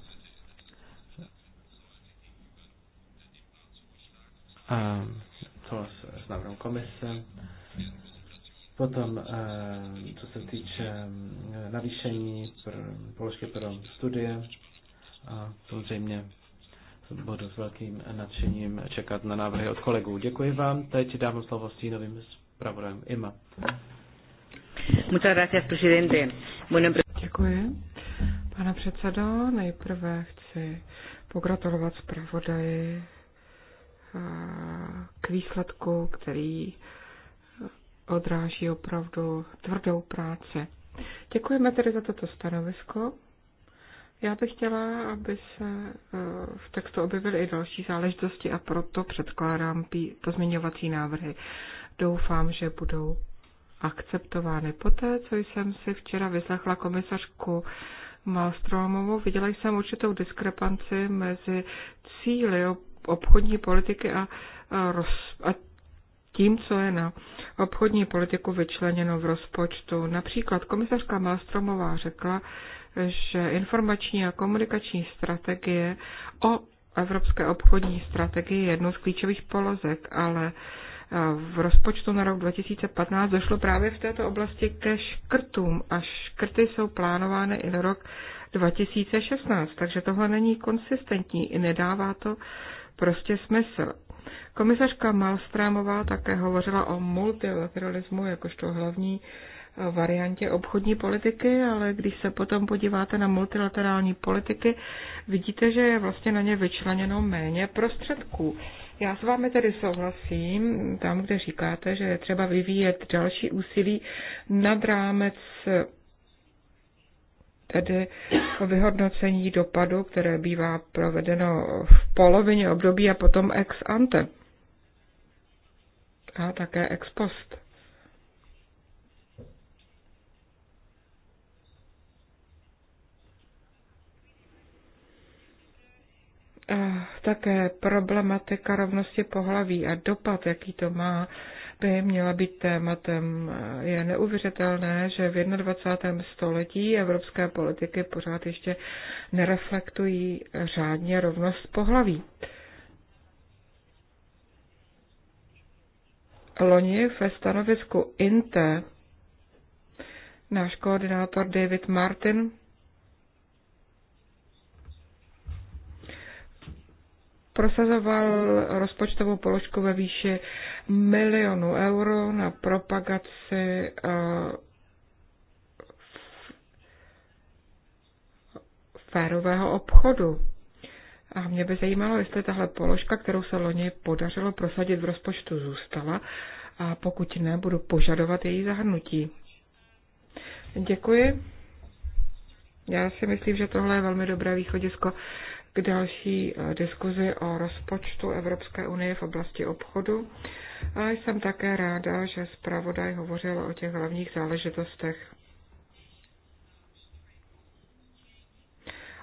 S1: a to s návrhem komise. Potom, eh, co se týče eh, navýšení pro položky pro studie, a samozřejmě budu s velkým nadšením čekat na návrhy od kolegů. Děkuji vám. Teď dám slovo novým zpravodajem IMA.
S3: Muchas gracias, presidente. Bueno, Děkuji. Pane předsedo, nejprve chci pogratulovat zpravodaji eh, k výsledku, který eh, odráží opravdu tvrdou práci. Děkujeme tedy za toto stanovisko. Já bych chtěla, aby se eh, v textu objevily i další záležitosti a proto předkládám pozměňovací návrhy. Doufám, že budou akceptovány. Poté, co jsem si včera vyslechla komisařku Malstromovou, viděla jsem určitou diskrepanci mezi cíly obchodní politiky a, roz, a tím, co je na obchodní politiku vyčleněno v rozpočtu. Například komisařka Malstromová řekla, že informační a komunikační strategie o evropské obchodní strategii je jednou z klíčových polozek, ale uh, v rozpočtu na rok 2015 došlo právě v této oblasti ke škrtům a škrty jsou plánovány i na rok 2016, takže tohle není konsistentní, i nedává to prostě smysl. Komisařka Malstrámová také hovořila o multilateralismu jakožto hlavní eh, variantě obchodní politiky, ale když se potom podíváte na multilaterální politiky, vidíte, že je vlastně na ně vyčleněno méně prostředků. Já s vámi tedy souhlasím tam, kde říkáte, že je třeba vyvíjet další úsilí nad rámec tedy vyhodnocení dopadu, které bývá provedeno v polovině období a potom ex ante a také ex post. také problematika rovnosti pohlaví a dopad, jaký to má, by měla být tématem. Je neuvěřitelné, že v 21. století evropské politiky pořád ještě nereflektují řádně rovnost pohlaví. Loni ve stanovisku INTE náš koordinátor David Martin prosazoval rozpočtovou položku ve výši milionu euro na propagaci eh, férového obchodu. A mě by zajímalo, jestli tahle položka, kterou se loni podařilo prosadit v rozpočtu, zůstala a pokud ne, budu požadovat její zahrnutí. Děkuji. Já si myslím, že tohle je velmi dobré východisko k další eh, diskuzi o rozpočtu Evropské unie v oblasti obchodu a jsem také ráda, že zpravodaj hovořil o těch hlavních záležitostech.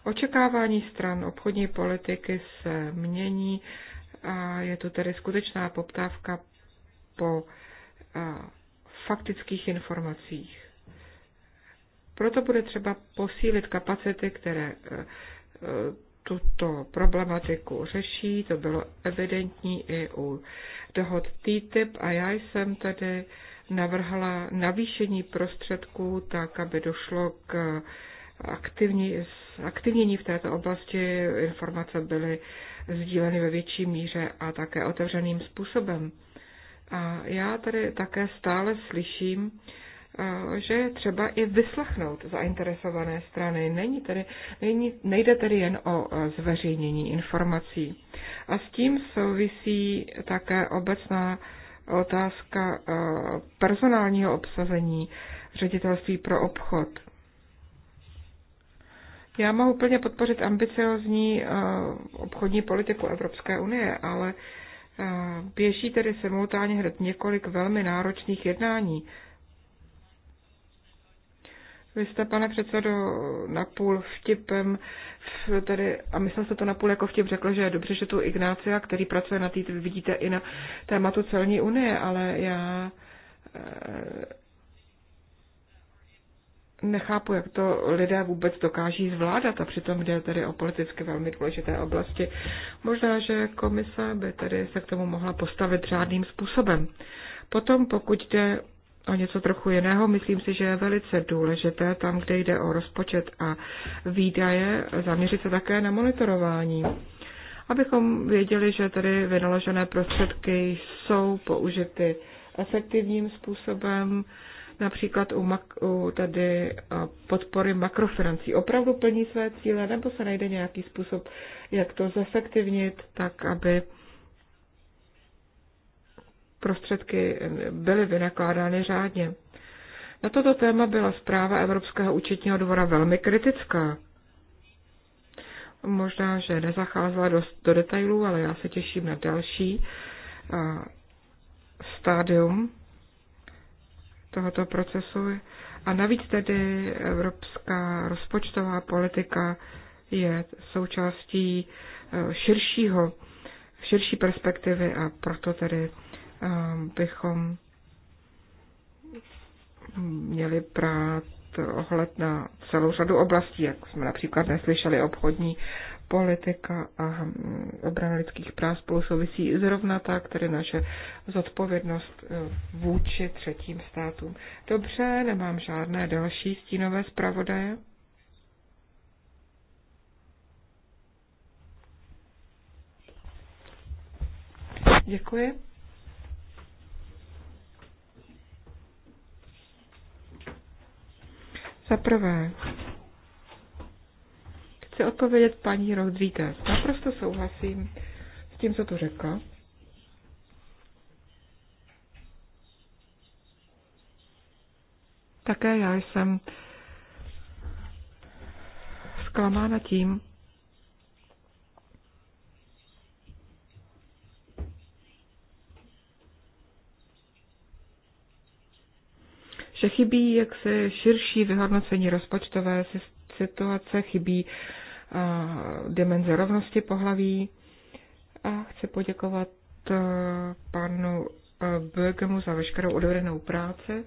S3: Očekávání stran obchodní politiky se mění a je tu tedy skutečná poptávka po eh, faktických informacích. Proto bude třeba posílit kapacity, které eh, tuto problematiku řeší, to bylo evidentní i u dohod TTIP a já jsem tedy navrhla navýšení prostředků tak, aby došlo k aktivní, aktivnění v této oblasti. Informace byly sdíleny ve větší míře a také otevřeným způsobem. A já tady také stále slyším, že je třeba i vyslechnout zainteresované strany. Není tedy, není, nejde tedy jen o e, zveřejnění informací. A s tím souvisí také obecná otázka e, personálního obsazení ředitelství pro obchod. Já mohu úplně podpořit ambiciozní e, obchodní politiku Evropské unie, ale běží tedy simultánně hned několik velmi náročných jednání vy jste, pane předsedo, napůl vtipem, tady, a myslím, že to napůl jako vtip, řekl, že je dobře, že tu Ignácia, který pracuje na té, vidíte i na tématu celní unie, ale já eh, nechápu, jak to lidé vůbec dokáží zvládat a přitom jde tady o politicky velmi důležité oblasti. Možná, že komise by tady se k tomu mohla postavit řádným způsobem. Potom, pokud jde o něco trochu jiného. Myslím si, že je velice důležité tam, kde jde o rozpočet a výdaje, zaměřit se také na monitorování. Abychom věděli, že tedy vynaložené prostředky jsou použity efektivním způsobem, například u, mak, u tady podpory makrofinancí. Opravdu plní své cíle, nebo se najde nějaký způsob, jak to zefektivnit, tak aby prostředky byly vynakládány řádně. Na toto téma byla zpráva Evropského účetního dvora velmi kritická. Možná, že nezacházela dost do detailů, ale já se těším na další stádium tohoto procesu. A navíc tedy evropská rozpočtová politika je součástí e, širšího, širší perspektivy a proto tedy Ehm, bychom měli brát ohled na celou řadu oblastí, jak jsme například neslyšeli obchodní politika a hm, obrana lidských práv spolu souvisí zrovna tak, tedy naše zodpovědnost eh, vůči třetím státům. Dobře, nemám žádné další stínové zpravodaje. Děkuji. Za prvé, chci odpovědět paní Rodríguez. Naprosto souhlasím s tím, co tu řekla. Také já jsem zklamána tím, že chybí jak se širší vyhodnocení rozpočtové situace, chybí dimenze rovnosti pohlaví a chci poděkovat panu Bögemu za veškerou odvedenou práci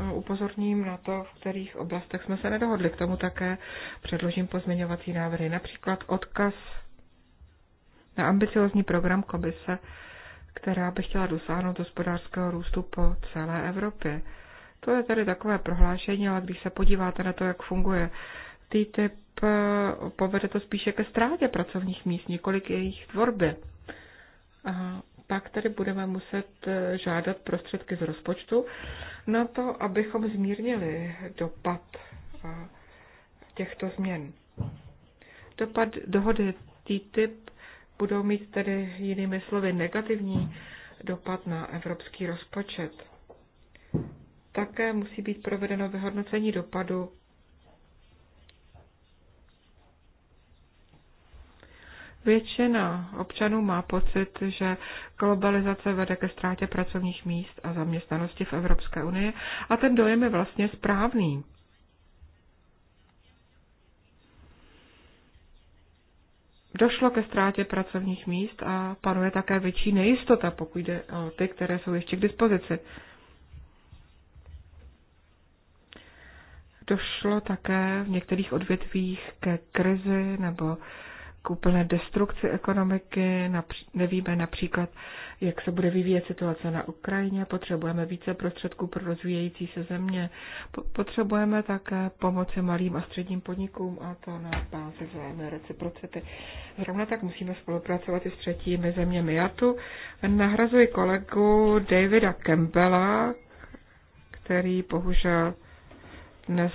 S3: a upozorním na to, v kterých oblastech jsme se nedohodli. K tomu také předložím pozměňovací návrhy, například odkaz na ambiciozní program komise která by chtěla dosáhnout hospodářského růstu po celé Evropě. To je tedy takové prohlášení, ale když se podíváte na to, jak funguje TTIP, povede to spíše ke ztrátě pracovních míst, několik jejich tvorby. A pak tedy budeme muset eh, žádat prostředky z rozpočtu na to, abychom zmírnili dopad eh, těchto změn. Dopad dohody TTIP budou mít tedy jinými slovy negativní dopad na evropský rozpočet. Také musí být provedeno vyhodnocení dopadu Většina občanů má pocit, že globalizace vede ke ztrátě pracovních míst a zaměstnanosti v Evropské unii a ten dojem je vlastně správný. Došlo ke ztrátě pracovních míst a panuje také větší nejistota, pokud jde o ty, které jsou ještě k dispozici. Došlo také v některých odvětvích ke krizi nebo k úplné destrukci ekonomiky, nevíme například, jak se bude vyvíjet situace na Ukrajině, potřebujeme více prostředků pro rozvíjející se země, potřebujeme také pomoci malým a středním podnikům a to na bázi vzájemné reciprocity. Zrovna tak musíme spolupracovat i s třetími zeměmi. Já tu nahrazuji kolegu Davida Campbella, který bohužel dnes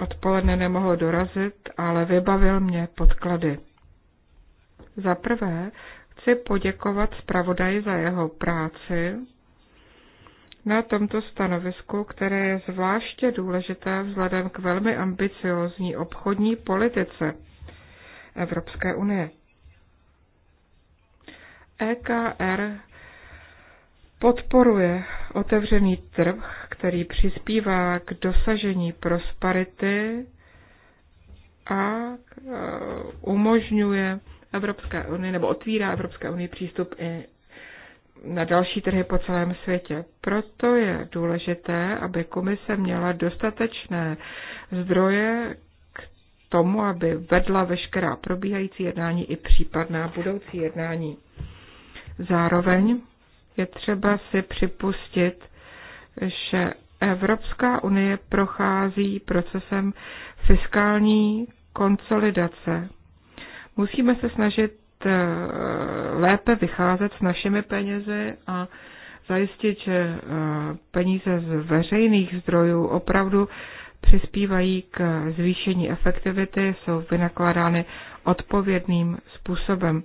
S3: odpoledne nemohl dorazit, ale vybavil mě podklady. Za prvé chci poděkovat zpravodaji za jeho práci na tomto stanovisku, které je zvláště důležité vzhledem k velmi ambiciozní obchodní politice Evropské unie. EKR podporuje otevřený trh, který přispívá k dosažení prosperity a e, umožňuje Evropské unii nebo otvírá Evropské unii přístup i na další trhy po celém světě. Proto je důležité, aby komise měla dostatečné zdroje k tomu, aby vedla veškerá probíhající jednání i případná budoucí jednání. Zároveň je třeba si připustit, že Evropská unie prochází procesem fiskální konsolidace. Musíme se snažit eh, lépe vycházet s našimi penězi a zajistit, že eh, peníze z veřejných zdrojů opravdu přispívají k zvýšení efektivity, jsou vynakládány odpovědným způsobem.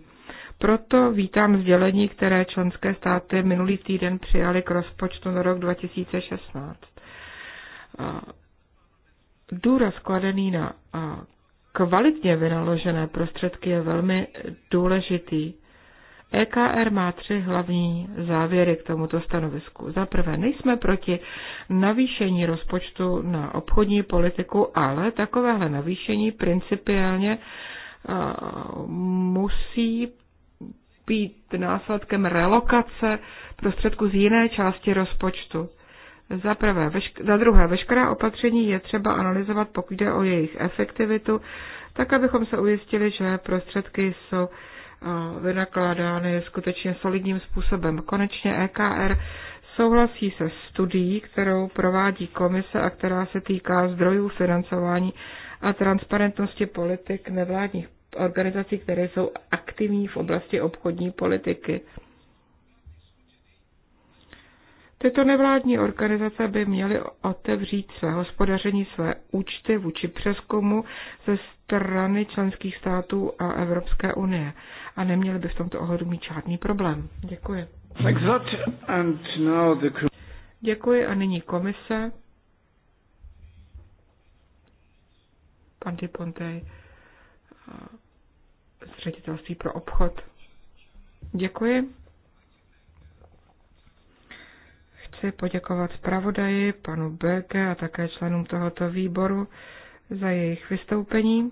S3: Proto vítám sdělení, které členské státy minulý týden přijali k rozpočtu na rok 2016. Důraz kladený na kvalitně vynaložené prostředky je velmi důležitý. EKR má tři hlavní závěry k tomuto stanovisku. Za prvé, nejsme proti navýšení rozpočtu na obchodní politiku, ale takovéhle navýšení principiálně musí být následkem relokace prostředku z jiné části rozpočtu. Za, prvé, vešk- za druhé, veškerá opatření je třeba analyzovat, pokud jde o jejich efektivitu, tak abychom se ujistili, že prostředky jsou vynakládány skutečně solidním způsobem. Konečně EKR souhlasí se studií, kterou provádí komise a která se týká zdrojů financování a transparentnosti politik nevládních organizací, které jsou aktivní v oblasti obchodní politiky. Tyto nevládní organizace by měly otevřít své hospodaření, své účty vůči přeskumu ze strany členských států a Evropské unie a neměly by v tomto ohledu mít žádný problém. Děkuji. Děkuji a nyní komise. Pan Dipontej z ředitelství pro obchod. Děkuji. Chci poděkovat zpravodaji, panu Belke a také členům tohoto výboru za jejich vystoupení.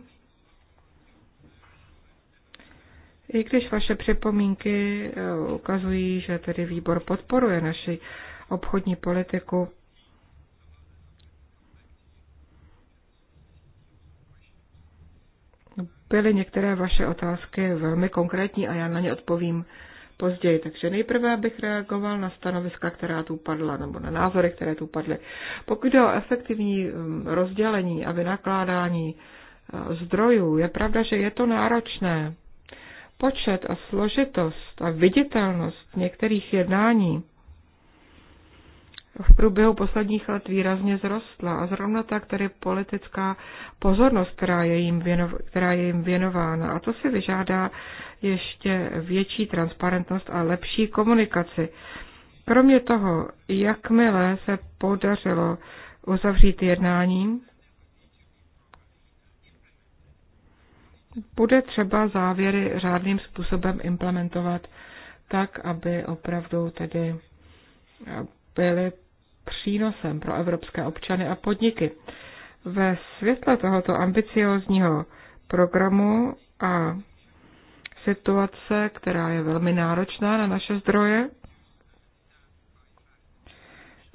S3: I když vaše připomínky eh, ukazují, že tedy výbor podporuje naši obchodní politiku, byly některé vaše otázky velmi konkrétní a já na ně odpovím později. Takže nejprve bych reagoval na stanoviska, která tu padla, nebo na názory, které tu padly. Pokud jde o efektivní um, rozdělení a vynakládání uh, zdrojů, je pravda, že je to náročné. Počet a složitost a viditelnost některých jednání v průběhu posledních let výrazně zrostla a zrovna tak tedy politická pozornost, která je jim, věnov, která je jim věnována. A to si vyžádá ještě větší transparentnost a lepší komunikaci. Kromě toho, jakmile se podařilo uzavřít jednání, bude třeba závěry řádným způsobem implementovat tak, aby opravdu tedy byly přínosem pro evropské občany a podniky. Ve světle tohoto ambiciozního programu a situace, která je velmi náročná na naše zdroje,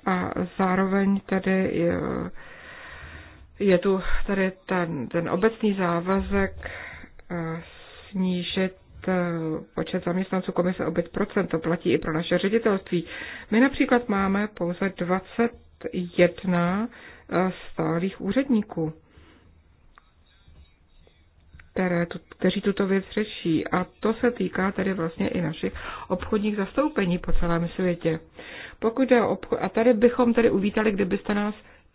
S3: a zároveň tedy je, je tu tady ten, ten obecný závazek eh, snížit Eh, počet zaměstnanců komise o 5%, to platí i pro naše ředitelství. My například máme pouze 21 eh, stálých úředníků, které, kteří tuto věc řeší. A to se týká tedy vlastně i našich obchodních zastoupení po celém světě. Pokud jde o obchod, a tady bychom tedy uvítali, kdybyste nás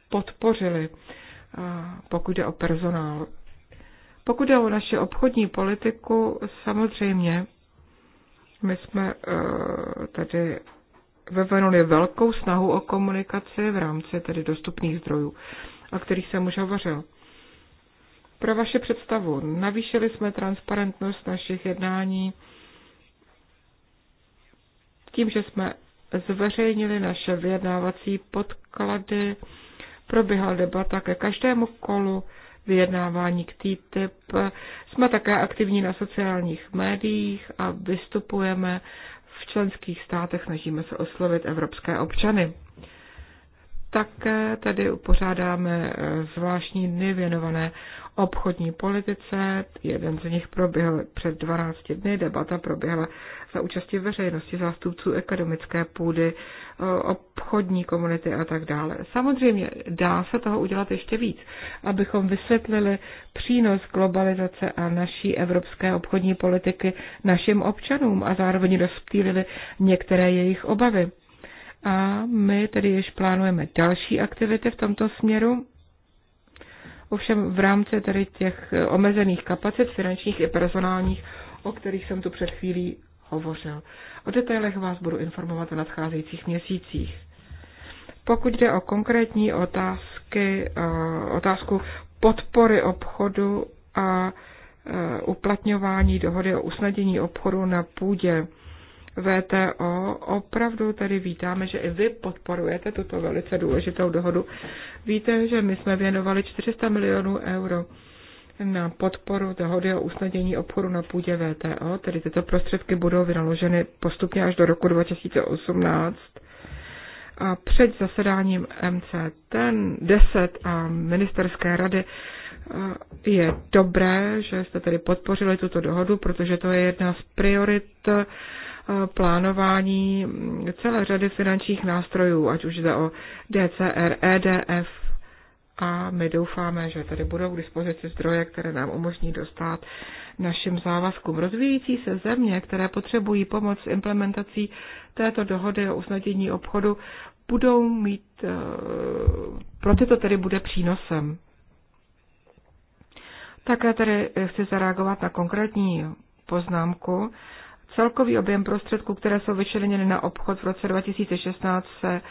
S3: podpořili, eh, pokud jde o personál. Pokud je o naši obchodní politiku, samozřejmě, my jsme eh, tady vyvinuli velkou snahu o komunikaci v rámci tedy dostupných zdrojů, o kterých jsem už hovořil. Pro vaši představu, navýšili jsme transparentnost našich jednání tím, že jsme zveřejnili naše vyjednávací podklady, proběhla debata ke každému kolu vyjednávání k TTIP. Jsme také aktivní na sociálních médiích a vystupujeme v členských státech, snažíme se oslovit evropské občany. Také tady upořádáme eh, zvláštní dny věnované obchodní politice. Jeden z nich proběhl před 12 dny. Debata proběhla za účasti veřejnosti zástupců ekonomické půdy, obchodní komunity a tak dále. Samozřejmě dá se toho udělat ještě víc, abychom vysvětlili přínos globalizace a naší evropské obchodní politiky našim občanům a zároveň rozptýlili některé jejich obavy. A my tedy již plánujeme další aktivity v tomto směru. Ovšem v rámci tedy těch omezených kapacit finančních i personálních, o kterých jsem tu před chvílí hovořil. O detailech vás budu informovat v nadcházejících měsících. Pokud jde o konkrétní otázky, eh, otázku podpory obchodu a eh, uplatňování dohody o usnadění obchodu na půdě VTO. Opravdu tedy vítáme, že i vy podporujete tuto velice důležitou dohodu. Víte, že my jsme věnovali 400 milionů euro na podporu dohody o usnadění obchodu na půdě VTO, tedy tyto prostředky budou vynaloženy postupně až do roku 2018. A před zasedáním MCT 10 a ministerské rady je dobré, že jste tedy podpořili tuto dohodu, protože to je jedna z priorit plánování celé řady finančních nástrojů, ať už jde o DCR, EDF, a my doufáme, že tady budou k dispozici zdroje, které nám umožní dostat našim závazkům. Rozvíjící se země, které potřebují pomoc s implementací této dohody o usnadění obchodu, budou mít, eh, pro tyto tedy bude přínosem. Také tady chci zareagovat na konkrétní poznámku. Celkový objem prostředků, které jsou vyčleněny na obchod v roce 2016, se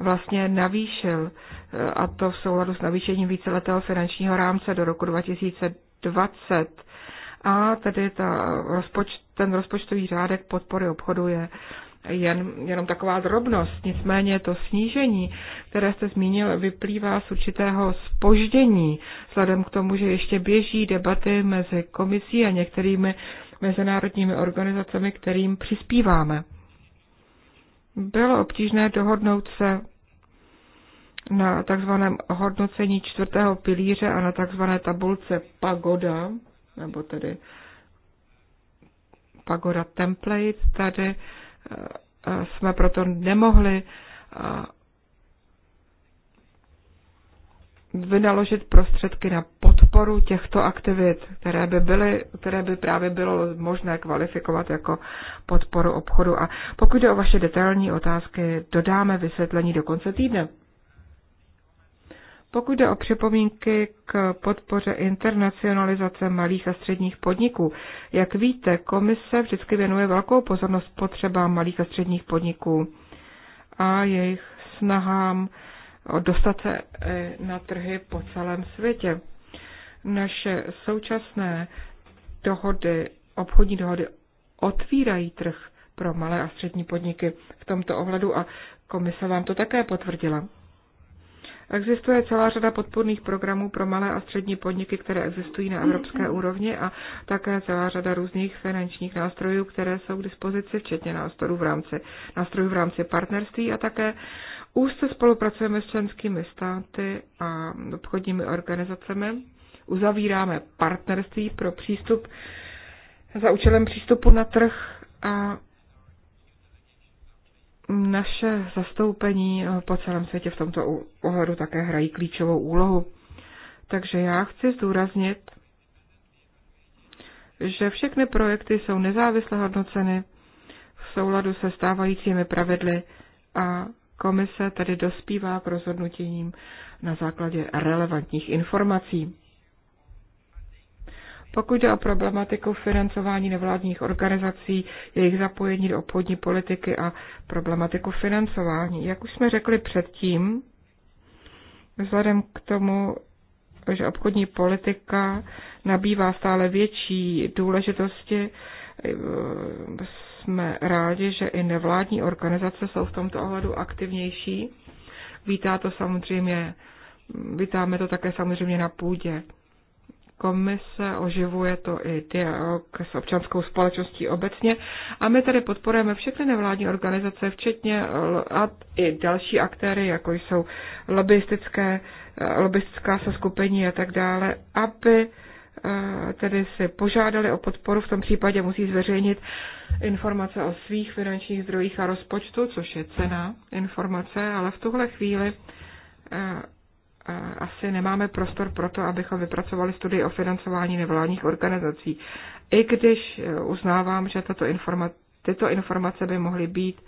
S3: vlastně navýšil, eh, a to v souladu s navýšením víceletého finančního rámce do roku 2020. A tedy ta rozpočt, ten rozpočtový řádek podpory obchodu je jen, jenom taková drobnost. Nicméně to snížení, které jste zmínil, vyplývá z určitého spoždění, vzhledem k tomu, že ještě běží debaty mezi komisí a některými mezinárodními organizacemi, kterým přispíváme bylo obtížné dohodnout se na takzvaném hodnocení čtvrtého pilíře a na takzvané tabulce pagoda, nebo tedy pagoda template. Tady eh, eh, jsme proto nemohli eh, vynaložit prostředky na podporu těchto aktivit, které by, byly, které by právě bylo možné kvalifikovat jako podporu obchodu. A pokud jde o vaše detailní otázky, dodáme vysvětlení do konce týdne. Pokud jde o připomínky k podpoře internacionalizace malých a středních podniků, jak víte, komise vždycky věnuje velkou pozornost potřebám malých a středních podniků a jejich snahám dostat se e, na trhy po celém světě. Naše současné dohody, obchodní dohody otvírají trh pro malé a střední podniky v tomto ohledu a komise vám to také potvrdila. Existuje celá řada podporných programů pro malé a střední podniky, které existují na evropské úrovni a také celá řada různých finančních nástrojů, které jsou k dispozici, včetně nástrojů v rámci, nástrojů v rámci partnerství a také úzce spolupracujeme s členskými státy a obchodními organizacemi uzavíráme partnerství pro přístup za účelem přístupu na trh a naše zastoupení eh, po celém světě v tomto ohledu také hrají klíčovou úlohu. Takže já chci zdůraznit, že všechny projekty jsou nezávisle hodnoceny v souladu se stávajícími pravidly a komise tedy dospívá k rozhodnutím na základě relevantních informací. Pokud jde o problematiku financování nevládních organizací, jejich zapojení do obchodní politiky a problematiku financování, jak už jsme řekli předtím, vzhledem k tomu, že obchodní politika nabývá stále větší důležitosti, eh, jsme rádi, že i nevládní organizace jsou v tomto ohledu aktivnější. Vítá to samozřejmě, vítáme to také samozřejmě na půdě komise, oživuje to i dialog s občanskou společností obecně a my tady podporujeme všechny nevládní organizace, včetně a i další aktéry, jako jsou lobbyistické, eh, lobbystická seskupení a tak dále, aby eh, tedy si požádali o podporu, v tom případě musí zveřejnit informace o svých finančních zdrojích a rozpočtu, což je cena informace, ale v tuhle chvíli eh, asi nemáme prostor pro to, abychom vypracovali studii o financování nevládních organizací. I když eh, uznávám, že tato informa- tyto informace by mohly být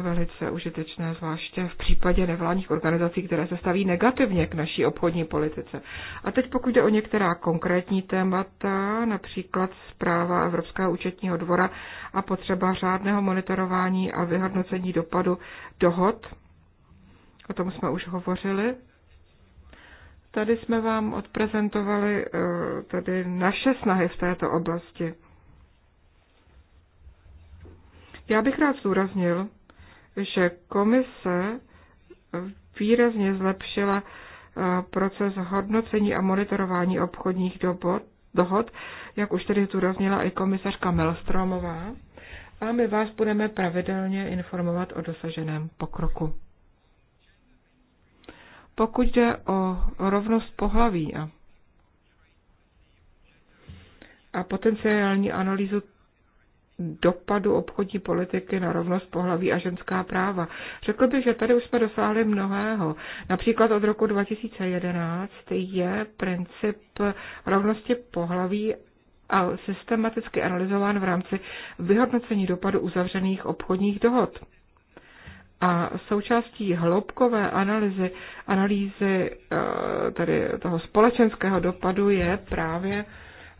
S3: velice užitečné, zvláště v případě nevládních organizací, které se staví negativně k naší obchodní politice. A teď pokud jde o některá konkrétní témata, například zpráva Evropského účetního dvora a potřeba řádného monitorování a vyhodnocení dopadu dohod, o tom jsme už hovořili, Tady jsme vám odprezentovali eh, tady naše snahy v této oblasti. Já bych rád zdůraznil, že komise výrazně zlepšila eh, proces hodnocení a monitorování obchodních dohod, jak už tedy zdůraznila i komisařka Melstromová. A my vás budeme pravidelně informovat o dosaženém pokroku. Pokud jde o rovnost pohlaví a, a potenciální analýzu dopadu obchodní politiky na rovnost pohlaví a ženská práva. Řekl bych, že tady už jsme dosáhli mnohého. Například od roku 2011 je princip rovnosti pohlaví a systematicky analyzován v rámci vyhodnocení dopadu uzavřených obchodních dohod. A součástí hloubkové analýzy, analýzy eh, tedy toho společenského dopadu je právě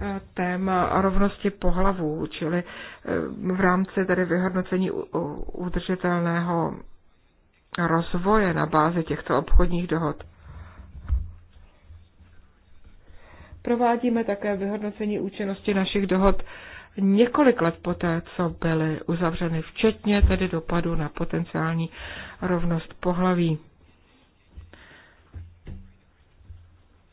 S3: eh, téma rovnosti pohlavů, čili eh, v rámci tedy vyhodnocení udržitelného rozvoje na bázi těchto obchodních dohod. Provádíme také vyhodnocení účinnosti našich dohod několik let poté, co byly uzavřeny, včetně tedy dopadu na potenciální rovnost pohlaví.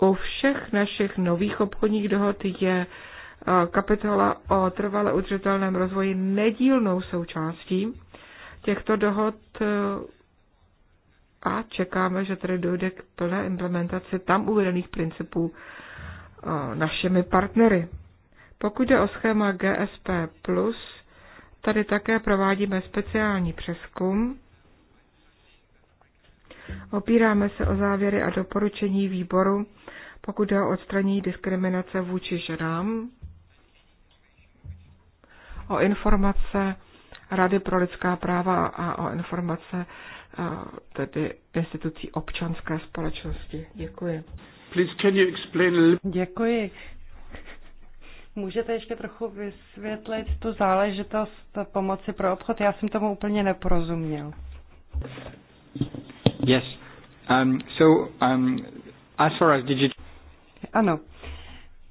S3: U všech našich nových obchodních dohod je eh, kapitola o trvale udržitelném rozvoji nedílnou součástí těchto dohod eh, a čekáme, že tedy dojde k plné implementaci tam uvedených principů eh, našimi partnery. Pokud jde o schéma GSP+, tady také provádíme speciální přeskum. Opíráme se o závěry a doporučení výboru, pokud jde o odstranění diskriminace vůči ženám, o informace Rady pro lidská práva a o informace eh, tedy institucí občanské společnosti. Děkuji.
S2: Please, can you explain... Děkuji. Můžete ještě trochu vysvětlit tu záležitost pomoci pro obchod? Já jsem tomu úplně neporozuměl.
S3: Yes. Um, so, um, as far as digital...
S2: Ano.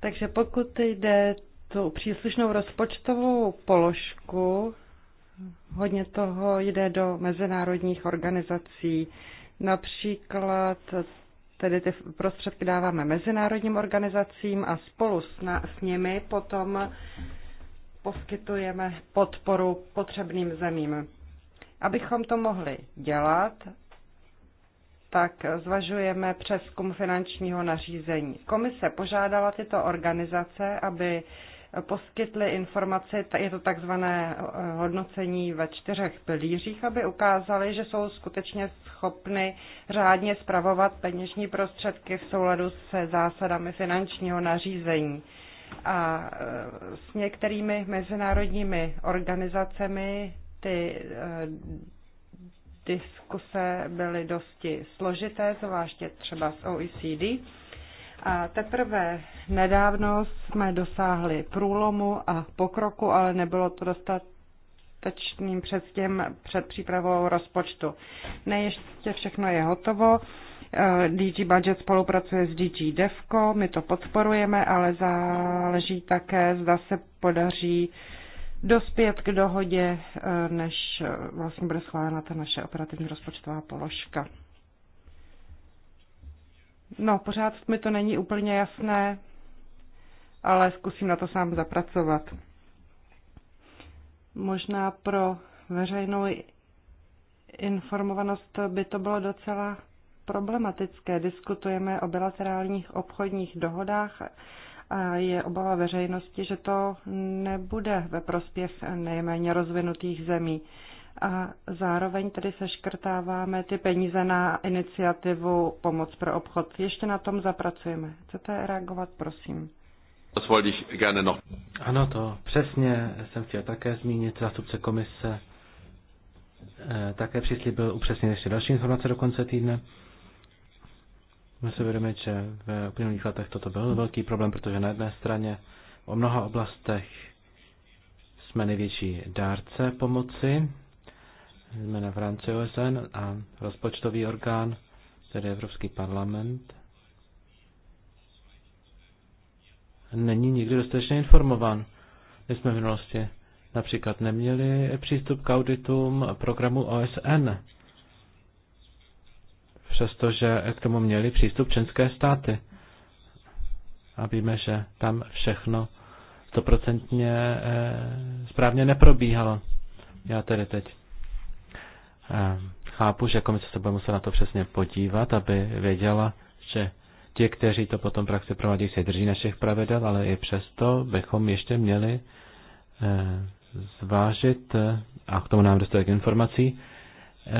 S2: Takže pokud jde tu příslušnou rozpočtovou položku, hodně toho jde do mezinárodních organizací, například Tedy ty prostředky dáváme mezinárodním organizacím a spolu s, na, s nimi potom poskytujeme podporu potřebným zemím. Abychom to mohli dělat, tak zvažujeme přeskum finančního nařízení. Komise požádala tyto organizace, aby poskytli informaci, je to takzvané eh, hodnocení ve čtyřech pilířích, aby ukázali, že jsou skutečně schopny řádně spravovat peněžní prostředky v souladu se zásadami finančního nařízení. A eh, s některými mezinárodními organizacemi ty eh, diskuse byly dosti složité, zvláště třeba s OECD a teprve nedávno jsme dosáhli průlomu a pokroku, ale nebylo to dostatečným před, před přípravou rozpočtu. Ne, ještě všechno je hotovo. Eh, DG Budget spolupracuje s DG Devco, my to podporujeme, ale záleží také, zda se podaří dospět k dohodě, eh, než eh, vlastně bude schválena ta naše operativní rozpočtová položka. No, pořád mi to není úplně jasné, ale zkusím na to sám zapracovat. Možná pro veřejnou informovanost by to bylo docela problematické. Diskutujeme o bilaterálních obchodních dohodách a je obava veřejnosti, že to nebude ve prospěch nejméně rozvinutých zemí a zároveň tedy seškrtáváme ty peníze na iniciativu Pomoc pro obchod. Ještě na tom zapracujeme. Chcete
S1: reagovat, prosím? Ano, to přesně jsem chtěl také zmínit. Zástupce komise eh, také přislíbil upřesnit ještě další informace do konce týdne. My se vědomi, že v uplynulých letech toto byl velký problém, protože na jedné straně o mnoha oblastech jsme největší dárce pomoci jsme v rámci OSN a rozpočtový orgán, tedy Evropský parlament, není nikdy dostatečně informován. My jsme v minulosti například neměli přístup k auditům programu OSN, přestože k tomu měli přístup členské státy. A víme, že tam všechno stoprocentně eh, správně neprobíhalo. Já tedy teď Eh, chápu, že komise se bude muset na to přesně podívat, aby věděla, že ti, kteří to potom praxi provádí, se drží našich pravidel, ale i přesto bychom ještě měli eh, zvážit, eh, a k tomu nám dostatek informací,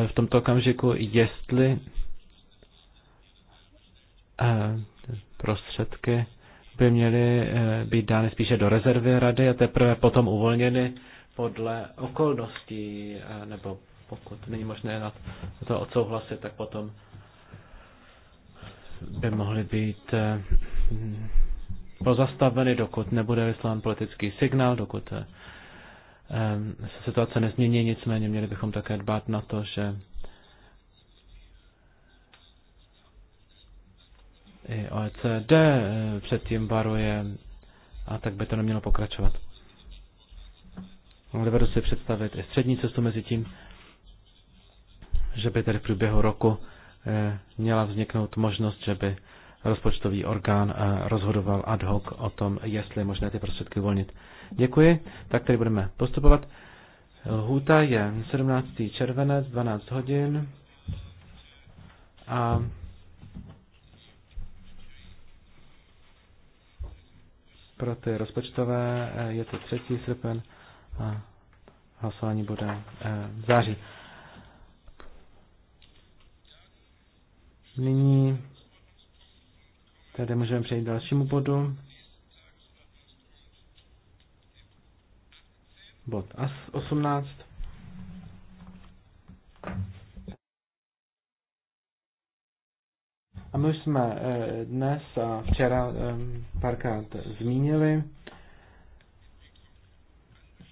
S1: v tomto okamžiku, jestli prostředky by měly být dány spíše do rezervy rady a teprve potom uvolněny podle okolností nebo pokud není možné na to odsouhlasit, tak potom by mohly být eh, pozastaveny, dokud nebude vyslán politický signál, dokud eh, se situace nezmění, nicméně měli bychom také dbát na to, že i OECD eh, předtím varuje a tak by to nemělo pokračovat. Dovedu si představit i střední cestu mezi tím že by tedy v průběhu roku eh, měla vzniknout možnost, že by rozpočtový orgán eh, rozhodoval ad hoc o tom, jestli je možné ty prostředky volnit. Děkuji, tak tedy budeme postupovat. Hůta je 17. červenec, 12 hodin a pro ty rozpočtové eh, je to 3. srpen a hlasování bude v září. Nyní tady můžeme přejít k dalšímu bodu. Bod 18. A my už jsme eh, dnes a včera eh, párkrát zmínili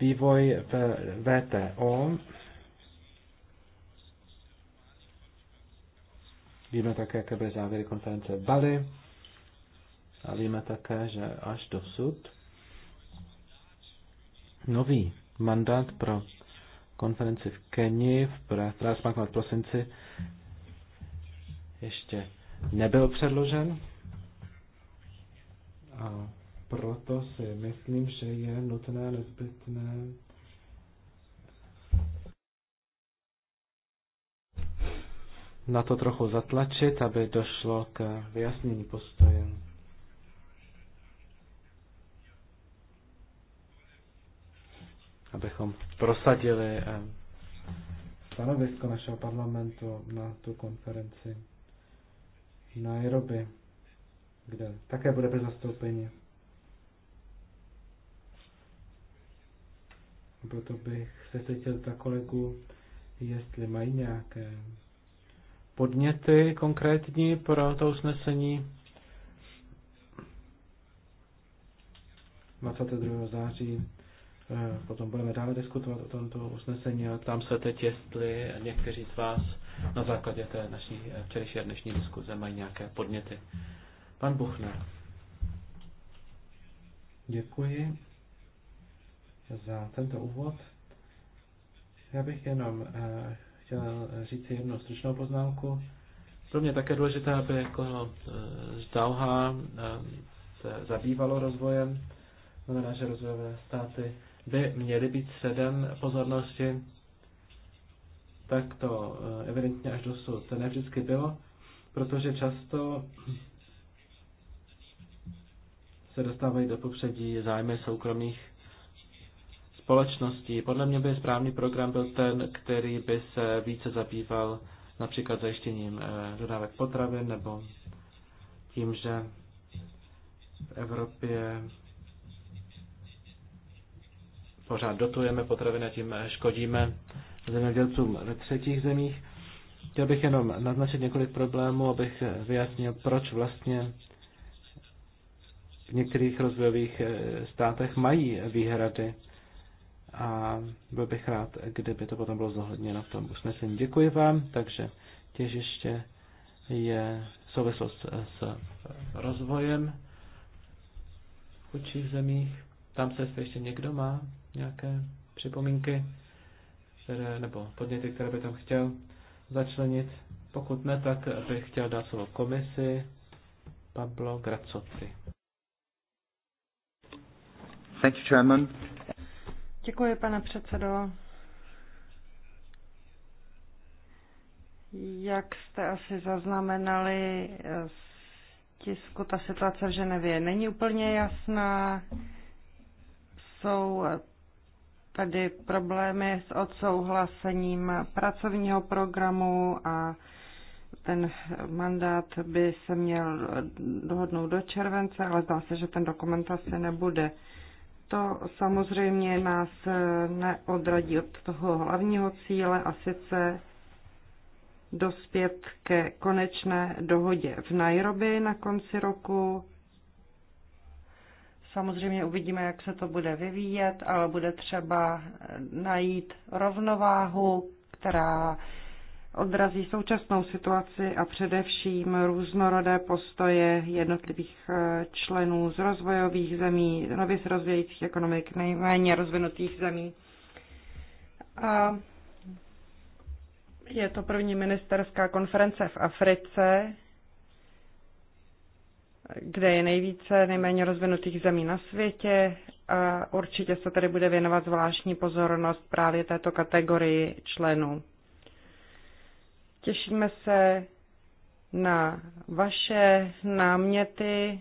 S1: vývoj v VTO Víme také, jaké byly závěry konference Bali a víme také, že až dosud nový mandát pro konferenci v Keni, v smakla v prosinci, ještě nebyl předložen. A proto si myslím, že je nutné, nezbytné na to trochu zatlačit, aby došlo k vyjasnění postoje. Abychom prosadili eh, stanovisko našeho parlamentu na tu konferenci v Nairobi, kde také bude bez zastoupení. Proto bych se cítil tak kolegu, jestli mají nějaké podněty konkrétní pro to usnesení. 22. září eh, potom budeme dále diskutovat o tomto usnesení a tam se teď, jestli někteří z vás na základě té naší eh, včerejší a dnešní diskuze mají nějaké podněty. Pan Buchner. Děkuji za tento úvod. Já bych jenom eh, chtěla říct jednu stručnou poznámku. Pro mě také důležité, aby jako eh, Dauha eh, se zabývalo rozvojem, znamená, že rozvojové státy by měly být středem pozornosti, tak to eh, evidentně až dosud nevždycky bylo, protože často se dostávají do popředí zájmy soukromých společností. Podle mě by správný program byl ten, který by se více zabýval například zajištěním eh, dodávek potravin nebo tím, že v Evropě pořád dotujeme potraviny a tím eh, škodíme zemědělcům ve třetích zemích. Chtěl bych jenom naznačit několik problémů, abych eh, vyjasnil, proč vlastně v některých rozvojových státech mají výhrady a byl bych rád, kdyby to potom bylo zohledněno v tom usnesení. Děkuji vám, takže těžiště je souvislost s rozvojem v chudších zemích. Tam se ještě někdo má nějaké připomínky které, nebo podněty, které by tam chtěl začlenit. Pokud ne, tak bych chtěl dát slovo komisi Pablo Gracotti.
S2: Thank you, Chairman. Děkuji, pane předsedo. Jak jste asi zaznamenali z tisku, ta situace v Ženevě není úplně jasná. Jsou tady problémy s odsouhlasením pracovního programu a ten mandát by se měl dohodnout do července, ale zdá se, že ten dokument asi nebude. To samozřejmě nás neodradí od toho hlavního cíle a sice dospět ke konečné dohodě v Nairobi na konci roku. Samozřejmě uvidíme, jak se to bude vyvíjet, ale bude třeba najít rovnováhu, která odrazí současnou situaci a především různorodé postoje jednotlivých eh, členů z rozvojových zemí, nově z rozvějících ekonomik, nejméně rozvinutých zemí. A je to první ministerská konference v Africe, kde je nejvíce nejméně rozvinutých zemí na světě a určitě se tady bude věnovat zvláštní pozornost právě této kategorii členů. Těšíme se na vaše náměty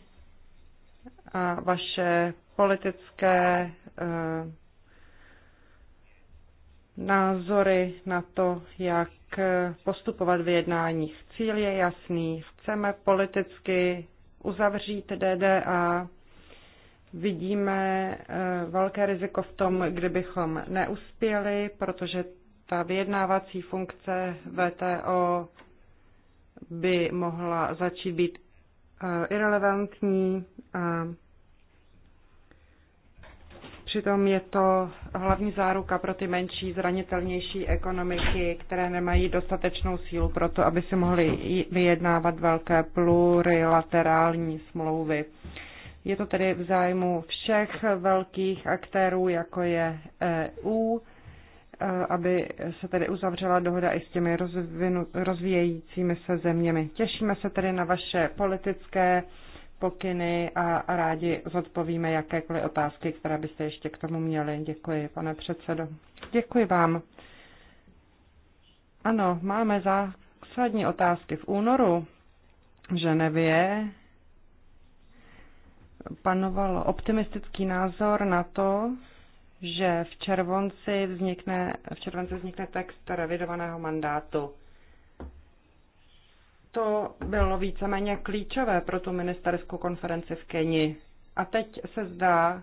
S2: a vaše politické eh, názory na to, jak eh, postupovat v jednáních. Cíl je jasný. Chceme politicky uzavřít DDA. Vidíme eh, velké riziko v tom, kdybychom neuspěli, protože ta vyjednávací funkce VTO by mohla začít být eh, irrelevantní a přitom je to hlavní záruka pro ty menší, zranitelnější ekonomiky, které nemají dostatečnou sílu pro to, aby si mohly vyjednávat velké plurilaterální smlouvy. Je to tedy v zájmu všech velkých aktérů, jako je EU, Eh, aby se tedy uzavřela dohoda i s těmi rozvinu, rozvíjejícími se zeměmi. Těšíme se tedy na vaše politické pokyny a, a rádi zodpovíme jakékoliv otázky, které byste ještě k tomu měli. Děkuji, pane předsedo. Děkuji vám. Ano, máme zásadní otázky. V únoru v Ženevě panoval optimistický názor na to, že v červenci vznikne, v červenci vznikne text revidovaného mandátu. To bylo víceméně klíčové pro tu ministerskou konferenci v Keni. A teď se zdá,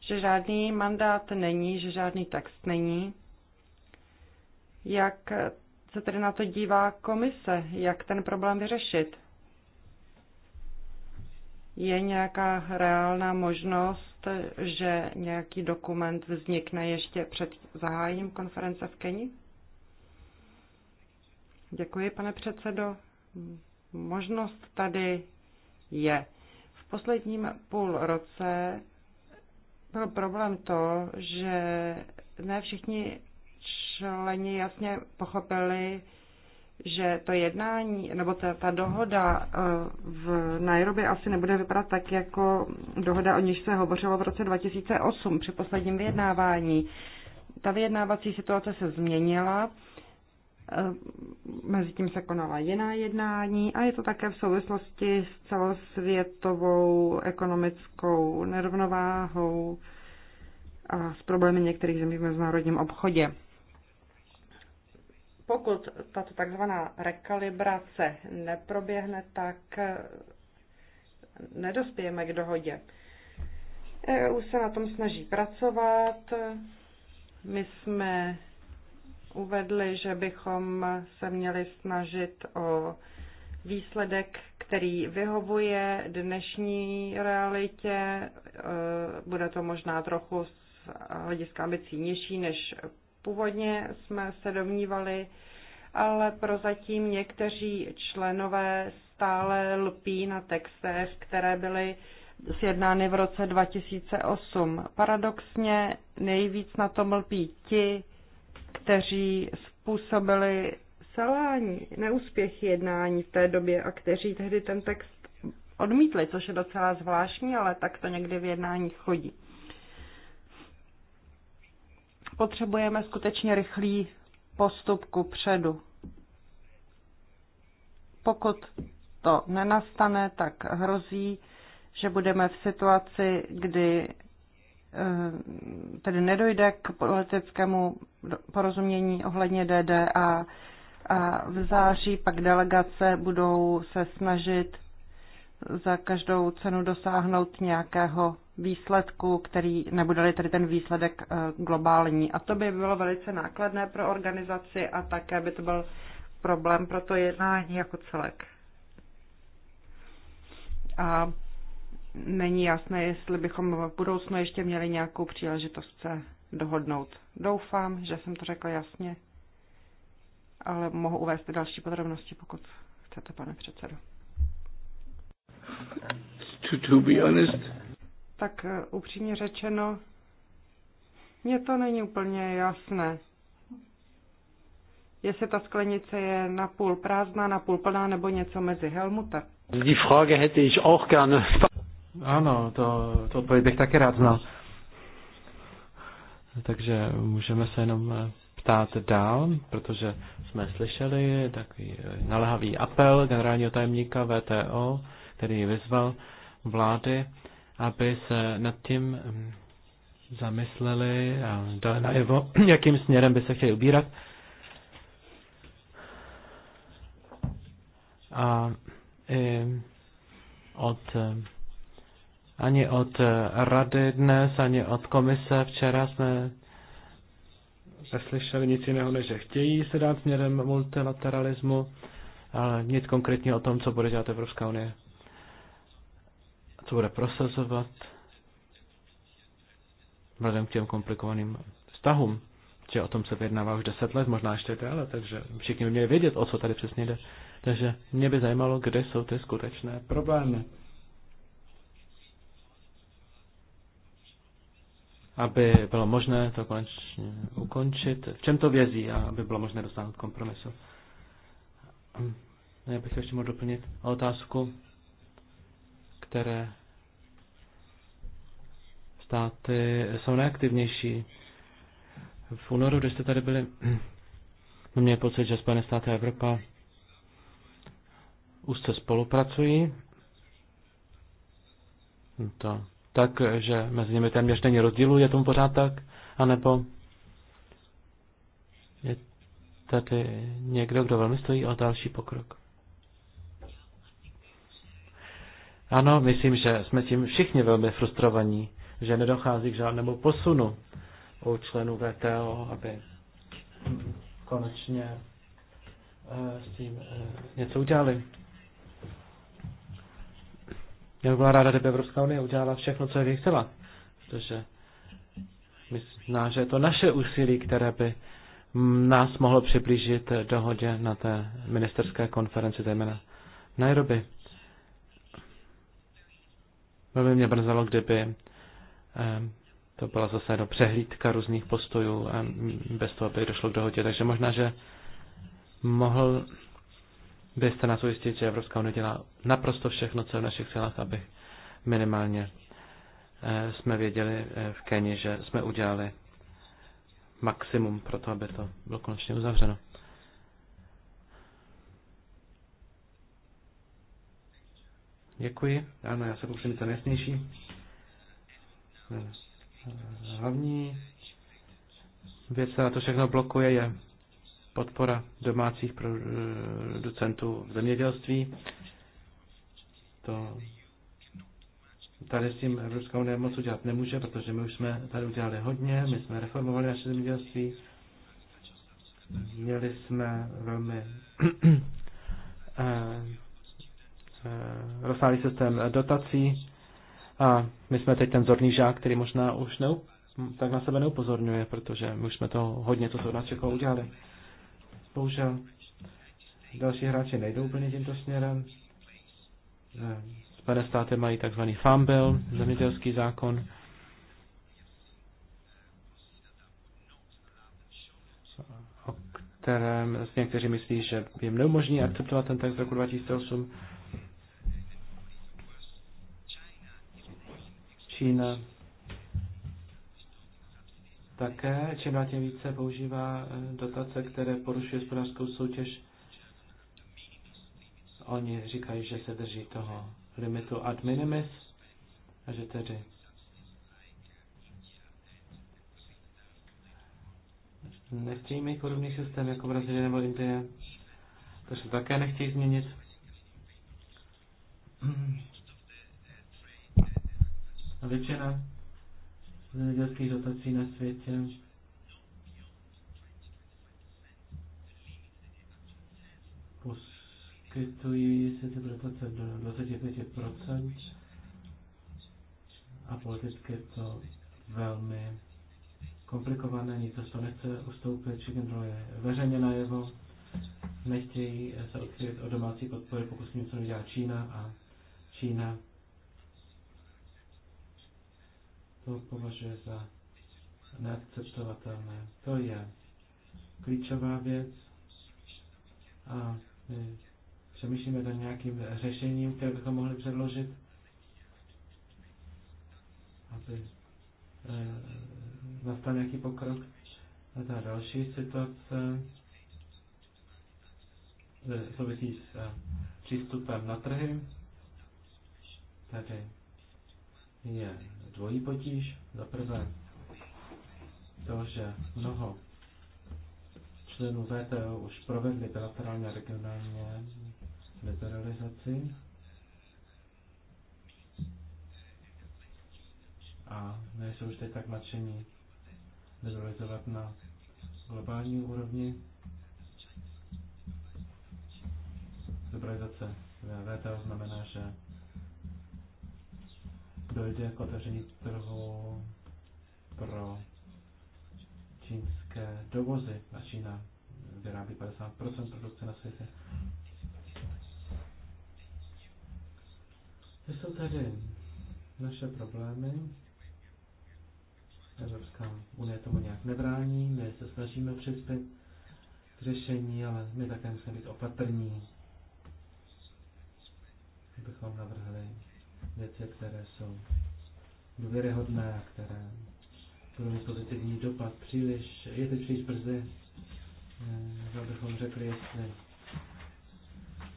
S2: že žádný mandát není, že žádný text není. Jak se tedy na to dívá komise, jak ten problém vyřešit? Je nějaká reálná možnost, že nějaký dokument vznikne ještě před zahájením konference v Keni? Děkuji, pane předsedo. Možnost tady je. V posledním půl roce byl problém to, že ne všichni členi jasně pochopili, že to jednání, nebo ta, ta dohoda eh, v Nairobi asi nebude vypadat tak, jako dohoda, o níž se hovořilo v roce 2008 při posledním vyjednávání. Ta vyjednávací situace se změnila, eh, mezi tím se konala jiná jednání a je to také v souvislosti s celosvětovou ekonomickou nerovnováhou a s problémy některých zemí v mezinárodním obchodě pokud tato takzvaná rekalibrace neproběhne, tak eh, nedospějeme k dohodě. EU eh, se na tom snaží pracovat. My jsme uvedli, že bychom se měli snažit o výsledek, který vyhovuje dnešní realitě. Eh, bude to možná trochu z hlediska ambicí nižší než Původně jsme se domnívali, ale prozatím někteří členové stále lpí na textech, které byly sjednány v roce 2008. Paradoxně nejvíc na tom lpí ti, kteří způsobili selhání, neúspěch jednání v té době a kteří tehdy ten text odmítli, což je docela zvláštní, ale tak to někdy v jednání chodí. Potřebujeme skutečně rychlý postup ku předu. Pokud to nenastane, tak hrozí, že budeme v situaci, kdy eh, tedy nedojde k politickému porozumění ohledně DDA a v září pak delegace budou se snažit za každou cenu dosáhnout nějakého výsledku, který nebude tedy ten výsledek eh, globální. A to by bylo velice nákladné pro organizaci a také by to byl problém pro to jednání jako celek. A není jasné, jestli bychom v budoucnu ještě měli nějakou příležitost se dohodnout. Doufám, že jsem to řekla jasně, ale mohu uvést další podrobnosti, pokud chcete, pane předsedo.
S1: To, to be honest.
S2: Tak eh, upřímně řečeno, mně to není úplně jasné. Jestli ta sklenice je půl prázdná, půl plná nebo něco mezi Helmuta.
S1: Die Frage hätte ich auch gerne. Ano, to, to odpověď bych také rád znal. Takže můžeme se jenom eh, ptát dál, protože jsme slyšeli takový eh, nalehavý apel generálního tajemníka VTO který vyzval vlády, aby se nad tím mm, zamysleli a dali najevo, jakým směrem by se chtěli ubírat. A i od, ani od rady dnes, ani od komise včera jsme neslyšeli nic jiného, než že chtějí se dát směrem multilateralismu, ale nic konkrétního o tom, co bude dělat Evropská unie to bude prosazovat vzhledem k těm komplikovaným vztahům, že o tom se vyjednává už deset let, možná ještě déle, takže všichni by měli vědět, o co tady přesně jde. Takže mě by zajímalo, kde jsou ty skutečné problémy. Aby bylo možné to konečně ukončit. V čem to vězí a aby bylo možné dosáhnout kompromisu. Já bych ještě mohl doplnit otázku, které státy jsou neaktivnější. V únoru, když jste tady byli, měl pocit, že Spojené státy a Evropa úzce spolupracují. To tak, že mezi nimi téměř není rozdílu, je tomu pořád tak, anebo je tady někdo, kdo velmi stojí o další pokrok. Ano, myslím, že jsme tím všichni velmi frustrovaní že nedochází k žádnému posunu u členů VTO, aby konečně eh, s tím eh, něco udělali. Já bych byla ráda, kdyby Evropská unie udělala všechno, co je chtěla, protože myslím, že je to naše úsilí, které by nás mohlo přiblížit dohodě na té ministerské konferenci, zejména v Nairobi. Velmi mě brzelo, kdyby to byla zase do přehlídka různých postojů bez toho, aby došlo k dohodě. Takže možná, že mohl byste nás ujistit, že Evropská unie dělá naprosto všechno, co je v našich silách, aby minimálně eh, jsme věděli eh, v Keni, že jsme udělali maximum pro to, aby to bylo konečně uzavřeno. Děkuji. Ano, já se pokouším být nejasnější hlavní věc, která to všechno blokuje, je podpora domácích producentů eh, v zemědělství. To tady s tím Evropská unie moc udělat nemůže, protože my už jsme tady udělali hodně, my jsme reformovali naše zemědělství, měli jsme velmi eh, eh, rozsáhlý systém dotací, a my jsme teď ten zorný žák, který možná už ne, tak na sebe neupozorňuje, protože my už jsme to hodně, to se od nás udělali. Bohužel další hráči nejdou úplně tímto směrem. Eh, Spojené státy mají takzvaný Farm Bill, zemědělský zákon. o kterém někteří myslí, že jim neumožní akceptovat ten text z roku 2008 Čína také čím dál tím více používá eh, dotace, které porušuje hospodářskou soutěž. Oni říkají, že se drží toho limitu ad minimis a že tedy nechtějí mít podobný systém jako Brazílie nebo Indie. To se také nechtějí změnit. Většina zemědělských dotací na světě poskytují se ty dotace do 25% a politicky to velmi komplikované, nikdo to nechce ustoupit, všechno je veřejně najevo, nechtějí se odkryt o domácí podpory, pokud s tím co dělá Čína a Čína to považuje za neakceptovatelné. To je klíčová věc a my přemýšlíme nad nějakým řešením, které bychom mohli předložit, aby eh, nastal nějaký pokrok. A ta další situace eh, souvisí s eh, přístupem na trhy. Tady je dvojí potíž. Za prvé to, že mnoho členů VTO už provedli bilaterálně a regionálně liberalizaci a nejsou už teď tak nadšení liberalizovat na globální úrovni. Liberalizace VTO znamená, že dojde k otevření trhu pro čínské dovozy. A Čína vyrábí 50% produkce na světě. To jsou tedy naše problémy. Evropská unie tomu nějak nebrání, my se snažíme přispět k řešení, ale my také musíme být opatrní, abychom navrhli věci, které jsou důvěryhodné a které budou mít pozitivní dopad. Příliš, je teď příliš brzy, eh, bychom řekli, jestli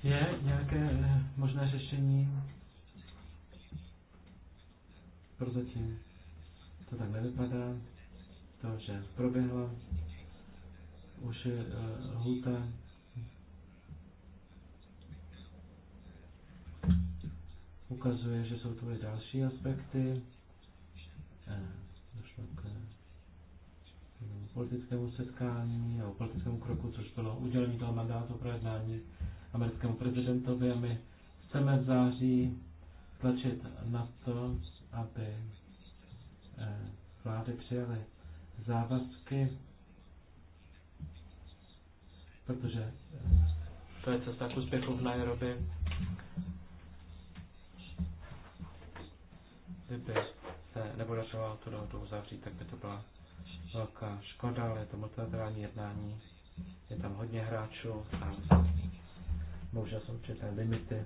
S1: je nějaké eh, možné řešení. Prozatím to tak nevypadá. To, že proběhla už je eh, hůta ukazuje, že jsou tu i další aspekty. Eh, došlo k eh, politickému setkání nebo politickému kroku, což bylo udělení toho mandátu pro jednání americkému prezidentovi a my chceme v září tlačit na to, aby eh, vlády přijaly závazky, protože to je cesta k úspěchu v Nairobi Kdyby se nepodařilo tu dohodu uzavřít, tak by to byla velká škoda, ale je to multilaterální jednání, je tam hodně hráčů a bohužel jsou určité limity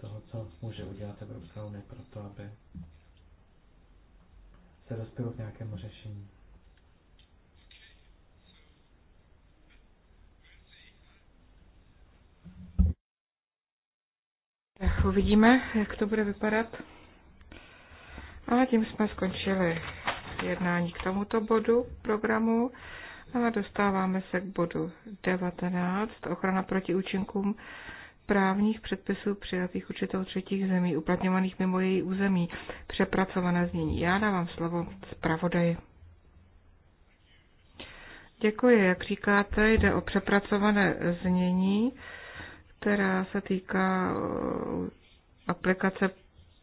S1: toho, co může udělat Evropská unie pro to, aby se dospělo k nějakému řešení.
S3: Tak uvidíme, jak to bude vypadat. A tím jsme skončili jednání k tomuto bodu programu a dostáváme se k bodu 19. Ochrana proti účinkům právních předpisů přijatých určitou třetích zemí, uplatňovaných mimo její území, přepracované znění. Já dávám slovo zpravodaji. Děkuji. Jak říkáte, jde o přepracované znění, která se týká uh, aplikace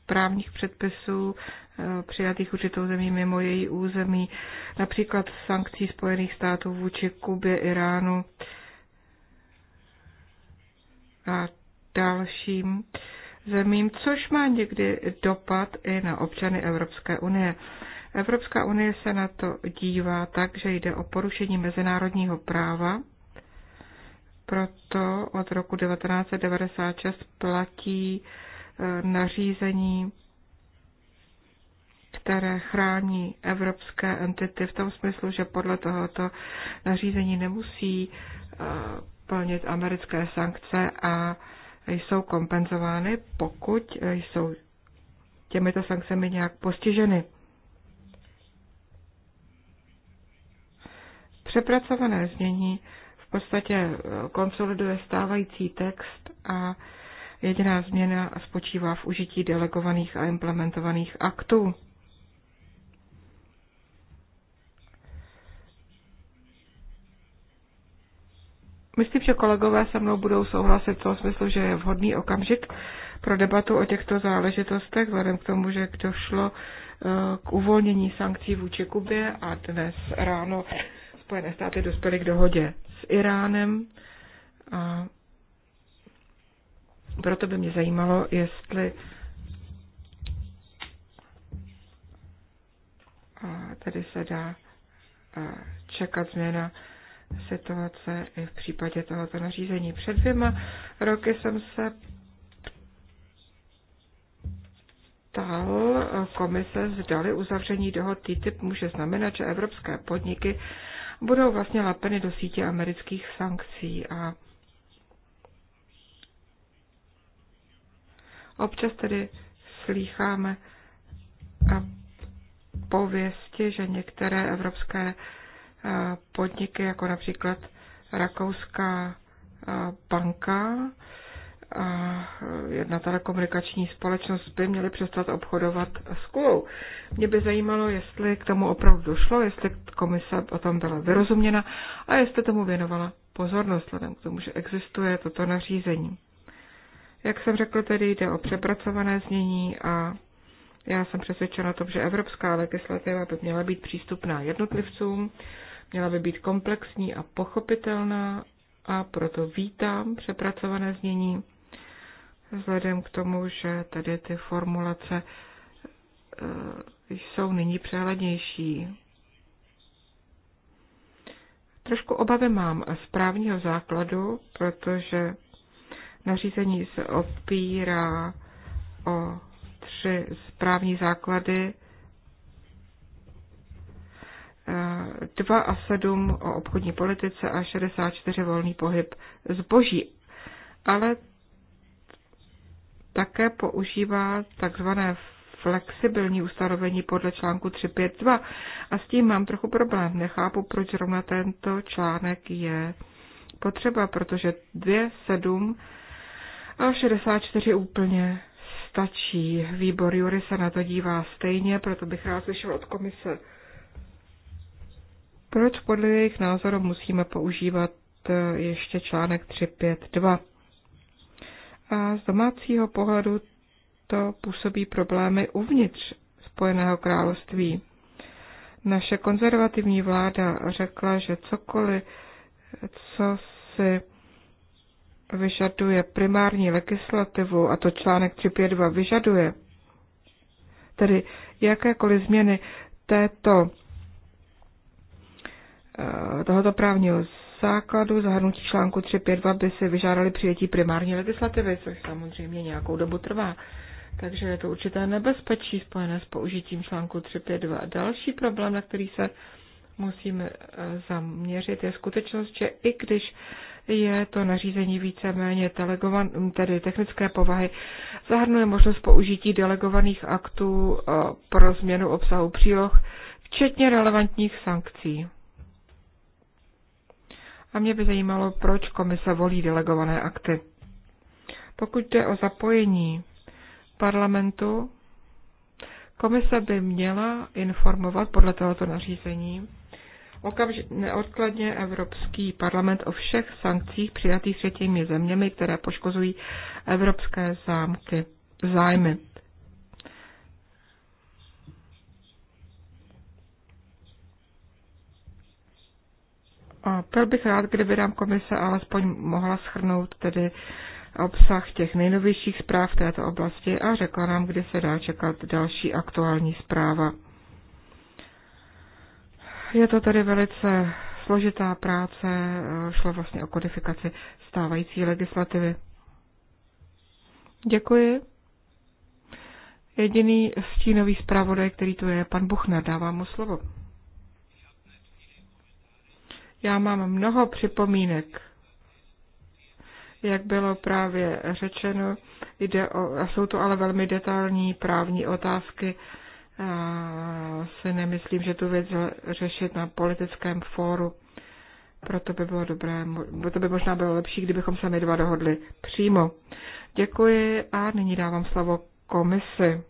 S3: právních předpisů Eh, přijatých určitou zemí mimo její území, například sankcí Spojených států vůči Kubě, Iránu a dalším zemím, což má někdy dopad i na občany Evropské unie. Evropská unie se na to dívá tak, že jde o porušení mezinárodního práva, proto od roku 1996 platí eh, nařízení které chrání evropské entity v tom smyslu, že podle tohoto nařízení nemusí eh, plnit americké sankce a jsou kompenzovány, pokud eh, jsou těmito sankcemi nějak postiženy. Přepracované znění v podstatě eh, konsoliduje stávající text a jediná změna spočívá v užití delegovaných a implementovaných aktů. Myslím, že kolegové se mnou budou souhlasit v tom smyslu, že je vhodný okamžik pro debatu o těchto záležitostech, vzhledem k tomu, že došlo eh, k uvolnění sankcí vůči Kubě a dnes ráno Spojené státy dospěly k dohodě s Iránem. A proto by mě zajímalo, jestli a tady se dá eh, čekat změna situace i v případě tohoto nařízení. Před dvěma roky jsem se ptal komise, zdali uzavření dohod TTIP může znamenat, že evropské podniky budou vlastně lapeny do sítě amerických sankcí a občas tedy slýcháme a pověsti, že některé evropské podniky, jako například Rakouská banka, a jedna telekomunikační společnost by měly přestat obchodovat s kulou. Mě by zajímalo, jestli k tomu opravdu došlo, jestli komise o tom byla vyrozuměna a jestli tomu věnovala pozornost, vzhledem k tomu, že existuje toto nařízení. Jak jsem řekl, tedy jde o přepracované znění a já jsem přesvědčena o tom, že evropská legislativa by měla být přístupná jednotlivcům, Měla by být komplexní a pochopitelná a proto vítám přepracované znění, vzhledem k tomu, že tady ty formulace eh, jsou nyní přehlednější. Trošku obavy mám z právního základu, protože nařízení se opírá o tři správní základy 2 a 7 o obchodní politice a 64 volný pohyb zboží. Ale také používá takzvané flexibilní ustanovení podle článku 352 a s tím mám trochu problém. Nechápu, proč zrovna tento článek je potřeba, protože 2, 7 a 64 úplně stačí. Výbor Jury se na to dívá stejně, proto bych rád slyšel od komise proč podle jejich názoru musíme používat e, ještě článek 352? A z domácího pohledu to působí problémy uvnitř Spojeného království. Naše konzervativní vláda řekla, že cokoliv, co si vyžaduje primární legislativu, a to článek 352 vyžaduje, tedy jakékoliv změny této Eh, tohoto právního základu zahrnutí článku 3.5.2 by se vyžádali přijetí primární legislativy, což samozřejmě nějakou dobu trvá. Takže je to určité nebezpečí spojené s použitím článku 3.5.2. Další problém, na který se musíme eh, zaměřit, je skutečnost, že i když je to nařízení víceméně delegovan, tedy technické povahy, zahrnuje možnost použití delegovaných aktů eh, pro změnu obsahu příloh, včetně relevantních sankcí a mě by zajímalo, proč komise volí delegované akty. Pokud jde o zapojení parlamentu, komise by měla informovat podle tohoto nařízení okamžitě neodkladně Evropský parlament o všech sankcích přijatých třetími zeměmi, které poškozují evropské zámky, zájmy. A byl bych rád, kdyby nám komise alespoň mohla schrnout tedy obsah těch nejnovějších zpráv této oblasti a řekla nám, kdy se dá čekat další aktuální zpráva. Je to tedy velice složitá práce, šlo vlastně o kodifikaci stávající legislativy. Děkuji. Jediný stínový zpravodaj, který tu je, pan Buchner, dávám mu slovo. Já mám mnoho připomínek. Jak bylo právě řečeno, jde o, a jsou to ale velmi detailní právní otázky, a si nemyslím, že tu věc řešit na politickém fóru. Proto by bylo dobré, to by možná bylo lepší, kdybychom se my dva dohodli přímo. Děkuji a nyní dávám slovo komisi.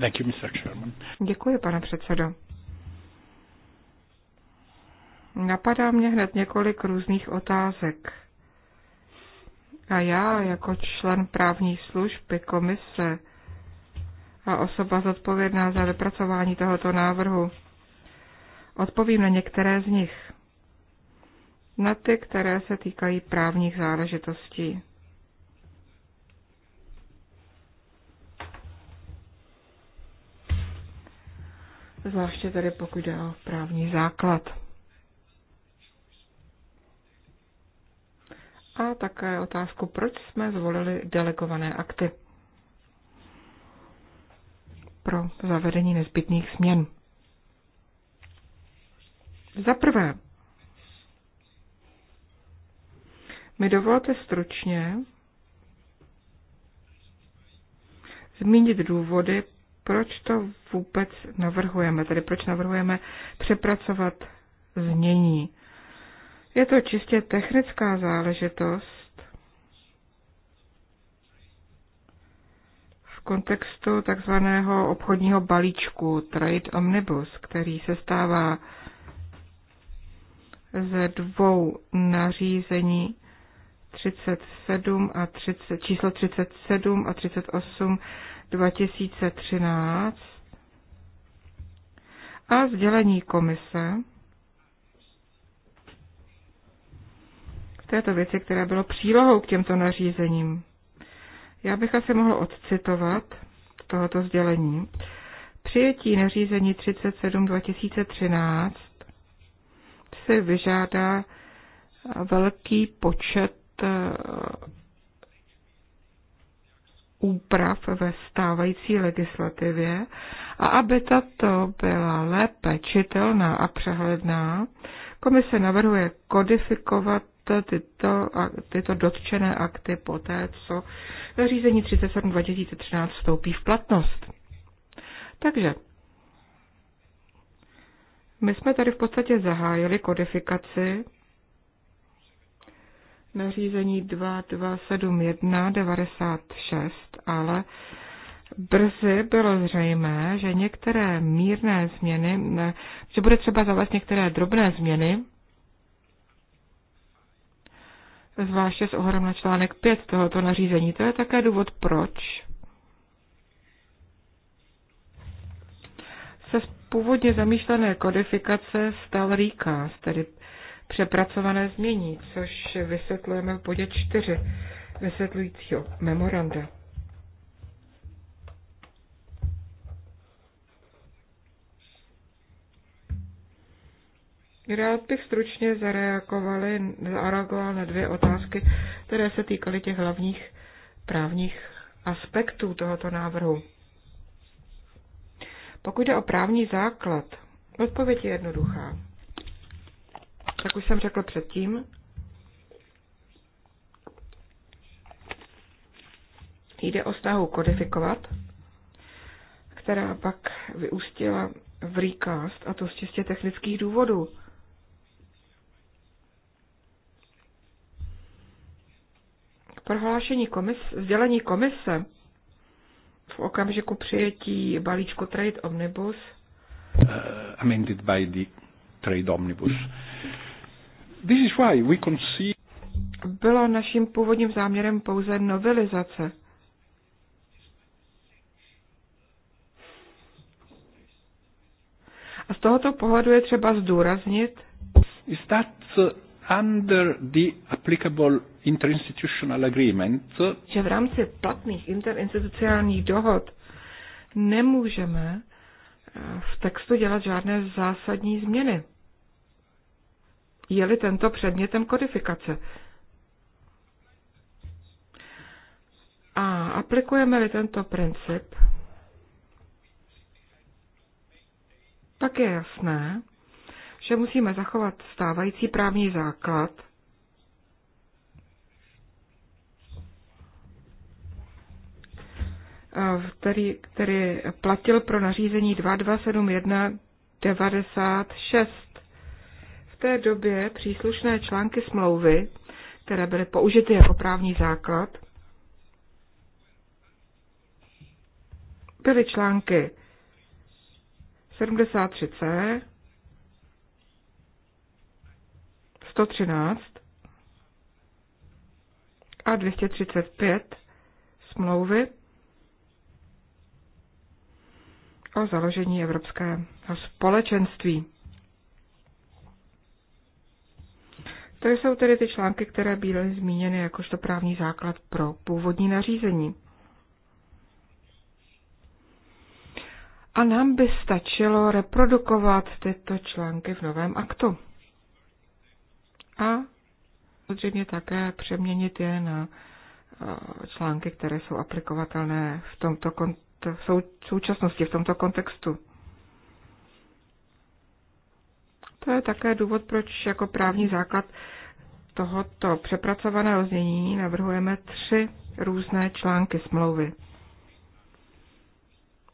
S1: Thank you, Mr. Chairman.
S3: Děkuji, pane předsedo. Napadá mě hned několik různých otázek. A já jako člen právní služby komise a osoba zodpovědná za vypracování tohoto návrhu odpovím na některé z nich. Na ty, které se týkají právních záležitostí. zvláště tedy pokud jde o právní základ. A také otázku, proč jsme zvolili delegované akty pro zavedení nezbytných změn. Za prvé, mi dovolte stručně zmínit důvody, proč to vůbec navrhujeme, tedy proč navrhujeme přepracovat znění. Je to čistě technická záležitost v kontextu takzvaného obchodního balíčku Trade Omnibus, který se stává ze dvou nařízení 37 a 30, číslo 37 a 38 2013 a sdělení komise k této věci, které bylo přílohou k těmto nařízením. Já bych asi mohl odcitovat tohoto sdělení. Přijetí nařízení 37 2013 si vyžádá velký počet eh, úprav ve stávající legislativě a aby tato byla lépe čitelná a přehledná, komise navrhuje kodifikovat tyto, tyto dotčené akty poté, co řízení 37 2013 vstoupí v platnost. Takže my jsme tady v podstatě zahájili kodifikaci nařízení 2271 96, ale brzy bylo zřejmé, že některé mírné změny, že bude třeba zavést některé drobné změny, zvláště s ohledem na článek 5 tohoto nařízení. To je také důvod, proč se z původně zamýšlené kodifikace stal recast, tedy přepracované změní, což vysvětlujeme v bodě 4 vysvětlujícího memoranda. Rád bych stručně zareagoval na dvě otázky, které se týkaly těch hlavních právních aspektů tohoto návrhu. Pokud jde o právní základ, odpověď je jednoduchá. Jak už jsem řekl předtím, jde o snahu kodifikovat, která pak vyústila v recast, a to z čistě technických důvodů. Prohlášení komis, sdělení komise v okamžiku přijetí balíčku Trade Omnibus
S1: uh, amended by the Trade Omnibus This is why we conceive...
S3: Bylo naším původním záměrem pouze novelizace. A z tohoto pohledu je třeba zdůraznit, is that uh, under the applicable interinstitutional agreement, že v rámci platných interinstitucionálních dohod nemůžeme eh, v textu dělat žádné zásadní změny je-li tento předmětem kodifikace. A aplikujeme-li tento princip, tak je jasné, že musíme zachovat stávající právní základ který, který platil pro nařízení 2271 96 té době příslušné články smlouvy, které byly použity jako právní základ, byly články 73c, 113 a 235 smlouvy o založení Evropského společenství. To jsou tedy ty články, které byly zmíněny jakožto právní základ pro původní nařízení. A nám by stačilo reprodukovat tyto články v novém aktu. A samozřejmě také přeměnit je na eh, články, které jsou aplikovatelné v tomto kont- v současnosti, v tomto kontextu. To je také důvod, proč jako právní základ tohoto přepracovaného znění navrhujeme tři různé články smlouvy.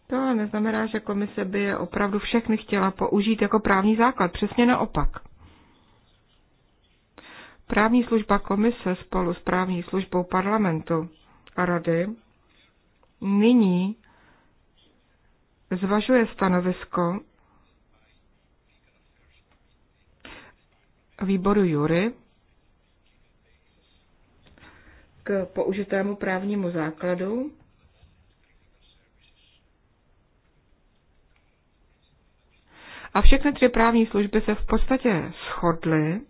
S3: To neznamená, že komise by je opravdu všechny chtěla použít jako právní základ, přesně naopak. Právní služba komise spolu s právní službou parlamentu a rady nyní zvažuje stanovisko, výboru Jury k použitému právnímu základu A všechny tři právní služby se v podstatě shodly,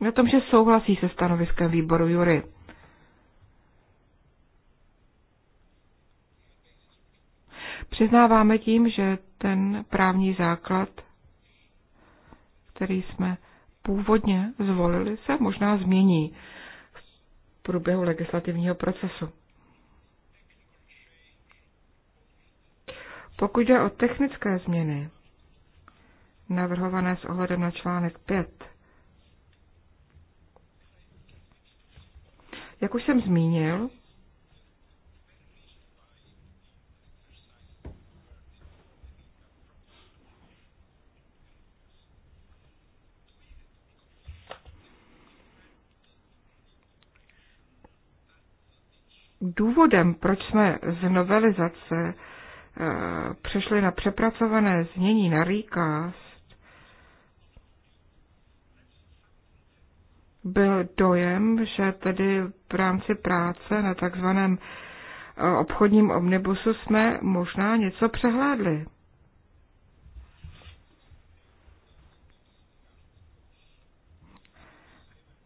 S3: na tom, že souhlasí se stanoviskem výboru Jury. Přiznáváme tím, že ten právní základ, který jsme původně zvolili, se možná změní v průběhu legislativního procesu. Pokud jde o technické změny, navrhované s ohledem na článek 5, jak už jsem zmínil, důvodem, proč jsme z novelizace eh, přešli na přepracované znění, na recast, byl dojem, že tedy v rámci práce na takzvaném eh, obchodním omnibusu jsme možná něco přehlédli.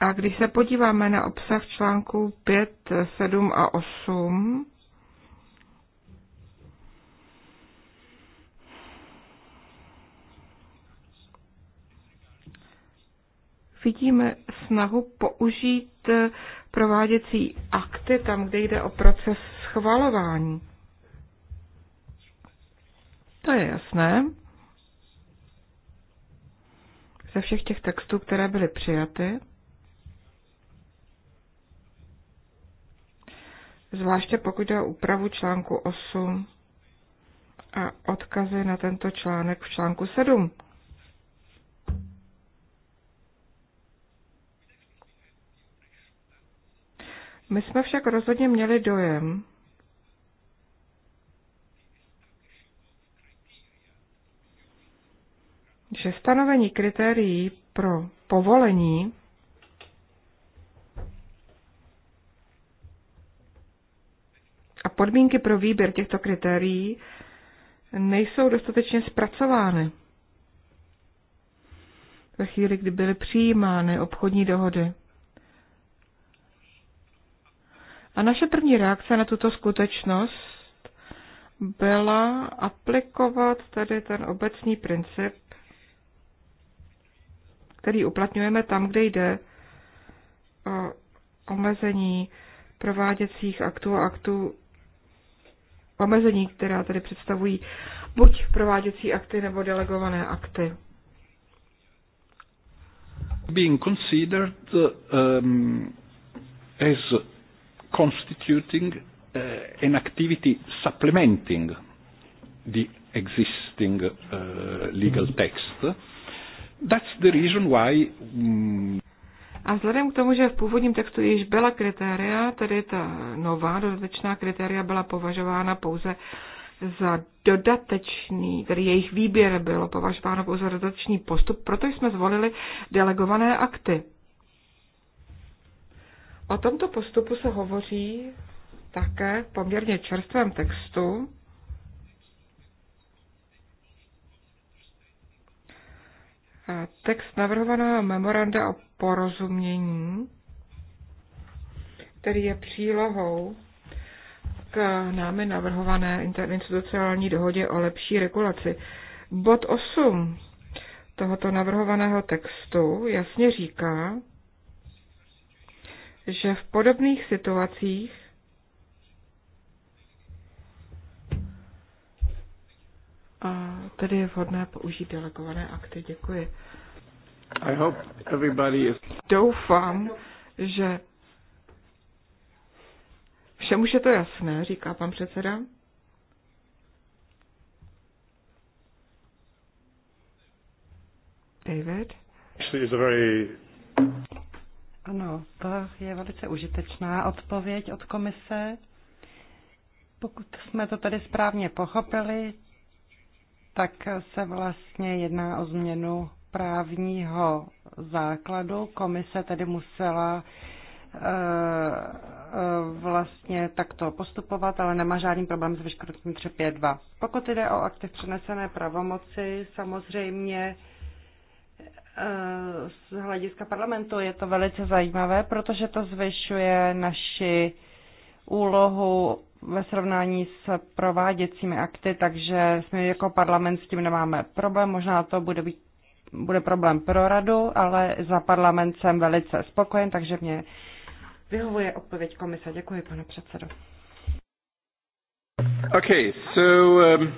S3: A když se podíváme na obsah článků 5, 7 a 8, vidíme snahu použít prováděcí akty tam, kde jde o proces schvalování. To je jasné. Ze všech těch textů, které byly přijaty, zvláště pokud jde o úpravu článku 8 a odkazy na tento článek v článku 7. My jsme však rozhodně měli dojem, že stanovení kritérií pro povolení podmínky pro výběr těchto kritérií nejsou dostatečně zpracovány. Ve chvíli, kdy byly přijímány obchodní dohody. A naše první reakce na tuto skutečnost byla aplikovat tady ten obecný princip, který uplatňujeme tam, kde jde o omezení prováděcích aktů a aktů omezení, která tedy představují buď prováděcí akty nebo delegované akty.
S1: Being considered um, as constituting uh, an activity supplementing the existing uh, legal mm-hmm. text,
S3: that's the reason why um, a vzhledem k tomu, že v původním textu již byla kritéria, tedy ta nová dodatečná kritéria byla považována pouze za dodatečný, tedy jejich výběr bylo považováno pouze za dodatečný postup, proto jsme zvolili delegované akty. O tomto postupu se hovoří také v poměrně čerstvém textu, Text navrhovaného memoranda o porozumění, který je přílohou k námi navrhované interinstitucionální dohodě o lepší regulaci. Bod 8 tohoto navrhovaného textu jasně říká, že v podobných situacích a tedy je vhodné použít delegované akty. Děkuji.
S2: I hope everybody is...
S3: Doufám, že všem už je to jasné, říká pan předseda.
S2: David? Ano, to je velice užitečná odpověď od komise. Pokud jsme to tady správně pochopili, tak se vlastně jedná o změnu právního základu. Komise tedy musela eh, vlastně takto postupovat, ale nemá žádný problém s vyškrtnutím 352. Pokud jde o aktiv přenesené pravomoci, samozřejmě eh, z hlediska parlamentu je to velice zajímavé, protože to zvyšuje naši úlohu ve srovnání s prováděcími akty, takže jsme jako parlament s tím nemáme problém. Možná to bude být bude problém pro radu, ale za parlament jsem velice spokojen, takže mě vyhovuje odpověď komise. Děkuji, pane předsedo.
S3: Okay, so um,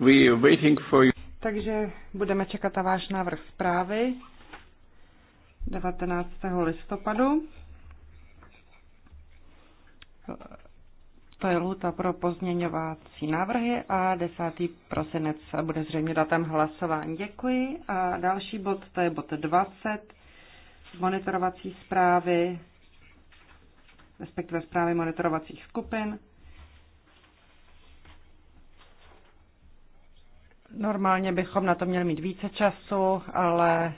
S3: we are waiting for you.
S2: Takže budeme čekat na váš návrh zprávy 19. listopadu to je lhuta pro pozměňovací návrhy a 10. prosinec bude zřejmě datem hlasování. Děkuji. A další bod, to je bod 20, monitorovací zprávy, respektive zprávy monitorovacích skupin. Normálně bychom na to měli mít více času, ale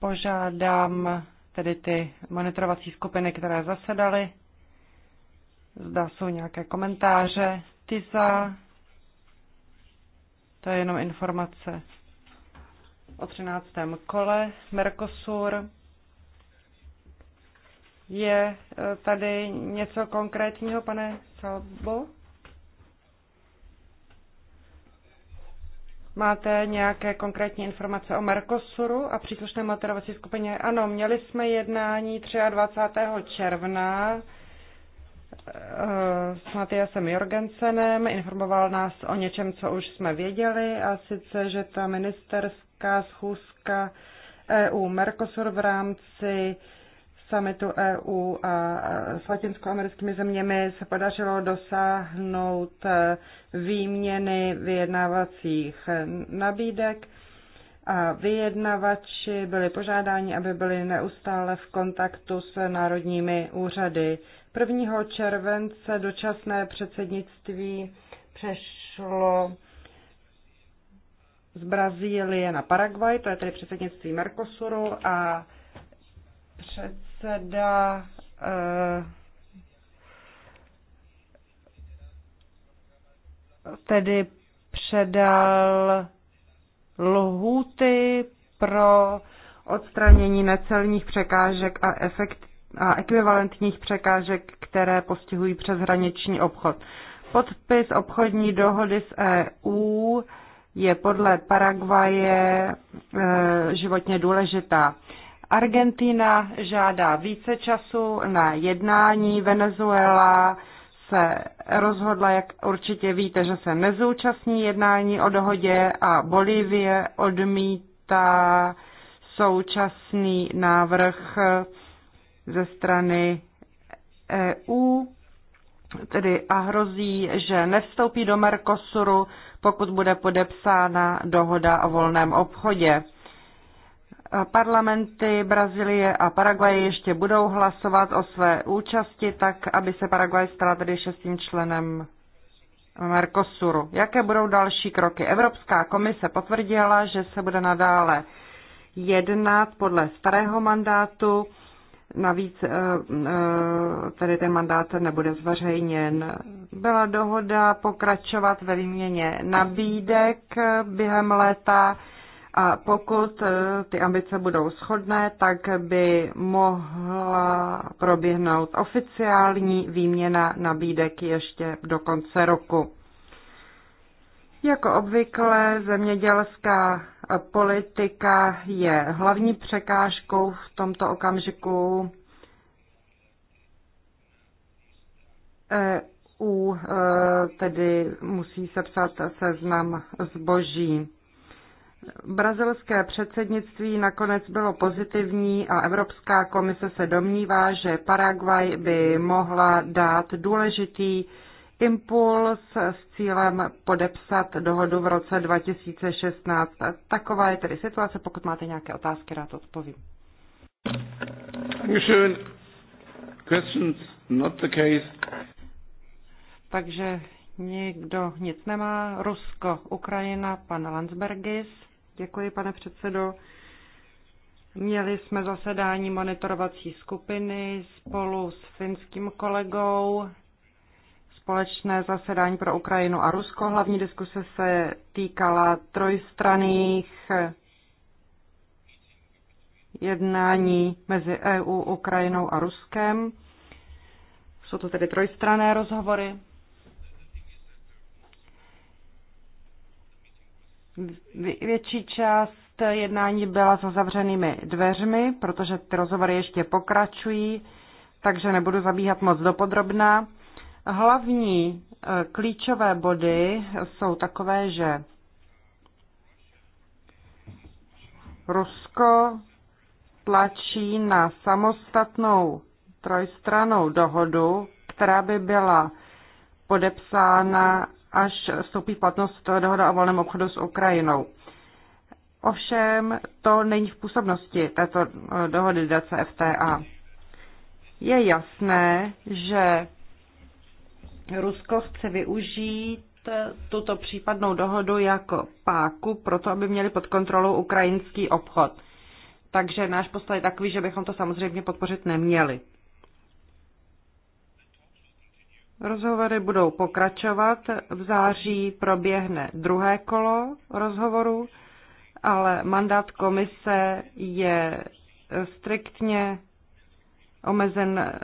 S2: požádám tedy ty monitorovací skupiny, které zasedaly. Zda jsou nějaké komentáře. TISA, to je jenom informace o 13. kole. Mercosur, je eh, tady něco konkrétního, pane Salbo? Máte nějaké konkrétní informace o Mercosuru a příslušné materovací skupině? Ano, měli jsme jednání 23. června eh, s Matiasem Jorgensenem, informoval nás o něčem, co už jsme věděli, a sice, že ta ministerská schůzka EU Mercosur v rámci summitu EU a s latinskoamerickými zeměmi se podařilo dosáhnout eh, výměny vyjednávacích nabídek a vyjednavači byli požádáni, aby byli neustále v kontaktu s národními úřady. 1. července dočasné předsednictví přešlo z Brazílie na Paraguay, to je tedy předsednictví Mercosuru a před předseda eh, tedy předal lhuty pro odstranění necelních překážek a, efekt, a ekvivalentních překážek, které postihují přeshraniční obchod. Podpis obchodní dohody s EU je podle Paraguaje eh, životně důležitá. Argentina žádá více času na jednání, Venezuela se rozhodla, jak určitě víte, že se nezúčastní jednání o dohodě a Bolívie odmítá současný návrh ze strany EU, tedy a hrozí, že nevstoupí do Mercosuru, pokud bude podepsána dohoda o volném obchodě. Parlamenty Brazílie a Paraguaje ještě budou hlasovat o své účasti, tak aby se Paraguaj stala tedy šestým členem Mercosuru. Jaké budou další kroky? Evropská komise potvrdila, že se bude nadále jednat podle starého mandátu, navíc eh, eh, tedy ten mandát nebude zveřejněn. Byla dohoda pokračovat ve výměně nabídek během léta a pokud eh, ty ambice budou shodné, tak by mohla proběhnout oficiální výměna nabídek ještě do konce roku. Jako obvykle zemědělská politika je hlavní překážkou v tomto okamžiku EU, e, tedy musí sepsat seznam zboží. Brazilské předsednictví nakonec bylo pozitivní a Evropská komise se domnívá, že Paraguay by mohla dát důležitý impuls s cílem podepsat dohodu v roce 2016. Taková je tedy situace. Pokud máte nějaké otázky, rád odpovím. not the case. Takže nikdo nic nemá. Rusko, Ukrajina, pan Landsbergis. Děkuji, pane předsedo. Měli jsme zasedání monitorovací skupiny spolu s finským kolegou, společné zasedání pro Ukrajinu a Rusko. Hlavní diskuse se týkala trojstraných jednání mezi EU, Ukrajinou a Ruskem. Jsou to tedy trojstrané rozhovory. Větší část jednání byla za zavřenými dveřmi, protože ty rozhovory ještě pokračují, takže nebudu zabíhat moc dopodrobná. Hlavní e, klíčové body jsou takové, že Rusko tlačí na samostatnou trojstranou dohodu, která by byla podepsána až vstoupí platnost dohoda o volném obchodu s Ukrajinou. Ovšem to není v působnosti této eh, dohody DCFTA. Je jasné, že Rusko chce využít eh, tuto případnou dohodu jako páku proto, aby měli pod kontrolou ukrajinský obchod. Takže náš postoj je takový, že bychom to samozřejmě podpořit neměli. Rozhovory budou pokračovat. V září proběhne druhé kolo rozhovoru, ale mandát komise je striktně omezen eh,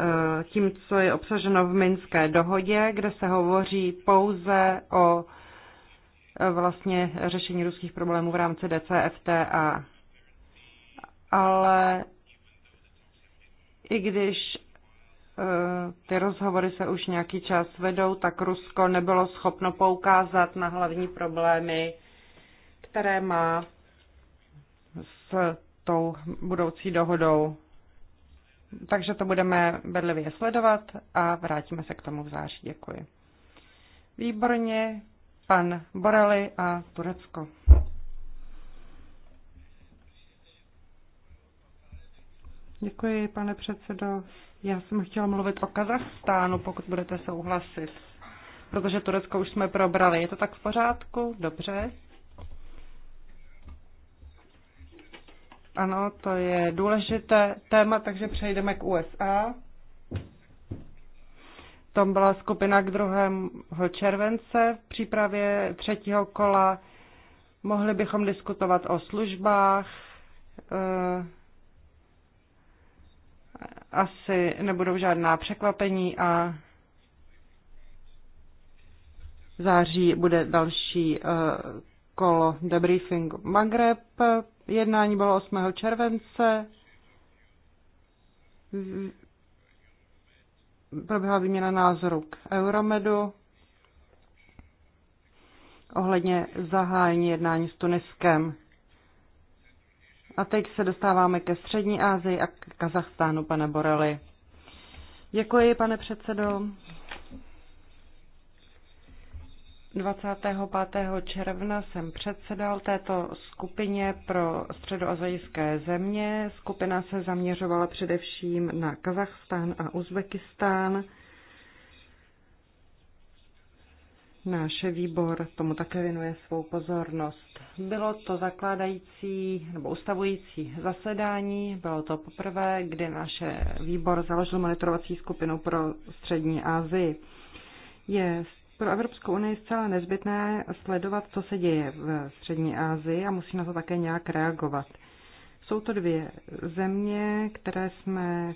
S2: tím, co je obsaženo v Minské dohodě, kde se hovoří pouze o eh, vlastně řešení ruských problémů v rámci DCFTA. Ale i když ty rozhovory se už nějaký čas vedou, tak Rusko nebylo schopno poukázat na hlavní problémy, které má s tou budoucí dohodou. Takže to budeme bedlivě sledovat a vrátíme se k tomu v září. Děkuji. Výborně, pan Borely a Turecko. Děkuji, pane předsedo. Já jsem chtěla mluvit o Kazachstánu, pokud budete souhlasit. Protože Turecko už jsme probrali. Je to tak v pořádku? Dobře. Ano, to je důležité téma, takže přejdeme k USA. Tam byla skupina k 2. července v přípravě třetího kola. Mohli bychom diskutovat o službách, eh, asi nebudou žádná překvapení a v září bude další eh, kolo debriefing Magreb. Jednání bylo 8. července. Proběhla výměna názoru k Euromedu ohledně zahájení jednání s Tuniskem. A teď se dostáváme ke Střední Asii a k Kazachstánu, pane Boreli. Děkuji, pane předsedo. 25. června jsem předsedal této skupině pro středoazijské země. Skupina se zaměřovala především na Kazachstán a Uzbekistán. Náš výbor tomu také věnuje svou pozornost. Bylo to zakládající nebo ustavující zasedání, bylo to poprvé, kdy náš výbor založil monitorovací skupinu pro střední Asii. Je pro Evropskou unii zcela nezbytné sledovat, co se děje v střední Asii a musí na to také nějak reagovat. Jsou to dvě země, které jsme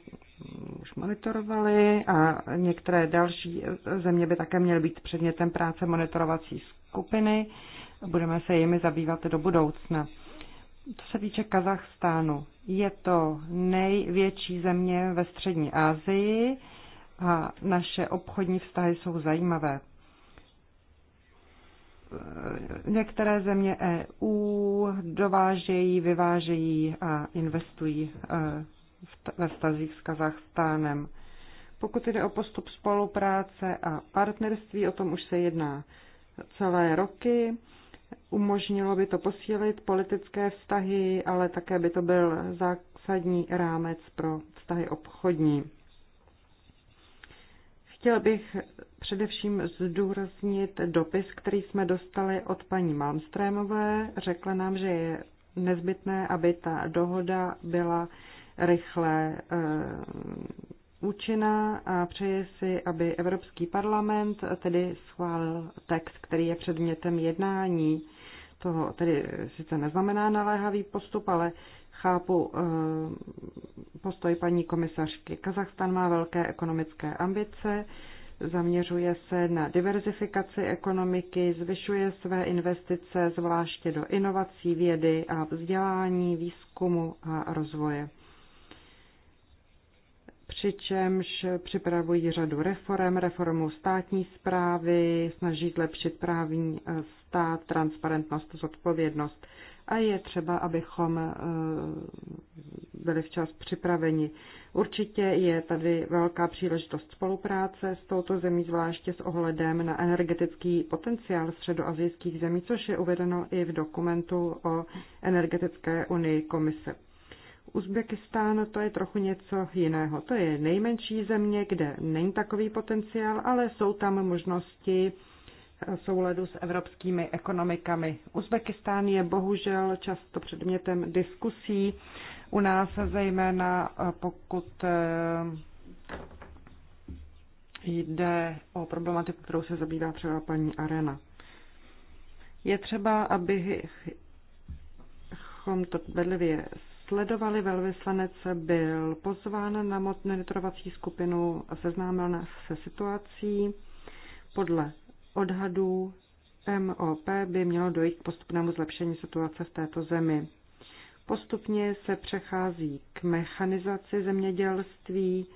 S2: už monitorovali a některé další země by také měly být předmětem práce monitorovací skupiny. Budeme se jimi zabývat do budoucna. Co se týče Kazachstánu, je to největší země ve střední Asii a naše obchodní vztahy jsou zajímavé některé země EU dovážejí, vyvážejí a investují e, ve vztazích s Kazachstánem. Pokud jde o postup spolupráce a partnerství, o tom už se jedná celé roky. Umožnilo by to posílit politické vztahy, ale také by to byl zásadní rámec pro vztahy obchodní. Chtěl bych především zdůraznit dopis, který jsme dostali od paní Malmstrémové. Řekla nám, že je nezbytné, aby ta dohoda byla rychle e, účinná a přeje si, aby Evropský parlament tedy schválil text, který je předmětem jednání. To tedy sice neznamená naléhavý postup, ale chápu e, postoj paní komisařky. Kazachstan má velké ekonomické ambice zaměřuje se na diverzifikaci ekonomiky, zvyšuje své investice zvláště do inovací, vědy a vzdělání, výzkumu a rozvoje. Přičemž připravují řadu reform, reformu státní zprávy, snaží zlepšit právní stát, transparentnost, zodpovědnost a je třeba, abychom eh, byli včas připraveni. Určitě je tady velká příležitost spolupráce s touto zemí, zvláště s ohledem na energetický potenciál středoazijských zemí, což je uvedeno i v dokumentu o energetické unii komise. Uzbekistán to je trochu něco jiného. To je nejmenší země, kde není takový potenciál, ale jsou tam možnosti souladu s evropskými ekonomikami. Uzbekistán je bohužel často předmětem diskusí u nás, zejména eh, pokud eh, jde o problematiku, kterou se zabývá třeba paní Arena. Je třeba, abychom to bedlivě sledovali. Velvyslanec byl pozván na monitorovací skupinu a seznámil nás se situací. Podle odhadů MOP by mělo dojít k postupnému zlepšení situace v této zemi. Postupně se přechází k mechanizaci zemědělství.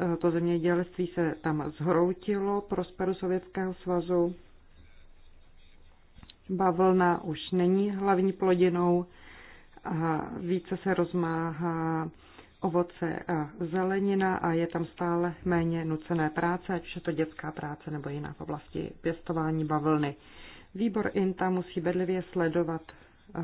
S2: E, to zemědělství se tam zhroutilo pro spadu Sovětského svazu. Bavlna už není hlavní plodinou a více se rozmáhá ovoce a zelenina a je tam stále méně nucené práce, ať už je to dětská práce nebo jiná v oblasti pěstování bavlny. Výbor INTA musí bedlivě sledovat eh,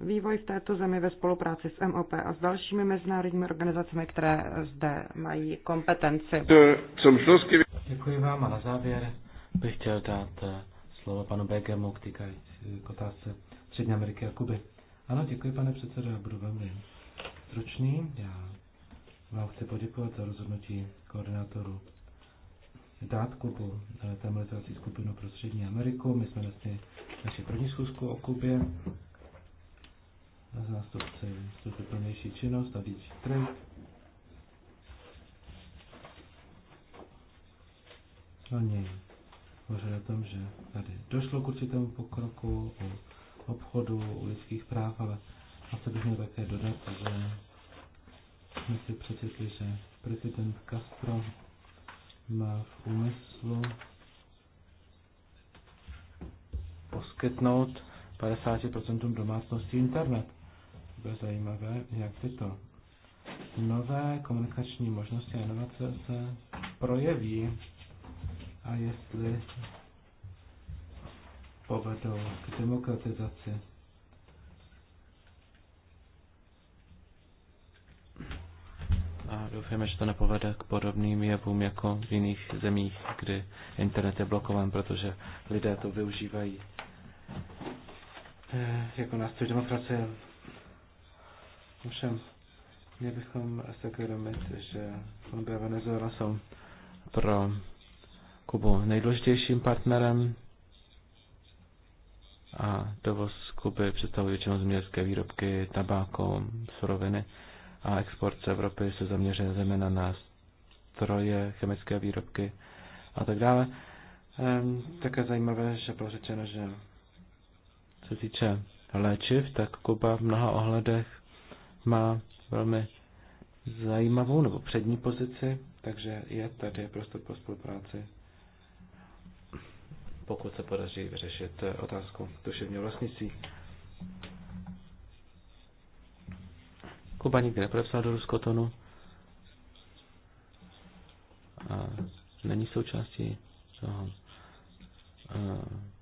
S2: vývoj v této zemi ve spolupráci s MOP a s dalšími mezinárodními organizacemi, které zde mají kompetenci.
S1: Děkuji vám a na závěr bych chtěl dát eh, slovo panu Begemu k týkající k otázce Střední Ameriky a Kuby. Ano, děkuji, pane předsedo, já budu velmi stručný. Já vám chci poděkovat za rozhodnutí koordinátoru dát Kubu eh, temilitací skupinu pro Střední Ameriku. My jsme vlastně naši první schůzku o Kubě. Zástupci jsou pro vnější činnost a větší trend. No Oni hovořili o tom, že tady došlo k určitému pokroku u obchodu, u lidských práv, ale a co bych měl také dodat, že jsme si přečetli, že prezident Castro má v úmyslu poskytnout 50% domácností internet. Bude zajímavé, jak tyto nové komunikační možnosti a inovace se projeví a jestli povedou k demokratizaci a doufáme, že to nepovede k podobným jevům jako v jiných zemích, kdy internet je blokován, protože lidé to využívají eh, jako nástroj demokracie. Ovšem, měli bychom se uvědomit, že Kolumbia a Venezuela jsou pro Kubu nejdůležitějším partnerem a dovoz Kuby představuje většinou zemědělské výrobky, tabáko, suroviny a export z Evropy se zaměřuje zejména na stroje, chemické výrobky a tak dále. Ehm, také zajímavé, že bylo řečeno, že se týče léčiv, tak Kuba v mnoha ohledech má velmi zajímavou nebo přední pozici, takže je tady prostor pro spolupráci, pokud se podaří vyřešit otázku duševního vlastnictví. Kuba nikdy nepodepsala do Ruskotonu a není součástí toho eh,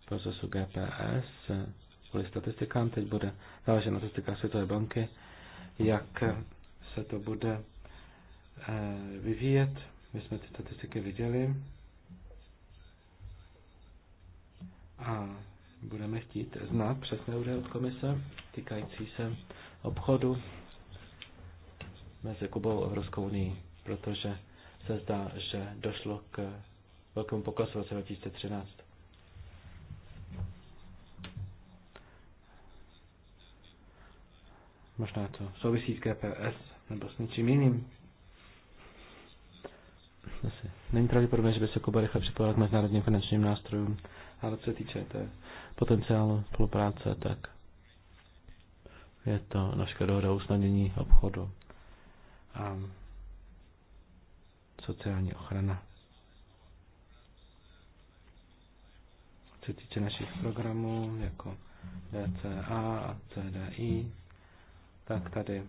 S1: procesu GPS kvůli statistikám. Teď bude záležet na statistikách Světové banky, jak se to bude eh, vyvíjet. My jsme ty statistiky viděli a budeme chtít znát přesné údaje od komise týkající se obchodu mezi Kubou a Evropskou unii, protože se zdá, že došlo k velkému poklesu v roce 2013. Možná to souvisí s GPS nebo s něčím jiným. Asi. Není pravděpodobné, že by se Kuba rychle připojila k mezinárodním finančním nástrojům, ale co se týče té potenciálu spolupráce, tak je to naška dohoda usnadnění obchodu a sociální ochrana. Co týče našich programů, jako DCA a CDI, tak tady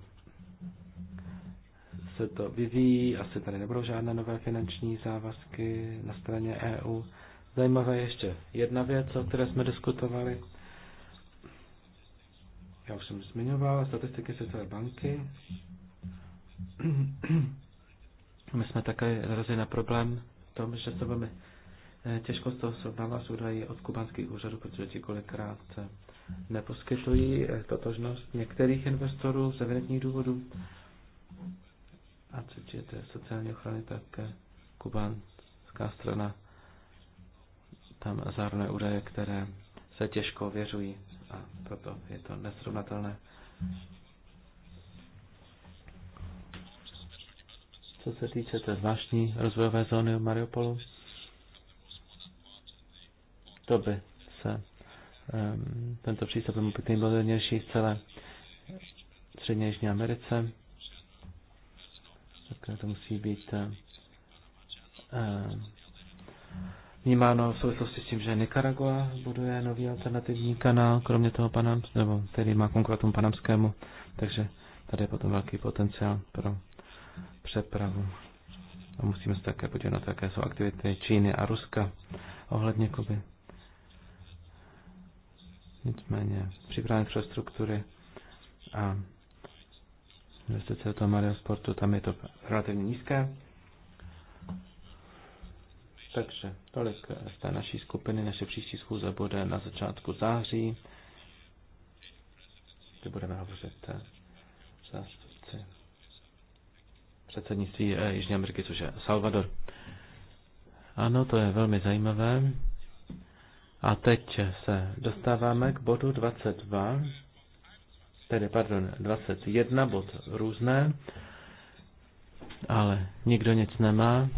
S1: se to vyvíjí, asi tady nebudou žádné nové finanční závazky na straně EU. Zajímavá je ještě jedna věc, o které jsme diskutovali. Já už jsem zmiňoval statistiky Světové banky. My jsme také narazili na problém v tom, že se velmi eh, těžko to srovnává s údaji od kubánských úřadů, protože ti kolikrát eh, neposkytují eh, totožnost některých investorů z evidentních důvodů. A co to sociální ochrany, tak kubánská strana tam zároveň údaje, které se těžko věřují a proto je to nesrovnatelné. co se týče té zvláštní rozvojové zóny v Mariupolu. To by se um, tento přístup by být vhodnější v celé střední Jižní Americe. Tak to musí být uh, vnímáno v souvislosti s tím, že Nicaragua buduje nový alternativní kanál, kromě toho panam, nebo který má konkurentům panamskému, takže tady je potom velký potenciál pro přepravu. A musíme se také podívat na to, jaké jsou aktivity Číny a Ruska ohledně Kuby. Nicméně připravené infrastruktury a investice do toho Mario sportu, tam je to relativně nízké. Takže tolik z té naší skupiny. Naše příští schůze bude na začátku září, kdy budeme hovořit zase předsednictví eh, Jižní Ameriky, což je Salvador. Ano, to je velmi zajímavé. A teď se dostáváme k bodu 22, tedy pardon, 21, bod různé, ale nikdo nic nemá.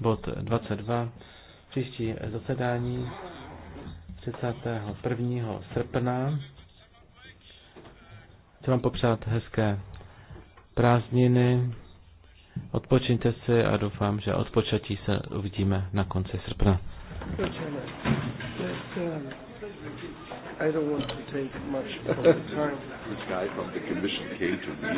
S1: Bod 22, příští zasedání 31. srpna. Chci vám popřát hezké prázdniny. Odpočiňte si a doufám, že odpočatí se uvidíme na konci srpna. I don't want to take much of the time. This guy from the commission came to me.